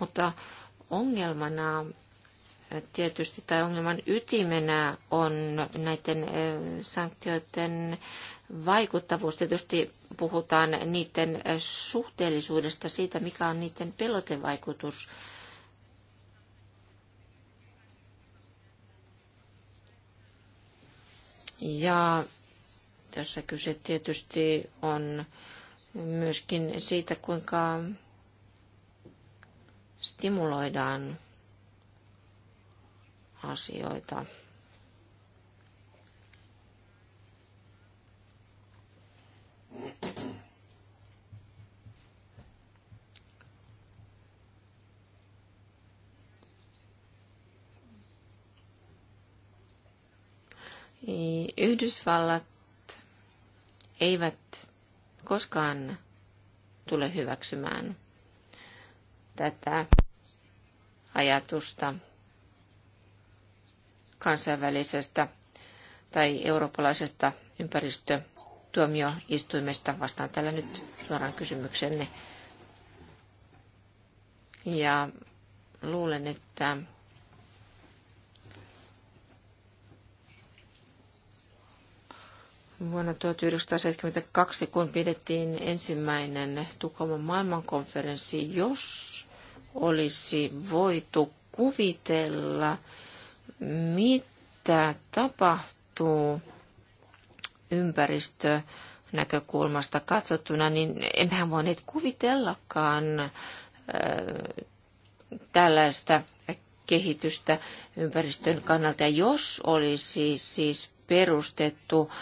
Mutta ongelmana tietysti tai ongelman ytimenä on näiden sanktioiden vaikuttavuus. Tietysti puhutaan niiden suhteellisuudesta, siitä mikä on niiden pelotevaikutus. Ja tässä kyse tietysti on myöskin siitä, kuinka stimuloidaan asioita. Yhdysvallat eivät koskaan tule hyväksymään tätä ajatusta kansainvälisestä tai eurooppalaisesta ympäristötuomioistuimesta. Vastaan tällä nyt suoraan kysymyksenne. Ja luulen, että Vuonna 1972, kun pidettiin ensimmäinen Tukholman maailmankonferenssi, jos olisi voitu kuvitella, mitä tapahtuu ympäristö näkökulmasta katsottuna, niin emmehän voineet kuvitellakaan äh, tällaista kehitystä ympäristön kannalta. Ja jos olisi siis perustettu äh,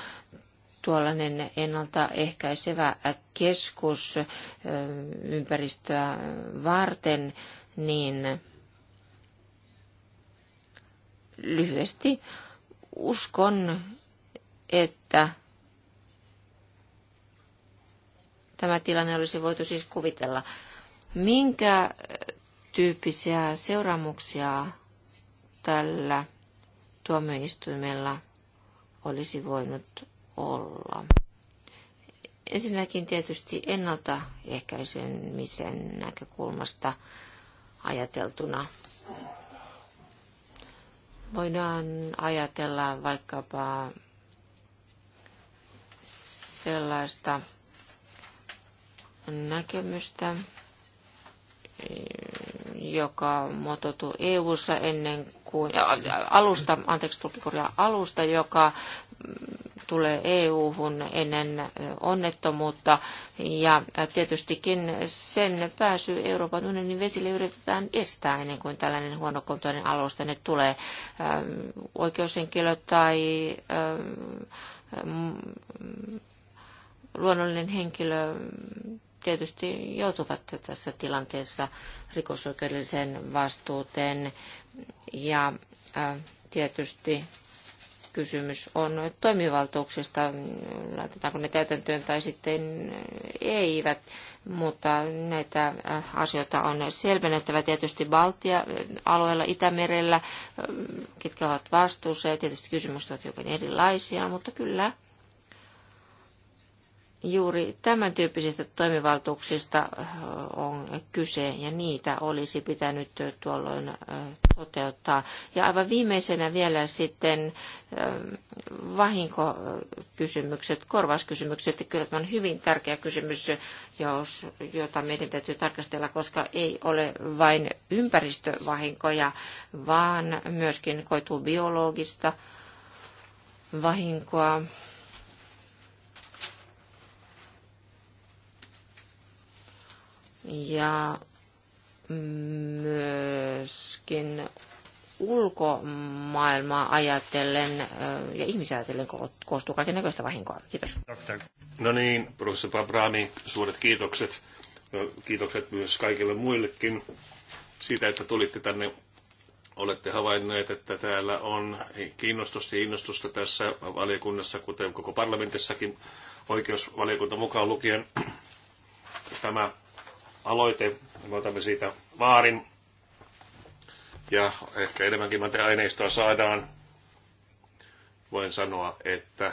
tuollainen ennaltaehkäisevä keskus ympäristöä varten, niin lyhyesti uskon, että tämä tilanne olisi voitu siis kuvitella. Minkä tyyppisiä seuraamuksia tällä tuomioistuimella olisi voinut olla. Ensinnäkin tietysti ennaltaehkäisemisen näkökulmasta ajateltuna voidaan ajatella vaikkapa sellaista näkemystä, joka muotoutuu EU-ssa ennen kuin, äh, alusta, anteeksi alusta, joka tulee EU-hun ennen onnettomuutta. Ja tietystikin sen pääsy Euroopan unionin vesille yritetään estää ennen kuin tällainen huonokuntoinen alus tänne tulee. Oikeushenkilö tai luonnollinen henkilö tietysti joutuvat tässä tilanteessa rikosoikeudelliseen vastuuteen ja tietysti kysymys on toimivaltuuksista, laitetaanko ne täytäntöön tai sitten eivät, mutta näitä asioita on selvennettävä tietysti Baltia alueella, Itämerellä, ketkä ovat vastuussa ja tietysti kysymykset ovat hiukan erilaisia, mutta kyllä Juuri tämän tyyppisistä toimivaltuuksista on kyse ja niitä olisi pitänyt tuolloin toteuttaa. Ja aivan viimeisenä vielä sitten vahinkokysymykset, korvauskysymykset. Kyllä tämä on hyvin tärkeä kysymys, jos, jota meidän täytyy tarkastella, koska ei ole vain ympäristövahinkoja, vaan myöskin koituu biologista vahinkoa ja myöskin ulkomaailmaa ajatellen ja ihmisiä ajatellen koostuu kaiken näköistä vahinkoa. Kiitos. No niin, professori Pabrani, suuret kiitokset. No, kiitokset myös kaikille muillekin siitä, että tulitte tänne. Olette havainneet, että täällä on kiinnostusta ja innostusta tässä valiokunnassa, kuten koko parlamentissakin, oikeusvaliokunta mukaan lukien. Tämä aloite. Me otamme siitä vaarin ja ehkä enemmänkin aineistoa saadaan. Voin sanoa, että,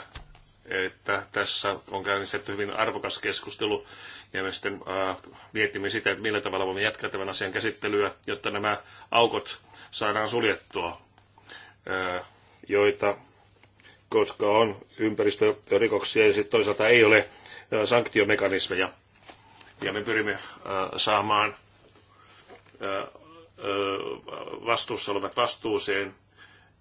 että tässä on käynnistetty hyvin arvokas keskustelu ja me sitten äh, mietimme sitä, että millä tavalla voimme jatkaa tämän asian käsittelyä, jotta nämä aukot saadaan suljettua, äh, joita koska on ympäristörikoksia ja sitten toisaalta ei ole sanktiomekanismeja ja me pyrimme äh, saamaan äh, äh, vastuussa olevat vastuuseen.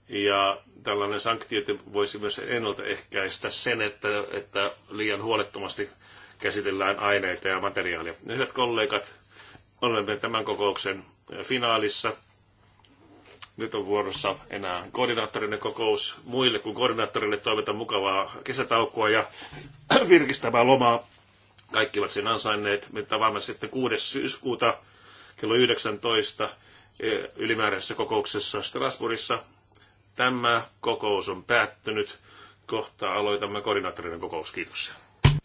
Ja tällainen sanktio voisi myös ennaltaehkäistä sen, että, että liian huolettomasti käsitellään aineita ja materiaalia. Hyvät kollegat, olemme tämän kokouksen finaalissa. Nyt on vuorossa enää koordinaattorinen kokous. Muille kuin koordinaattorille toivotan mukavaa kesätaukoa ja virkistävää lomaa. Kaikki ovat sen ansainneet. Me tavaamme sitten 6. syyskuuta kello 19 e, ylimääräisessä kokouksessa Strasbourgissa. Tämä kokous on päättynyt. Kohta aloitamme koordinaattorin kokous. Kiitos.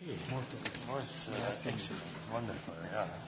Hmm. Uh, hey,